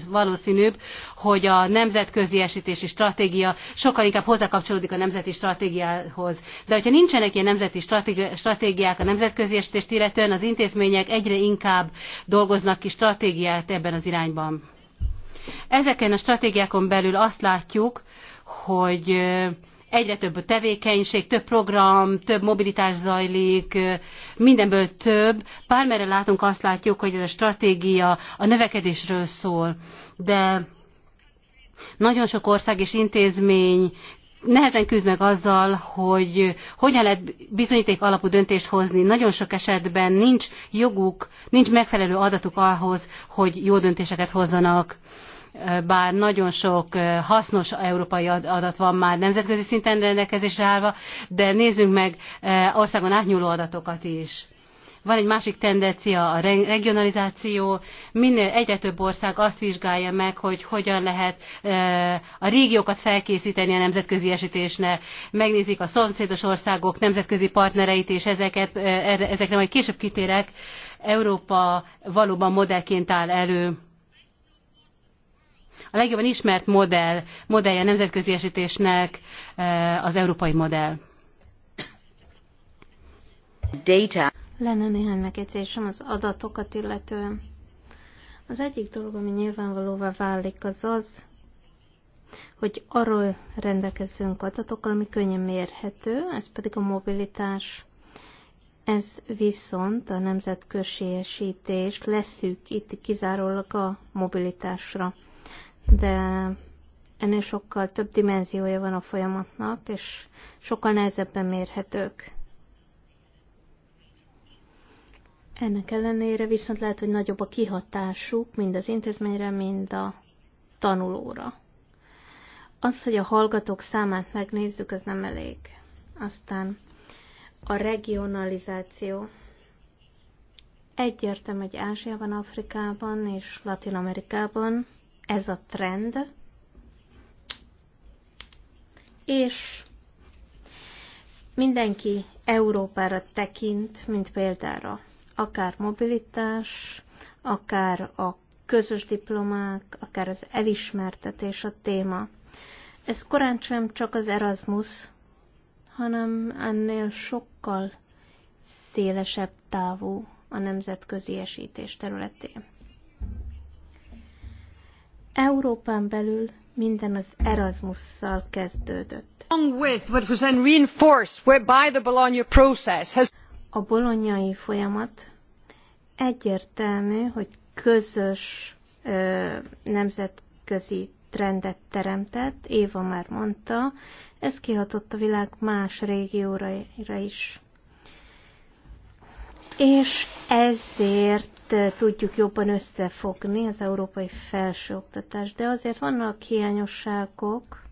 S1: valószínűbb, hogy a nemzetközi esítési stratégia sokkal inkább hozzákapcsolódik a nemzeti stratégiához. De hogyha nincsenek ilyen nemzeti stratégiák a nemzetközi esítést illetően, az intézmények egyre inkább dolgoznak ki stratégiát ebben az irányban. Ezeken a stratégiákon belül azt látjuk, hogy egyre több tevékenység, több program, több mobilitás zajlik, mindenből több. Bármerre látunk, azt látjuk, hogy ez a stratégia a növekedésről szól, de nagyon sok ország és intézmény nehezen küzd meg azzal, hogy hogyan lehet bizonyíték alapú döntést hozni. Nagyon sok esetben nincs joguk, nincs megfelelő adatuk ahhoz, hogy jó döntéseket hozzanak bár nagyon sok hasznos európai adat van már nemzetközi szinten rendelkezésre állva, de nézzünk meg országon átnyúló adatokat is. Van egy másik tendencia, a regionalizáció. Minél egyre több ország azt vizsgálja meg, hogy hogyan lehet a régiókat felkészíteni a nemzetközi esítésre. Megnézik a szomszédos országok nemzetközi partnereit, és ezeket, ezekre majd később kitérek. Európa valóban modellként áll elő a legjobban ismert modell, modellje a nemzetközi esítésnek eh, az európai modell. Data.
S4: Lenne néhány megjegyzésem az adatokat illetően. Az egyik dolog, ami nyilvánvalóvá válik, az az, hogy arról rendelkezünk adatokkal, ami könnyen mérhető, ez pedig a mobilitás. Ez viszont a nemzetközi nemzetköziesítés leszűkíti kizárólag a mobilitásra de ennél sokkal több dimenziója van a folyamatnak, és sokkal nehezebben mérhetők. Ennek ellenére viszont lehet, hogy nagyobb a kihatásuk mind az intézményre, mind a tanulóra. Az, hogy a hallgatók számát megnézzük, az nem elég. Aztán a regionalizáció. Egyértelmű, hogy Ázsiában, Afrikában és Latin Amerikában ez a trend, és mindenki Európára tekint, mint példára. Akár mobilitás, akár a közös diplomák, akár az elismertetés a téma. Ez korán sem csak az Erasmus, hanem ennél sokkal szélesebb távú a nemzetközi esítés területén. Európán belül minden az Erasmusszal kezdődött. A bolonyai folyamat egyértelmű, hogy közös ö, nemzetközi trendet teremtett, Éva már mondta, ez kihatott a világ más régióra is. És ezért Eh, tudjuk jobban összefogni az európai felsőoktatás, de azért vannak hiányosságok,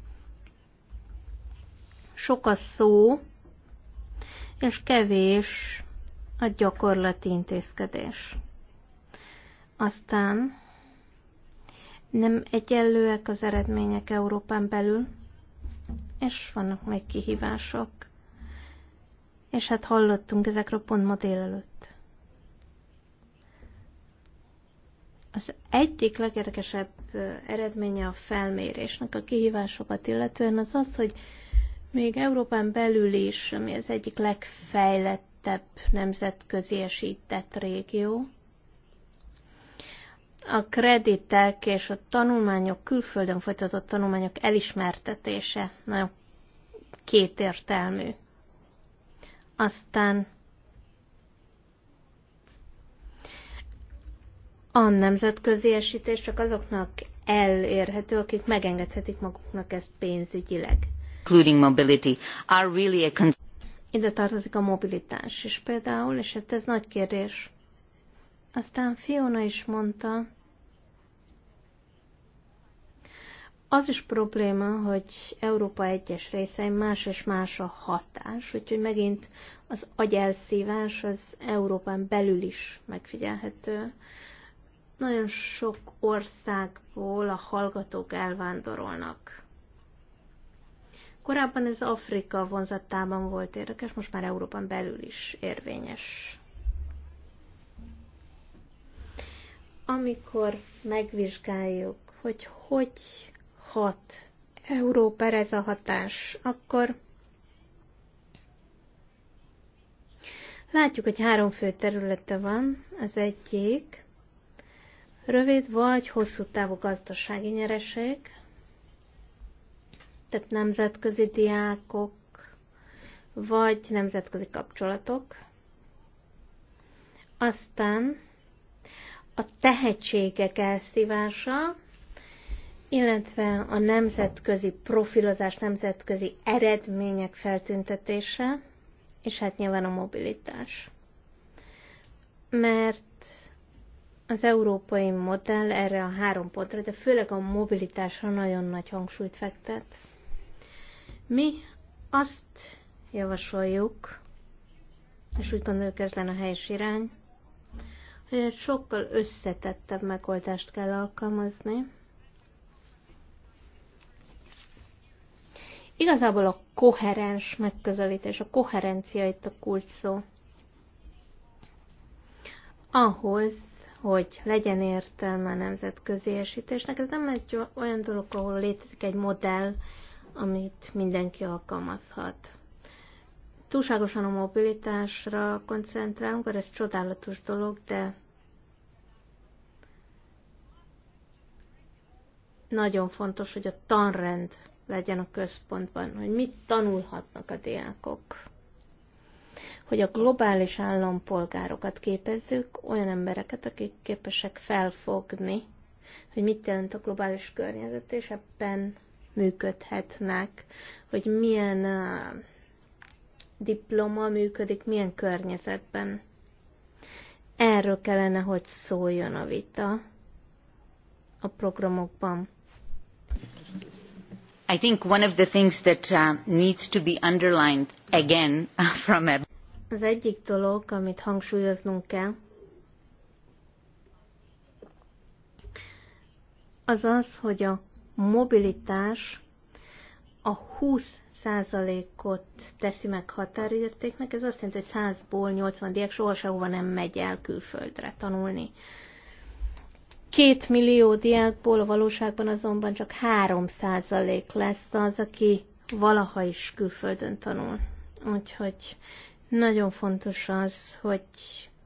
S4: sok a szó, és kevés a gyakorlati intézkedés. Aztán nem egyenlőek az eredmények Európán belül, és vannak még kihívások. És hát hallottunk ezekről pont ma délelőtt. Az egyik legérdekesebb eredménye a felmérésnek a kihívásokat illetően az az, hogy még Európán belül is, ami az egyik legfejlettebb nemzetközi esített régió, a kreditek és a tanulmányok, külföldön folytatott tanulmányok elismertetése nagyon kétértelmű. Aztán A nemzetközi esítés csak azoknak elérhető, akik megengedhetik maguknak ezt pénzügyileg. Including mobility are really a Ide tartozik a mobilitás is például, és hát ez nagy kérdés. Aztán Fiona is mondta, az is probléma, hogy Európa egyes részei más és más a hatás, úgyhogy megint az agyelszívás az Európán belül is megfigyelhető. Nagyon sok országból a hallgatók elvándorolnak. Korábban ez Afrika vonzatában volt érdekes, most már Európán belül is érvényes. Amikor megvizsgáljuk, hogy hogy hat Európára ez a hatás, akkor látjuk, hogy három fő területe van. Az egyik Rövid vagy hosszú távú gazdasági nyereség, tehát nemzetközi diákok, vagy nemzetközi kapcsolatok. Aztán a tehetségek elszívása, illetve a nemzetközi profilozás, nemzetközi eredmények feltüntetése, és hát nyilván a mobilitás. Mert az európai modell erre a három pontra, de főleg a mobilitásra nagyon nagy hangsúlyt fektet. Mi azt javasoljuk, és úgy gondoljuk ez lenne a helyes irány, hogy egy sokkal összetettebb megoldást kell alkalmazni. Igazából a koherens megközelítés, a koherencia itt a kulcs szó. Ahhoz, hogy legyen értelme a nemzetközi esítésnek. Ez nem egy olyan dolog, ahol létezik egy modell, amit mindenki alkalmazhat. Túlságosan a mobilitásra koncentrálunk, mert ez csodálatos dolog, de nagyon fontos, hogy a tanrend legyen a központban, hogy mit tanulhatnak a diákok hogy a globális állampolgárokat képezzük, olyan embereket, akik képesek felfogni, hogy mit jelent a globális környezet, és ebben működhetnek, hogy milyen uh, diploma működik, milyen környezetben. Erről kellene, hogy szóljon a vita a programokban.
S2: I think one of the things that uh, needs to be underlined again from a
S4: az egyik dolog, amit hangsúlyoznunk kell, az az, hogy a mobilitás a 20%-ot teszi meg határértéknek, ez azt jelenti, hogy 100-ból 80 diák sohasem nem megy el külföldre tanulni. Két millió diákból a valóságban azonban csak 3% lesz az, aki valaha is külföldön tanul. Úgyhogy nagyon fontos az, hogy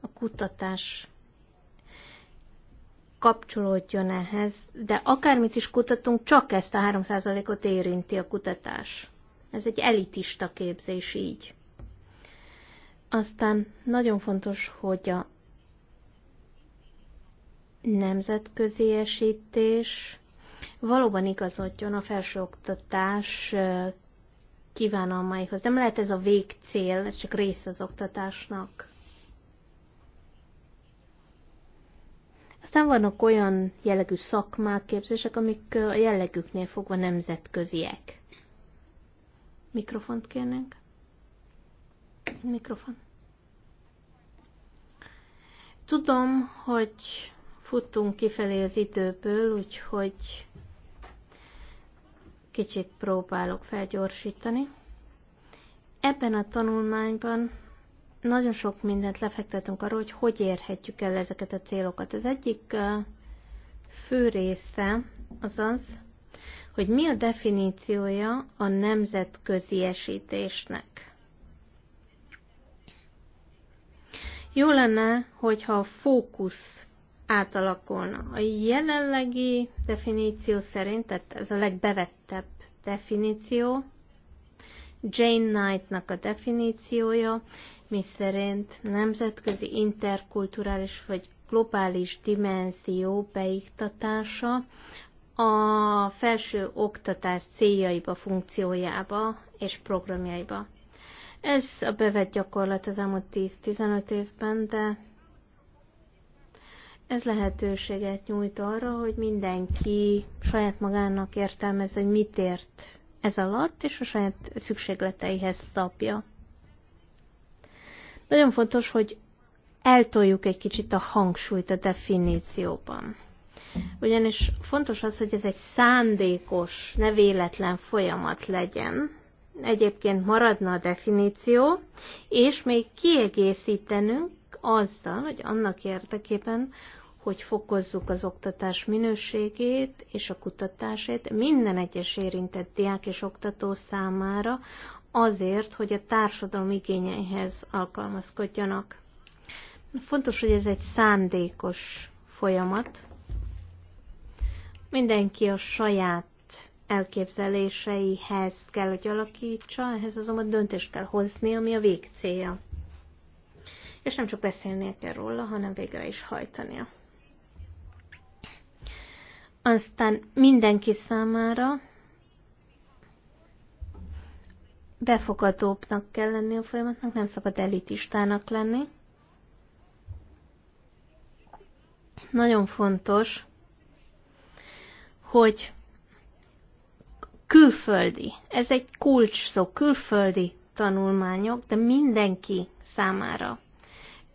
S4: a kutatás kapcsolódjon ehhez, de akármit is kutatunk, csak ezt a 3%-ot érinti a kutatás. Ez egy elitista képzés így. Aztán nagyon fontos, hogy a nemzetközi esítés valóban igazodjon a felsőoktatás kívánalmaihoz. Nem lehet ez a végcél, ez csak része az oktatásnak. Aztán vannak olyan jellegű szakmák, képzések, amik a jellegüknél fogva nemzetköziek. Mikrofont kérnénk. Mikrofon. Tudom, hogy futtunk kifelé az időből, úgyhogy Kicsit próbálok felgyorsítani. Ebben a tanulmányban nagyon sok mindent lefektetünk arról, hogy hogy érhetjük el ezeket a célokat. Az egyik fő része az az, hogy mi a definíciója a nemzetközi esítésnek. Jó lenne, hogyha a fókusz átalakulna. A jelenlegi definíció szerint, tehát ez a legbevettebb definíció, Jane Knightnak a definíciója, mi szerint nemzetközi interkulturális vagy globális dimenzió beiktatása a felső oktatás céljaiba, funkciójába és programjaiba. Ez a bevett gyakorlat az elmúlt 10-15 évben, de ez lehetőséget nyújt arra, hogy mindenki saját magának értelmez, hogy mit ért ez alatt, és a saját szükségleteihez szabja. Nagyon fontos, hogy eltoljuk egy kicsit a hangsúlyt a definícióban. Ugyanis fontos az, hogy ez egy szándékos, ne véletlen folyamat legyen. Egyébként maradna a definíció, és még kiegészítenünk azzal, hogy annak érdekében, hogy fokozzuk az oktatás minőségét és a kutatását minden egyes érintett diák és oktató számára, azért, hogy a társadalom igényeihez alkalmazkodjanak. Fontos, hogy ez egy szándékos folyamat. Mindenki a saját elképzeléseihez kell, hogy alakítsa, ehhez azonban döntést kell hozni, ami a végcélja. És nem csak beszélnie kell róla, hanem végre is hajtania aztán mindenki számára befogadóbbnak kell lenni a folyamatnak, nem szabad elitistának lenni. Nagyon fontos, hogy külföldi, ez egy kulcs szó, külföldi tanulmányok, de mindenki számára.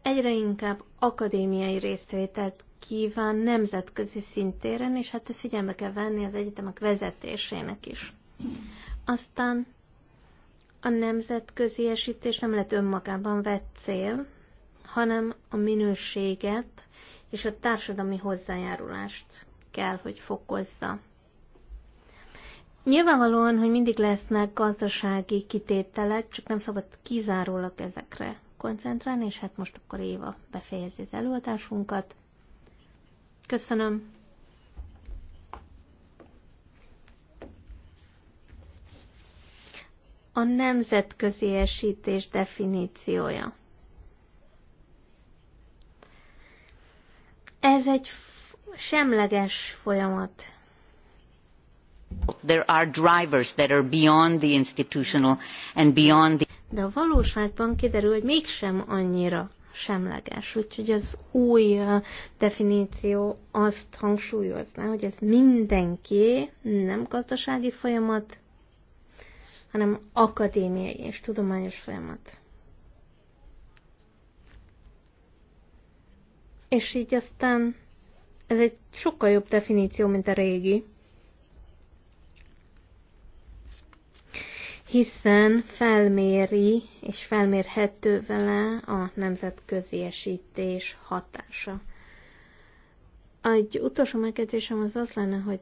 S4: Egyre inkább akadémiai résztvételt kíván nemzetközi szintéren, és hát ezt figyelme kell venni az egyetemek vezetésének is. Aztán a nemzetközi esítés nem lett önmagában vett cél, hanem a minőséget és a társadalmi hozzájárulást kell, hogy fokozza. Nyilvánvalóan, hogy mindig lesznek gazdasági kitételek, csak nem szabad kizárólag ezekre koncentrálni, és hát most akkor Éva befejezi az előadásunkat. Köszönöm. A nemzetközi esítés definíciója. Ez egy semleges folyamat. There are drivers that are beyond the institutional and beyond the... De a valóságban kiderül, hogy mégsem annyira semleges. Úgyhogy az új definíció azt hangsúlyozná, hogy ez mindenki nem gazdasági folyamat, hanem akadémiai és tudományos folyamat. És így aztán ez egy sokkal jobb definíció, mint a régi. hiszen felméri és felmérhető vele a nemzetközi esítés hatása. Egy utolsó megjegyzésem az az lenne, hogy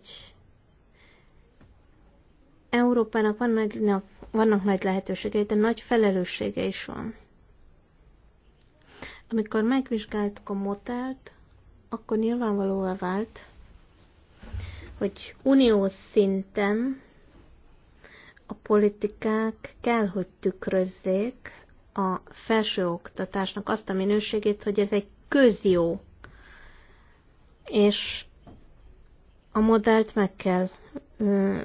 S4: Európának van nagy, vannak nagy lehetőségei, de nagy felelőssége is van. Amikor megvizsgáltuk a motelt, akkor nyilvánvalóvá vált, hogy uniós szinten a politikák kell, hogy tükrözzék a felsőoktatásnak azt a minőségét, hogy ez egy közjó, és a modellt meg kell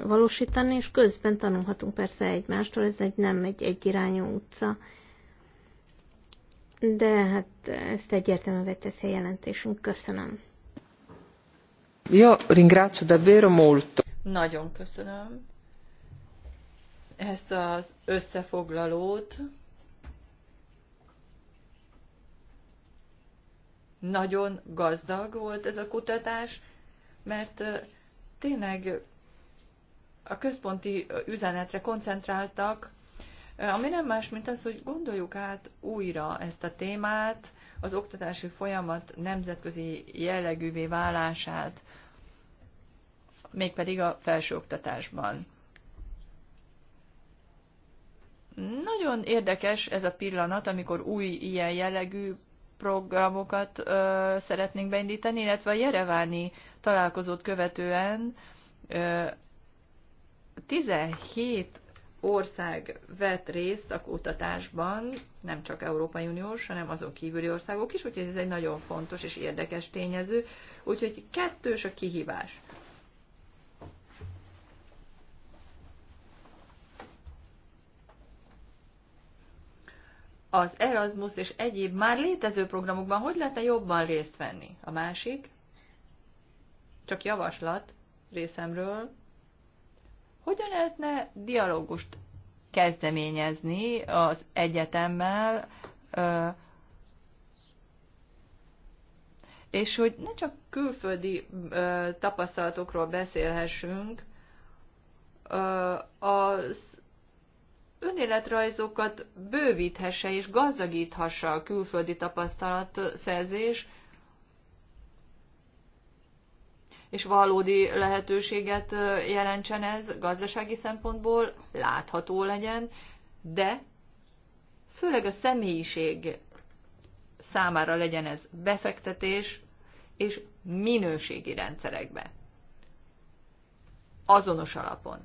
S4: valósítani, és közben tanulhatunk persze egymástól, ez egy nem egy egyirányú utca. De hát ezt egyértelművé teszi a jelentésünk. Köszönöm.
S2: Jó, ringrácio davvero molto.
S3: Nagyon köszönöm ezt az összefoglalót. Nagyon gazdag volt ez a kutatás, mert tényleg a központi üzenetre koncentráltak, ami nem más, mint az, hogy gondoljuk át újra ezt a témát, az oktatási folyamat nemzetközi jellegűvé válását, mégpedig a felsőoktatásban. Nagyon érdekes ez a pillanat, amikor új ilyen jellegű programokat ö, szeretnénk beindítani, illetve a Jereváni találkozót követően ö, 17 ország vett részt a kutatásban, nem csak Európai Uniós, hanem azon kívüli országok is, úgyhogy ez egy nagyon fontos és érdekes tényező. Úgyhogy kettős a kihívás. az Erasmus és egyéb már létező programokban hogy lehetne jobban részt venni? A másik, csak javaslat részemről, hogyan lehetne dialógust kezdeményezni az egyetemmel, és hogy ne csak külföldi tapasztalatokról beszélhessünk, az önéletrajzokat bővíthesse és gazdagíthassa a külföldi tapasztalat szerzés, és valódi lehetőséget jelentsen ez gazdasági szempontból, látható legyen, de főleg a személyiség számára legyen ez befektetés, és minőségi rendszerekbe. Azonos alapon.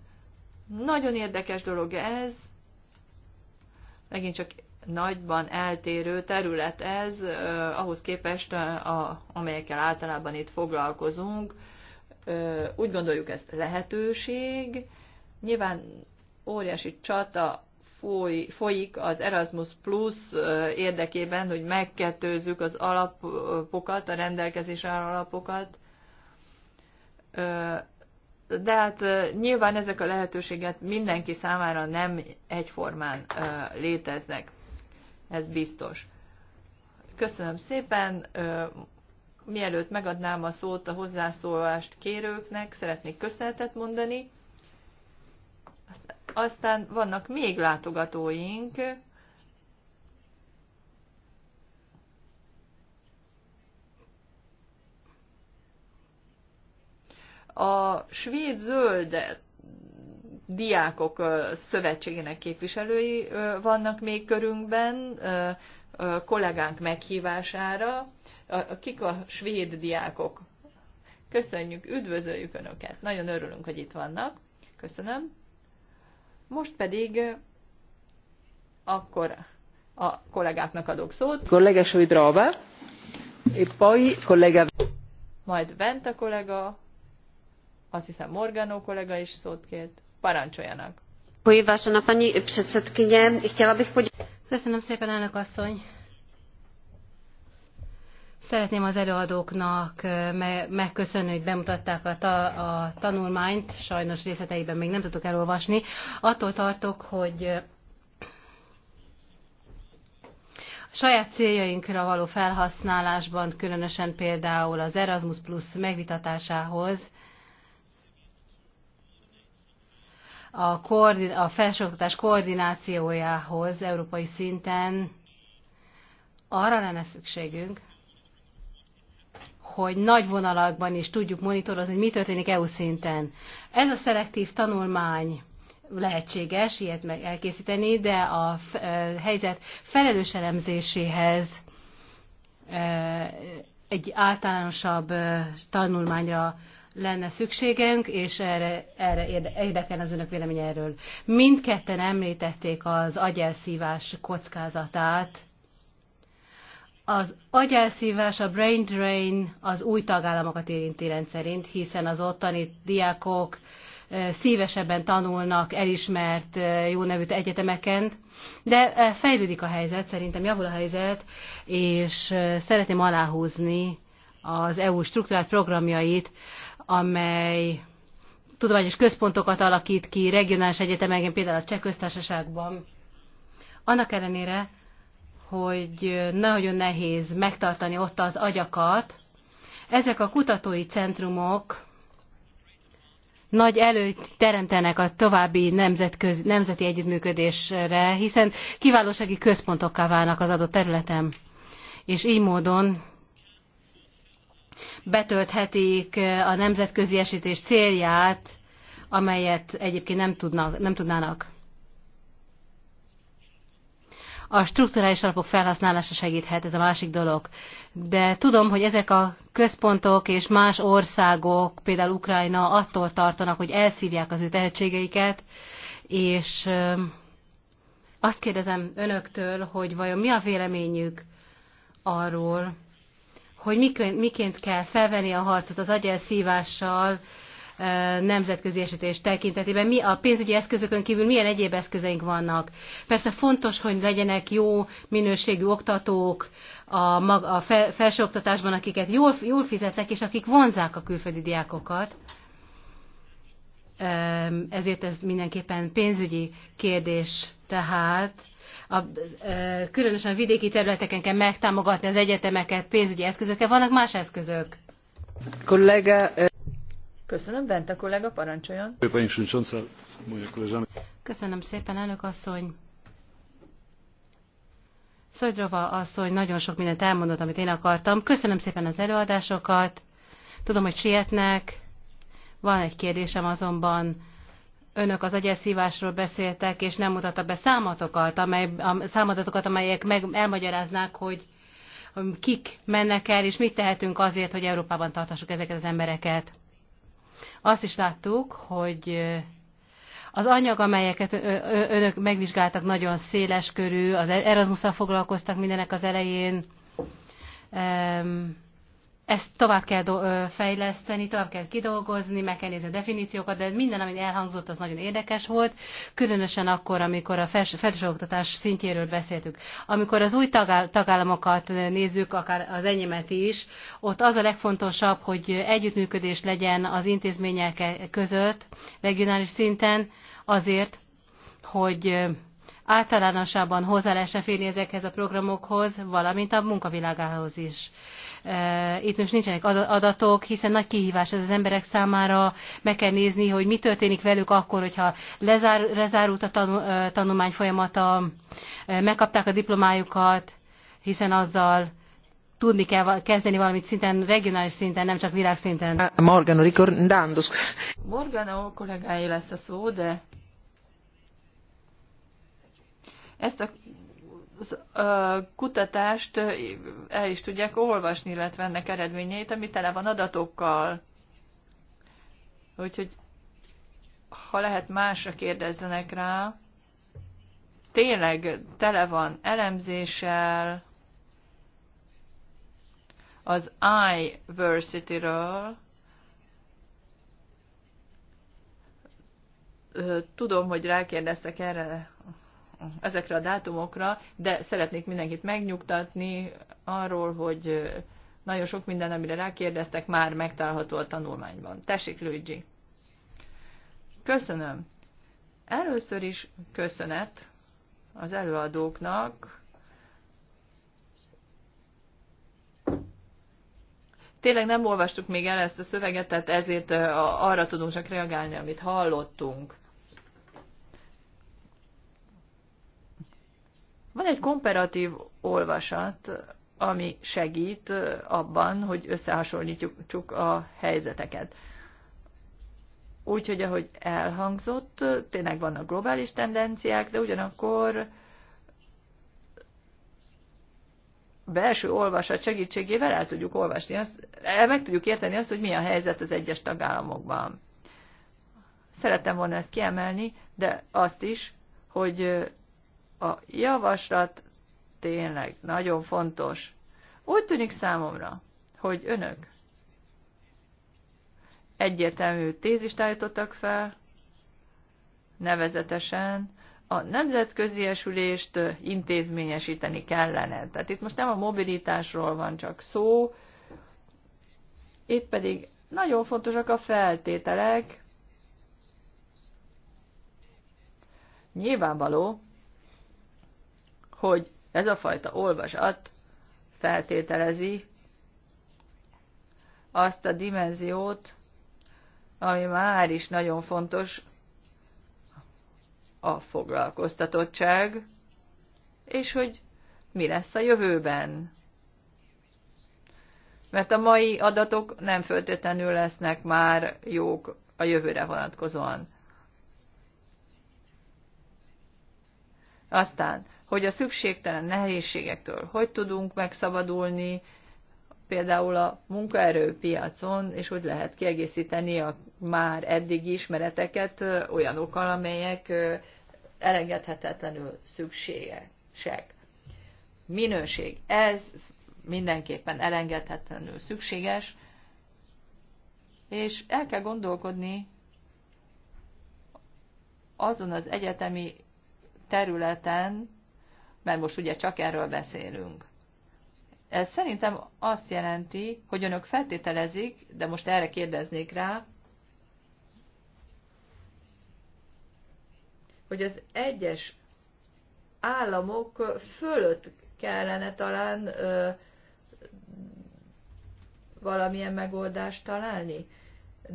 S3: Nagyon érdekes dolog ez, Megint csak nagyban eltérő terület ez, ahhoz képest, a, amelyekkel általában itt foglalkozunk. Úgy gondoljuk, ez lehetőség. Nyilván óriási csata foly, folyik az Erasmus Plus érdekében, hogy megkettőzzük az alapokat, a rendelkezés alapokat, de hát nyilván ezek a lehetőséget mindenki számára nem egyformán léteznek. Ez biztos. Köszönöm szépen. Mielőtt megadnám a szót a hozzászólást kérőknek, szeretnék köszönetet mondani. Aztán vannak még látogatóink, a svéd zöld diákok szövetségének képviselői vannak még körünkben, kollégánk meghívására, kik a svéd diákok. Köszönjük, üdvözöljük Önöket. Nagyon örülünk, hogy itt vannak. Köszönöm. Most pedig akkor a kollégáknak adok szót.
S2: Kollega Svidrava, poi kollega...
S3: Majd bent a kollega, azt hiszem Morganó kollega is szót kért. Parancsoljanak!
S1: Köszönöm szépen, elnök asszony! Szeretném az előadóknak megköszönni, hogy bemutatták a, ta, a tanulmányt, sajnos részleteiben még nem tudtuk elolvasni. Attól tartok, hogy a saját céljainkra való felhasználásban, különösen például az Erasmus Plus megvitatásához a, koordin- a felsőoktatás koordinációjához európai szinten arra lenne szükségünk, hogy nagy vonalakban is tudjuk monitorozni, hogy mi történik EU szinten. Ez a szelektív tanulmány lehetséges, ilyet meg elkészíteni, de a helyzet felelős elemzéséhez egy általánosabb tanulmányra lenne szükségünk, és erre, erre érdekel az önök véleménye erről. Mindketten említették az agyelszívás kockázatát. Az agyelszívás, a brain drain az új tagállamokat érinti rendszerint, hiszen az ottani diákok szívesebben tanulnak elismert jó nevű egyetemeken, de fejlődik a helyzet, szerintem javul a helyzet, és szeretném aláhúzni az EU struktúrált programjait, amely tudományos központokat alakít ki regionális egyetemeken, például a Cseh köztársaságban. Annak ellenére, hogy nagyon nehéz megtartani ott az agyakat, ezek a kutatói centrumok nagy előtt teremtenek a további nemzetköz, nemzeti együttműködésre, hiszen kiválósági központokká válnak az adott területen. És így módon betölthetik eh, a nemzetközi esítés célját, amelyet egyébként nem, tudnak, nem tudnának. A strukturális alapok felhasználása segíthet, ez a másik dolog. De tudom, hogy ezek a központok és más országok, például Ukrajna, attól tartanak, hogy elszívják az ő tehetségeiket, és eh, azt kérdezem önöktől, hogy vajon mi a véleményük arról, hogy miként kell felvenni a harcot az agyelszívással nemzetközi esetés tekintetében. Mi a pénzügyi eszközökön kívül milyen egyéb eszközeink vannak? Persze fontos, hogy legyenek jó minőségű oktatók a, mag, a felsőoktatásban, akiket jól, jól fizetnek, és akik vonzák a külföldi diákokat ezért ez mindenképpen pénzügyi kérdés tehát a, különösen a vidéki területeken kell megtámogatni az egyetemeket pénzügyi eszközökkel, vannak más eszközök.
S2: Kollega,
S1: Köszönöm, bent a kollega, parancsoljon. Köszönöm szépen, elnök asszony. Szojdrova asszony nagyon sok mindent elmondott, amit én akartam. Köszönöm szépen az előadásokat. Tudom, hogy sietnek. Van egy kérdésem azonban önök az agyelszívásról beszéltek, és nem mutatta be számatokat, amely, a, számadatokat, amelyek meg, elmagyaráznák, hogy kik mennek el, és mit tehetünk azért, hogy Európában tartassuk ezeket az embereket. Azt is láttuk, hogy az anyag, amelyeket önök megvizsgáltak, nagyon széles körű, az Erasmus-szal foglalkoztak mindenek az elején, ezt tovább kell do- fejleszteni, tovább kell kidolgozni, meg kell nézni a definíciókat, de minden, ami elhangzott, az nagyon érdekes volt, különösen akkor, amikor a fels- felsőoktatás szintjéről beszéltük. Amikor az új tagáll- tagállamokat nézzük, akár az enyémet is, ott az a legfontosabb, hogy együttműködés legyen az intézmények e- között, regionális szinten, azért, hogy általánosabban hozzá lehessen férni ezekhez a programokhoz, valamint a munkavilágához is. Eh, itt most nincsenek adatok, hiszen nagy kihívás ez az emberek számára, meg kell nézni, hogy mi történik velük akkor, hogyha lezár, lezárult a eh, tanulmány folyamata, eh, megkapták a diplomájukat, hiszen azzal tudni kell kezdeni valamit szinten, regionális szinten, nem csak világszinten.
S2: Morgano,
S3: Morgan, a kollégái lesz a szó, de ezt a kutatást el is tudják olvasni, illetve ennek eredményeit, ami tele van adatokkal. Úgyhogy ha lehet másra kérdezzenek rá, tényleg tele van elemzéssel, az iVersity-ről, tudom, hogy rákérdeztek erre ezekre a dátumokra, de szeretnék mindenkit megnyugtatni arról, hogy nagyon sok minden, amire rákérdeztek, már megtalálható a tanulmányban. Tessék, Luigi! Köszönöm! Először is köszönet az előadóknak. Tényleg nem olvastuk még el ezt a szöveget, tehát ezért arra tudunk csak reagálni, amit hallottunk. Van egy komparatív olvasat, ami segít abban, hogy összehasonlítjuk a helyzeteket. Úgyhogy, ahogy elhangzott, tényleg vannak globális tendenciák, de ugyanakkor belső olvasat segítségével el tudjuk olvasni, azt, el meg tudjuk érteni azt, hogy mi a helyzet az egyes tagállamokban. Szerettem volna ezt kiemelni, de azt is, hogy a javaslat tényleg nagyon fontos. Úgy tűnik számomra, hogy önök egyértelmű tézist állítottak fel, nevezetesen a nemzetközi esülést intézményesíteni kellene. Tehát itt most nem a mobilitásról van csak szó, itt pedig nagyon fontosak a feltételek. Nyilvánvaló, hogy ez a fajta olvasat feltételezi azt a dimenziót, ami már is nagyon fontos, a foglalkoztatottság, és hogy mi lesz a jövőben. Mert a mai adatok nem föltétlenül lesznek már jók a jövőre vonatkozóan. Aztán hogy a szükségtelen nehézségektől hogy tudunk megszabadulni, például a munkaerőpiacon, és hogy lehet kiegészíteni a már eddig ismereteket olyanokkal, amelyek elengedhetetlenül szükségesek. Minőség. Ez mindenképpen elengedhetetlenül szükséges, és el kell gondolkodni azon az egyetemi területen, mert most ugye csak erről beszélünk. Ez szerintem azt jelenti, hogy önök feltételezik, de most erre kérdeznék rá, hogy az egyes államok fölött kellene talán ö, valamilyen megoldást találni,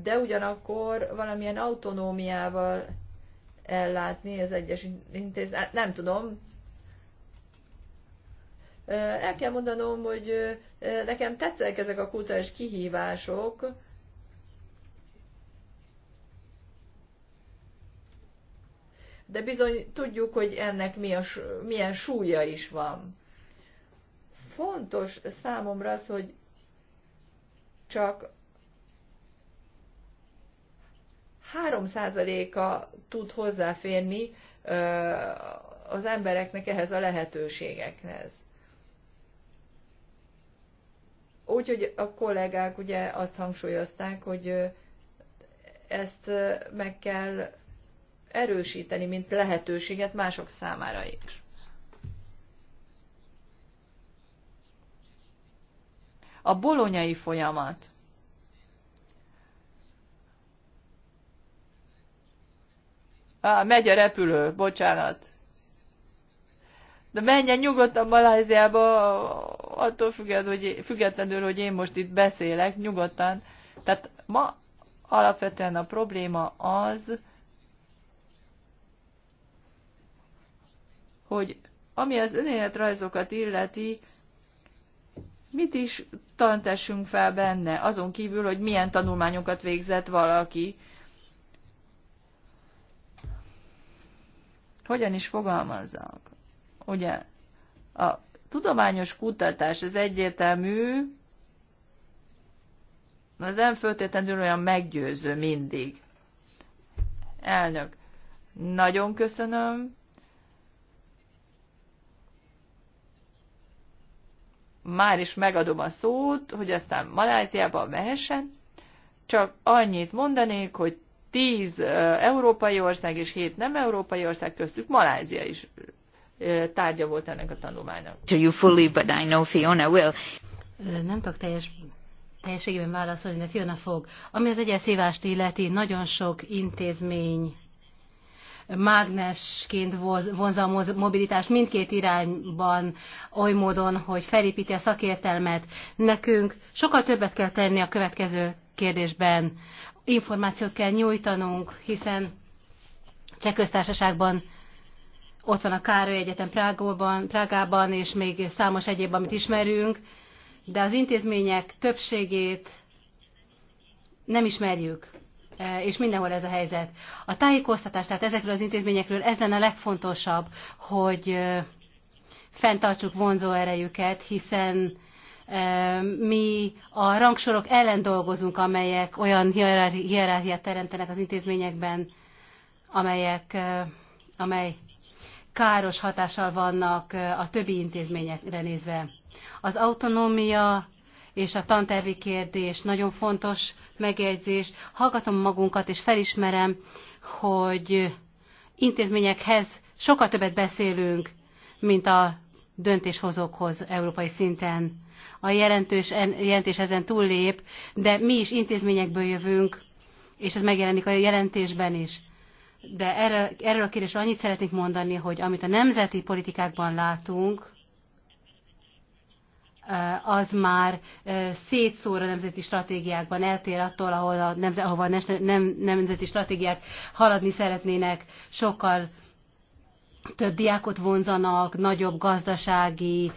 S3: de ugyanakkor valamilyen autonómiával ellátni az egyes intézményt. Nem tudom, el kell mondanom, hogy nekem tetszenek ezek a kulturális kihívások, de bizony tudjuk, hogy ennek mi a, milyen súlya is van. Fontos számomra az, hogy csak 3%-a tud hozzáférni az embereknek ehhez a lehetőségekhez. Úgyhogy a kollégák ugye azt hangsúlyozták, hogy ezt meg kell erősíteni, mint lehetőséget mások számára is. A bolonyai folyamat. Á, megy a repülő, bocsánat. De menjen nyugodtan Maláziába, attól függed, hogy, függetlenül, hogy én most itt beszélek nyugodtan. Tehát ma alapvetően a probléma az, hogy ami az önéletrajzokat illeti, mit is tantessünk fel benne, azon kívül, hogy milyen tanulmányokat végzett valaki. Hogyan is fogalmazzak? Ugye a tudományos kutatás, ez egyértelmű, az nem föltétlenül olyan meggyőző mindig. Elnök, nagyon köszönöm. Már is megadom a szót, hogy aztán Maláziába mehessen. Csak annyit mondanék, hogy 10 európai ország és 7 nem európai ország köztük Malázia is
S1: tárgya volt ennek a tanulmánynak.
S2: you fully, but I know Fiona will.
S1: Nem tudok teljes teljességében válaszolni, de Fiona fog. Ami az egyes szívást illeti, nagyon sok intézmény mágnesként vonza a mobilitást mindkét irányban oly módon, hogy felépíti a szakértelmet. Nekünk sokkal többet kell tenni a következő kérdésben. Információt kell nyújtanunk, hiszen Cseh köztársaságban ott van a Károly Egyetem Prágóban, Prágában, és még számos egyéb, amit ismerünk, de az intézmények többségét nem ismerjük, e, és mindenhol ez a helyzet. A tájékoztatás, tehát ezekről az intézményekről ez lenne a legfontosabb, hogy e, fenntartsuk vonzó erejüket, hiszen e, mi a rangsorok ellen dolgozunk, amelyek olyan hierarchiát teremtenek az intézményekben, amelyek, amely káros hatással vannak a többi intézményekre nézve. Az autonómia és a tantervi kérdés nagyon fontos megjegyzés. Hallgatom magunkat, és felismerem, hogy intézményekhez sokkal többet beszélünk, mint a döntéshozókhoz európai szinten. A jelentős, jelentés ezen túllép, de mi is intézményekből jövünk, és ez megjelenik a jelentésben is de erre, erről a kérdésről annyit szeretnék mondani, hogy amit a nemzeti politikákban látunk, az már szétszóra a nemzeti stratégiákban, eltér attól, ahol a nemze, ahova a nem, nemzeti stratégiák haladni szeretnének, sokkal több diákot vonzanak, nagyobb gazdasági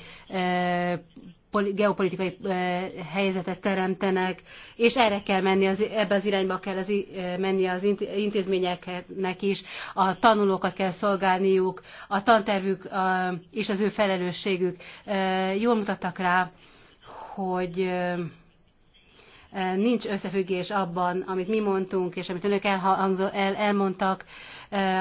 S1: geopolitikai helyzetet teremtenek, és erre kell menni, az, ebbe az irányba kell az, menni az intézményeknek is, a tanulókat kell szolgálniuk, a tantervük és az ő felelősségük jól mutattak rá, hogy nincs összefüggés abban, amit mi mondtunk, és amit önök el, elmondtak,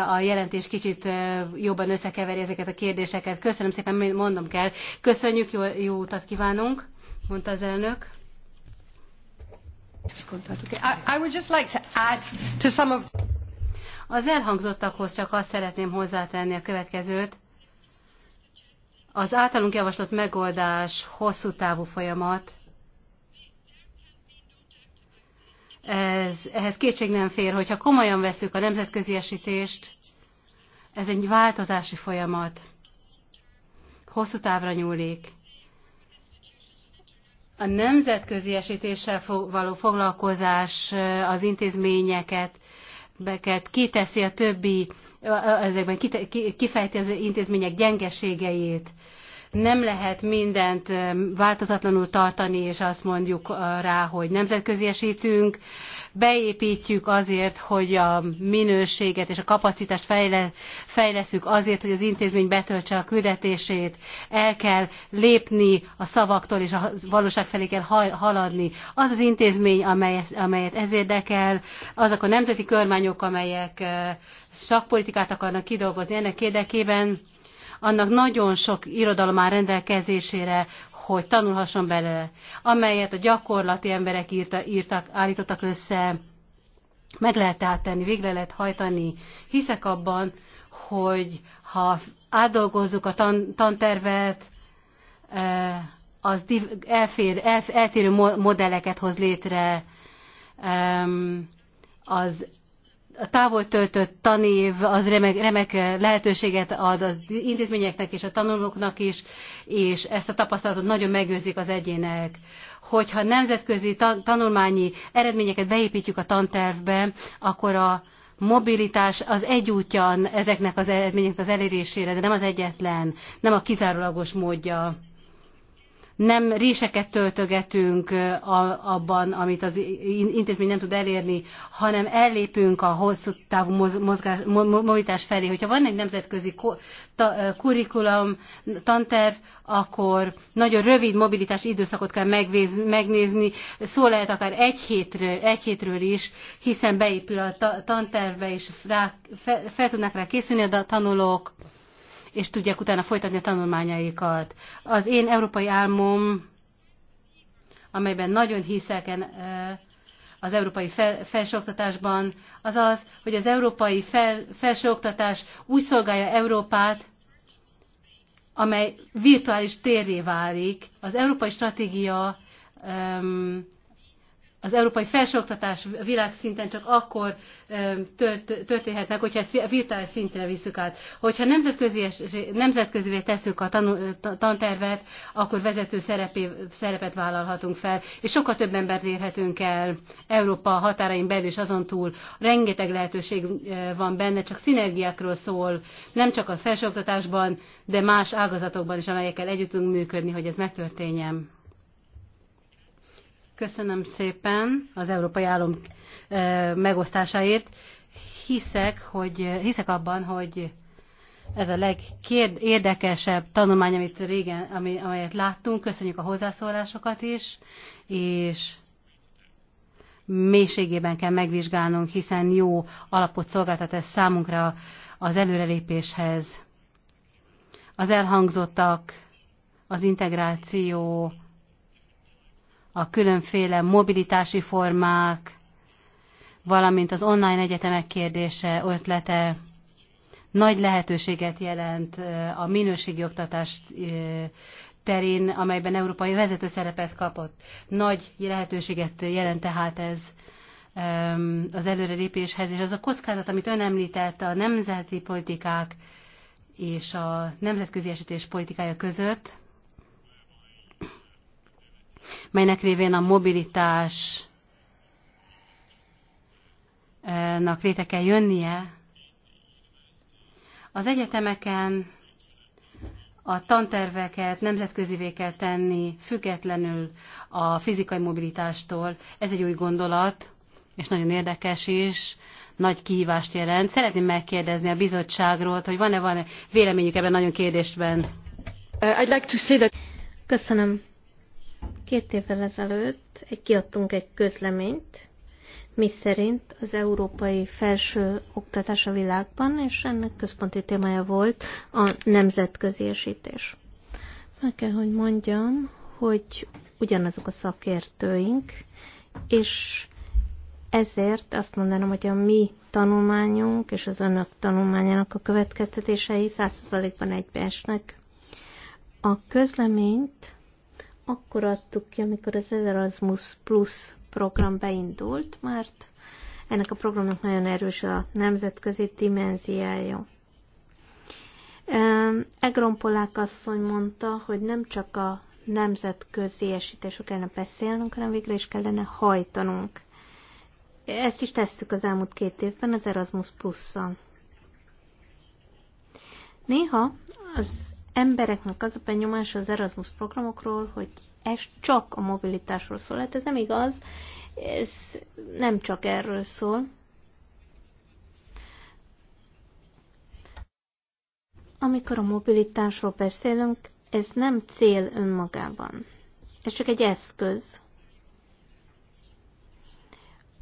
S1: a jelentés kicsit jobban összekeveri ezeket a kérdéseket. Köszönöm szépen, mondom kell. Köszönjük, jó, jó utat kívánunk, mondta az elnök. Az elhangzottakhoz csak azt szeretném hozzátenni a következőt. Az általunk javasolt megoldás hosszú távú folyamat, ez, ehhez kétség nem fér, hogyha komolyan veszük a nemzetközi esítést, ez egy változási folyamat. Hosszú távra nyúlik. A nemzetközi esítéssel való foglalkozás eh, az intézményeket beket kiteszi a többi, eh, ezekben kifejti az intézmények gyengeségeit, nem lehet mindent változatlanul tartani, és azt mondjuk rá, hogy nemzetköziesítünk, beépítjük azért, hogy a minőséget és a kapacitást fejle, fejleszünk azért, hogy az intézmény betöltse a küldetését, el kell lépni a szavaktól, és a valóság felé kell haladni. Az az intézmény, amely, amelyet ez érdekel, azok a nemzeti kormányok, amelyek szakpolitikát akarnak kidolgozni ennek érdekében, annak nagyon sok irodalom áll rendelkezésére, hogy tanulhasson belőle, amelyet a gyakorlati emberek írta, írtak, állítottak össze, meg lehet tehát tenni, végre lehet hajtani. Hiszek abban, hogy ha átdolgozzuk a tan, tantervet, az elfér, el, eltérő modelleket hoz létre, az a távol töltött tanév az remek, remek lehetőséget ad az intézményeknek és a tanulóknak is, és ezt a tapasztalatot nagyon megőrzik az egyének. Hogyha nemzetközi tanulmányi eredményeket beépítjük a tantervbe, akkor a mobilitás az egy útja ezeknek az eredményeknek az elérésére, de nem az egyetlen, nem a kizárólagos módja nem réseket töltögetünk abban, amit az intézmény nem tud elérni, hanem ellépünk a hosszú távú mozgás, mobilitás felé. Hogyha van egy nemzetközi kurikulum, tanterv, akkor nagyon rövid mobilitás időszakot kell megvéz, megnézni, szó lehet akár egy hétről, egy hétről is, hiszen beépül a tantervbe, és rá, fel, fel tudnak rá készülni a tanulók és tudják utána folytatni a tanulmányaikat. Az én európai álmom, amelyben nagyon hiszek az európai felsőoktatásban, az az, hogy az európai fel, felsőoktatás úgy szolgálja Európát, amely virtuális térré válik. Az európai stratégia az európai felsőoktatás világszinten csak akkor történhet meg, hogyha ezt virtuális szintre visszük át. Hogyha nemzetközi, nemzetközivé tesszük a tantervet, akkor vezető szerepé, szerepet vállalhatunk fel, és sokkal több embert érhetünk el Európa határain belül és azon túl. Rengeteg lehetőség van benne, csak szinergiákról szól, nem csak a felsőoktatásban, de más ágazatokban is, amelyekkel együtt tudunk működni, hogy ez megtörténjen. Köszönöm szépen az európai állom megosztásáért. Hiszek, hogy, hiszek abban, hogy ez a legérdekesebb tanulmány, amit régen, ami, amelyet láttunk. Köszönjük a hozzászólásokat is, és mélységében kell megvizsgálnunk, hiszen jó alapot szolgáltat ez számunkra az előrelépéshez. Az elhangzottak, az integráció, a különféle mobilitási formák, valamint az online egyetemek kérdése, ötlete nagy lehetőséget jelent a minőségi oktatás terén, amelyben európai vezető szerepet kapott. Nagy lehetőséget jelent tehát ez az előrelépéshez, és az a kockázat, amit ön említett a nemzeti politikák és a nemzetközi esítés politikája között, melynek révén a mobilitás nak létre kell jönnie. Az egyetemeken a tanterveket nemzetközivé kell tenni, függetlenül a fizikai mobilitástól. Ez egy új gondolat, és nagyon érdekes is, nagy kihívást jelent. Szeretném megkérdezni a bizottságról, hogy van-e van -e véleményük ebben nagyon kérdésben. Uh, I'd like to say that... Köszönöm. Két
S4: évvel ezelőtt kiadtunk egy közleményt, mi szerint az európai felső oktatás a világban, és ennek központi témája volt a nemzetközi esítés. Meg kell, hogy mondjam, hogy ugyanazok a szakértőink, és ezért azt mondanám, hogy a mi tanulmányunk és az önök tanulmányának a következtetései százszerzalékban egybeesnek. A közleményt akkor adtuk ki, amikor az Erasmus Plus program beindult, mert ennek a programnak nagyon erős a nemzetközi dimenziája. Egron Polák asszony mondta, hogy nem csak a nemzetközi esítésről kellene beszélnünk, hanem végre is kellene hajtanunk. Ezt is tesztük az elmúlt két évben az Erasmus Plus-szal. Néha az embereknek az a benyomása az Erasmus programokról, hogy ez csak a mobilitásról szól. Hát ez nem igaz, ez nem csak erről szól. Amikor a mobilitásról beszélünk, ez nem cél önmagában. Ez csak egy eszköz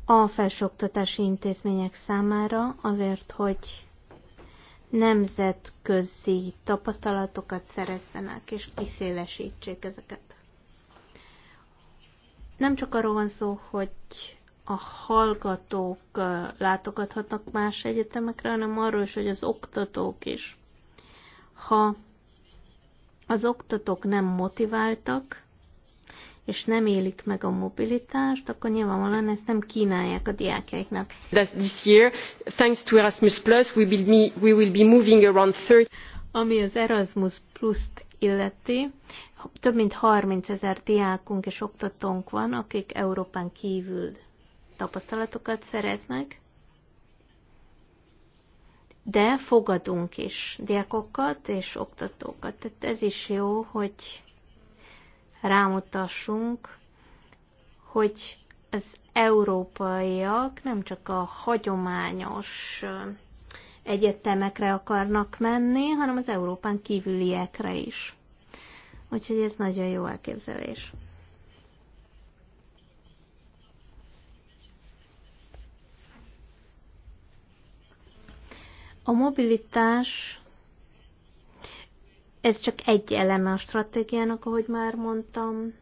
S4: a felsőoktatási intézmények számára azért, hogy nemzetközi tapasztalatokat szerezzenek, és kiszélesítsék ezeket. Nem csak arról van szó, hogy a hallgatók látogathatnak más egyetemekre, hanem arról is, hogy az oktatók is. Ha az oktatók nem motiváltak, és nem élik meg a mobilitást, akkor nyilvánvalóan ezt nem kínálják a diákjaiknak.
S3: This
S1: year, thanks to Erasmus Plus, we will be, we will be moving around 30...
S4: Ami az Erasmus Plus-t illeti, több mint 30 ezer diákunk és oktatónk van, akik Európán kívül tapasztalatokat szereznek, de fogadunk is diákokat és oktatókat. Tehát ez is jó, hogy rámutassunk, hogy az európaiak nem csak a hagyományos egyetemekre akarnak menni, hanem az Európán kívüliekre is. Úgyhogy ez nagyon jó elképzelés. A mobilitás ez csak egy eleme a stratégiának, ahogy már mondtam.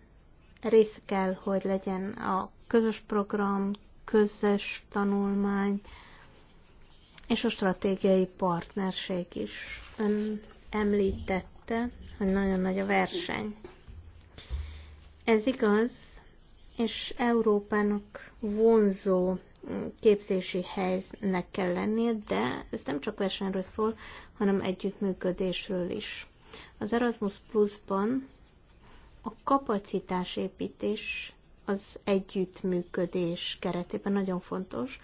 S4: Része kell, hogy legyen a közös program, közös tanulmány, és a stratégiai partnerség is. Ön említette, hogy nagyon nagy a verseny. Ez igaz, és Európának vonzó képzési helynek kell lennie, de ez nem csak versenyről szól, hanem együttműködésről is. Az Erasmus Plus-ban a kapacitásépítés az együttműködés keretében nagyon fontos.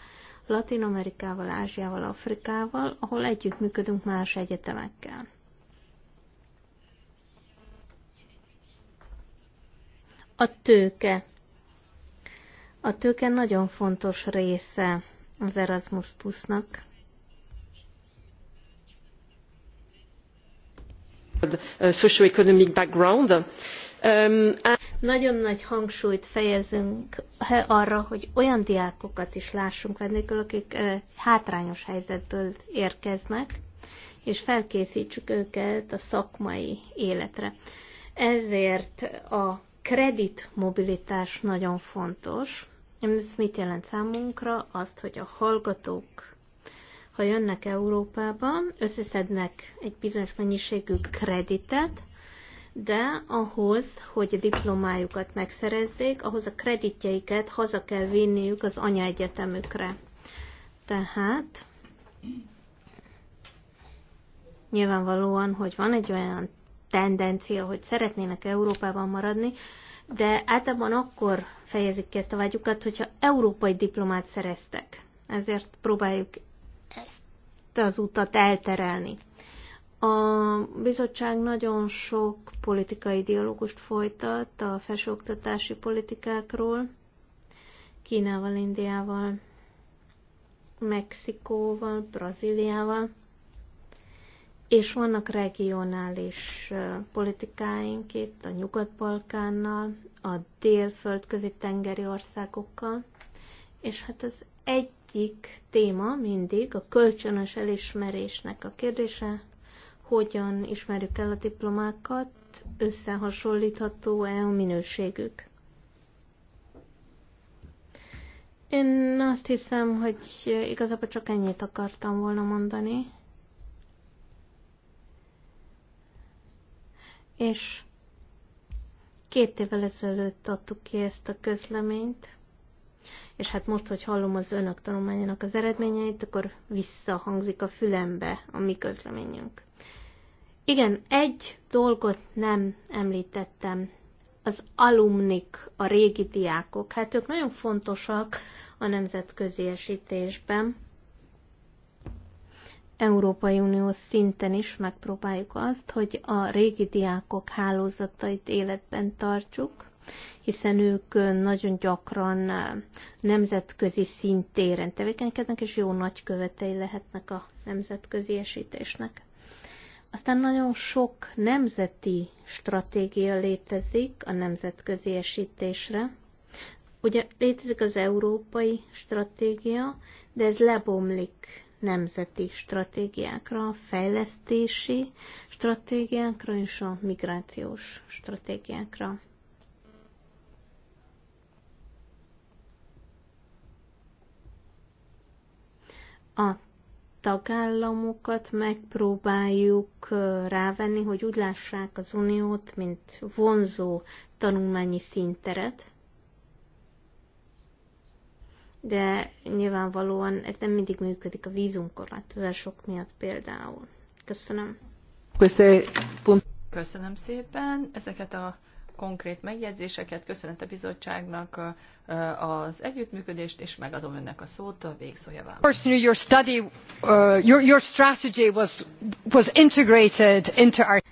S4: Latin Amerikával, Ázsiával, Afrikával, ahol együttműködünk más egyetemekkel. A tőke. A tőke nagyon fontos része az Erasmus Plusnak. Um, nagyon nagy hangsúlyt fejezünk arra, hogy olyan diákokat is lássunk vendégül, akik hátrányos helyzetből érkeznek, és felkészítsük őket a szakmai életre. Ezért a kreditmobilitás nagyon fontos. Ez mit jelent számunkra? Azt, hogy a hallgatók ha jönnek Európába, összeszednek egy bizonyos mennyiségű kreditet, de ahhoz, hogy a diplomájukat megszerezzék, ahhoz a kreditjeiket haza kell vinniük az anyaegyetemükre. Tehát nyilvánvalóan, hogy van egy olyan tendencia, hogy szeretnének Európában maradni, de általában akkor fejezik ki ezt a vágyukat, hogyha európai diplomát szereztek. Ezért próbáljuk ezt az utat elterelni. A bizottság nagyon sok politikai dialógust folytat a felsőoktatási politikákról, Kínával, Indiával, Mexikóval, Brazíliával, és vannak regionális politikáink itt a Nyugat-Balkánnal, a dél tengeri országokkal, és hát az egy egyik téma mindig a kölcsönös elismerésnek a kérdése, hogyan ismerjük el a diplomákat, összehasonlítható-e a minőségük. Én azt hiszem, hogy igazából csak ennyit akartam volna mondani. És két évvel ezelőtt adtuk ki ezt a közleményt és hát most, hogy hallom az önök tanulmányának az eredményeit, akkor visszahangzik a fülembe a mi közleményünk. Igen, egy dolgot nem említettem, az alumnik, a régi diákok. Hát ők nagyon fontosak a nemzetközi esítésben. Európai Unió szinten is megpróbáljuk azt, hogy a régi diákok hálózatait életben tartsuk, hiszen ők nagyon gyakran nemzetközi szintéren tevékenykednek, és jó nagykövetei lehetnek a nemzetközi esítésnek. Aztán nagyon sok nemzeti stratégia létezik a nemzetközi esítésre. Ugye létezik az európai stratégia, de ez lebomlik nemzeti stratégiákra, fejlesztési stratégiákra és a migrációs stratégiákra. a tagállamokat megpróbáljuk rávenni, hogy úgy lássák az uniót, mint vonzó tanulmányi színteret, de nyilvánvalóan ez nem mindig működik a vízumkorlátozások miatt
S3: például. Köszönöm. Köszönöm szépen ezeket a konkrét megjegyzéseket, köszönet a bizottságnak az együttműködést, és megadom önnek a szót a végszójában. Your study, uh, your, your strategy was, was integrated into
S4: our...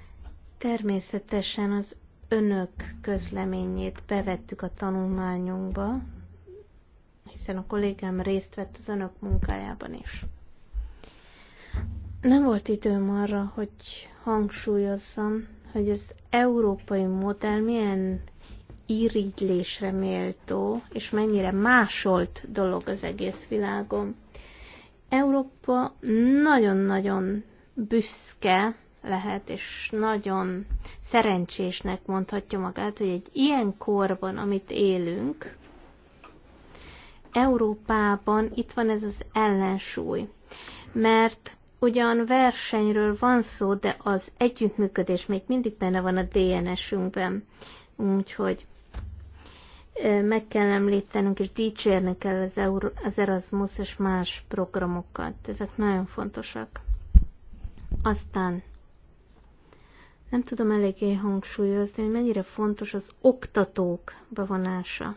S4: Természetesen az önök közleményét bevettük a tanulmányunkba, hiszen a kollégám részt vett az önök munkájában is. Nem volt időm arra, hogy hangsúlyozzam, hogy az európai modell milyen irigylésre méltó, és mennyire másolt dolog az egész világon. Európa nagyon-nagyon büszke lehet, és nagyon szerencsésnek mondhatja magát, hogy egy ilyen korban, amit élünk, Európában itt van ez az ellensúly. Mert ugyan versenyről van szó, de az együttműködés még mindig benne van a DNS-ünkben. Úgyhogy meg kell említenünk, és dicsérni kell az, Eur- az Erasmus és más programokat. Ezek nagyon fontosak. Aztán nem tudom eléggé hangsúlyozni, hogy mennyire fontos az oktatók bevonása.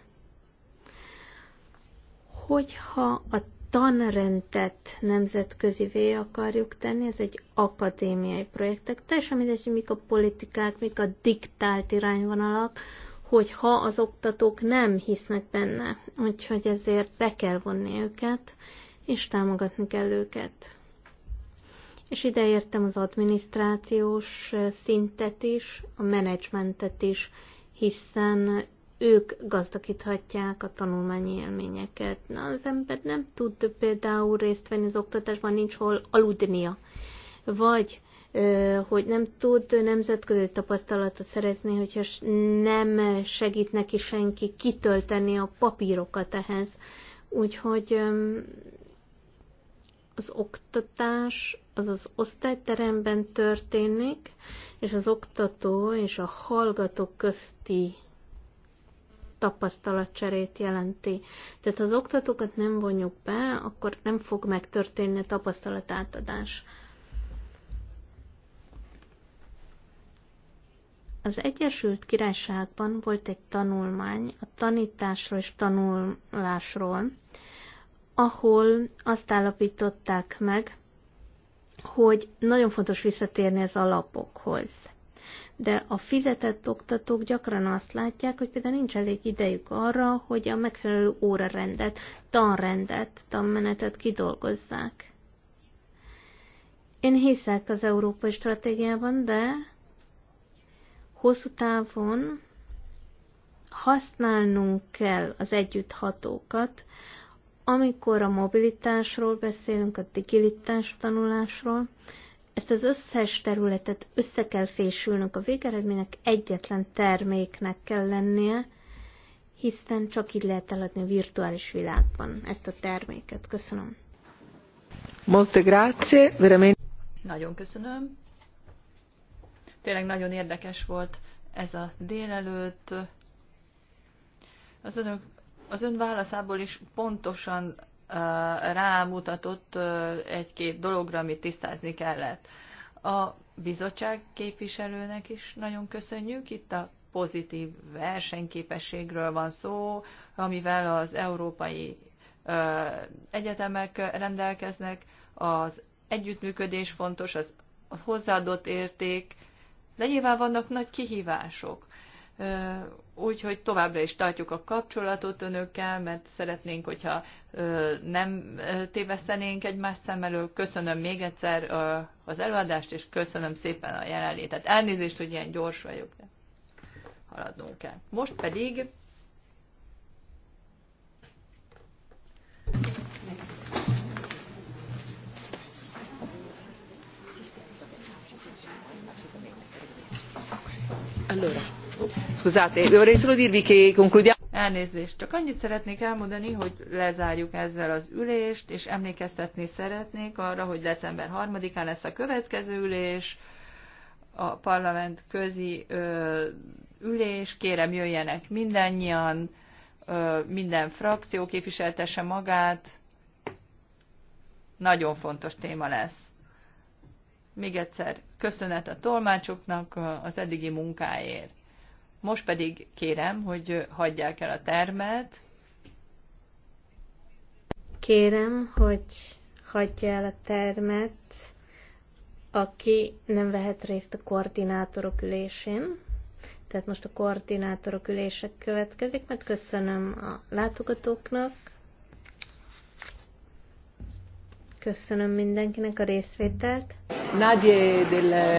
S4: Hogyha a tanrendet nemzetközivé akarjuk tenni, ez egy akadémiai projektek, teljesen mindegy, hogy mik a politikák, mik a diktált irányvonalak, hogyha az oktatók nem hisznek benne, úgyhogy ezért be kell vonni őket, és támogatni kell őket. És ide értem az adminisztrációs szintet is, a menedzsmentet is, hiszen ők gazdagíthatják a tanulmányi élményeket. Na, az ember nem tud például részt venni az oktatásban, nincs hol aludnia. Vagy hogy nem tud nemzetközi tapasztalatot szerezni, hogyha nem segít neki senki kitölteni a papírokat ehhez. Úgyhogy az oktatás az az osztályteremben történik, és az oktató és a hallgató közti tapasztalatcserét jelenti. Tehát ha az oktatókat nem vonjuk be, akkor nem fog megtörténni a tapasztalatátadás. Az Egyesült Királyságban volt egy tanulmány a tanításról és tanulásról, ahol azt állapították meg, hogy nagyon fontos visszatérni az alapokhoz de a fizetett oktatók gyakran azt látják, hogy például nincs elég idejük arra, hogy a megfelelő órarendet, tanrendet, tanmenetet kidolgozzák. Én hiszek az európai stratégiában, de hosszú távon használnunk kell az együtthatókat, amikor a mobilitásról beszélünk, a digilitás tanulásról, ezt az összes területet össze kell fésülnünk a végeredménynek, egyetlen terméknek kell lennie, hiszen csak így lehet eladni a virtuális világban ezt a terméket. Köszönöm.
S2: Molte grazie, veramente.
S3: Nagyon köszönöm. Tényleg nagyon érdekes volt ez a délelőtt. Az, önök, az ön válaszából is pontosan rámutatott egy-két dologra, amit tisztázni kellett. A bizottság képviselőnek is nagyon köszönjük. Itt a pozitív versenyképességről van szó, amivel az európai egyetemek rendelkeznek, az együttműködés fontos, az hozzáadott érték, de nyilván vannak nagy kihívások. Úgyhogy továbbra is tartjuk a kapcsolatot önökkel, mert szeretnénk, hogyha nem tévesztenénk egymás szem elől. Köszönöm még egyszer az előadást, és köszönöm szépen a jelenlétet. Elnézést, hogy ilyen gyors vagyok, de haladnunk kell. Most pedig
S2: Scusate, vorrei solo dirvi che concludiamo.
S3: Elnézést, csak annyit szeretnék elmondani, hogy lezárjuk ezzel az ülést, és emlékeztetni szeretnék arra, hogy december 3-án lesz a következő ülés, a parlament közi ö, ülés, kérem jöjjenek mindannyian, ö, minden frakció képviseltesse magát, nagyon fontos téma lesz. Még egyszer köszönet a tolmácsoknak az eddigi munkáért. Most pedig kérem, hogy hagyják el a termet. Kérem, hogy
S4: hagyja el a termet, aki nem vehet részt a koordinátorok ülésén. Tehát most a koordinátorok ülések következik, mert köszönöm a látogatóknak, köszönöm mindenkinek a részvételt. Nadie del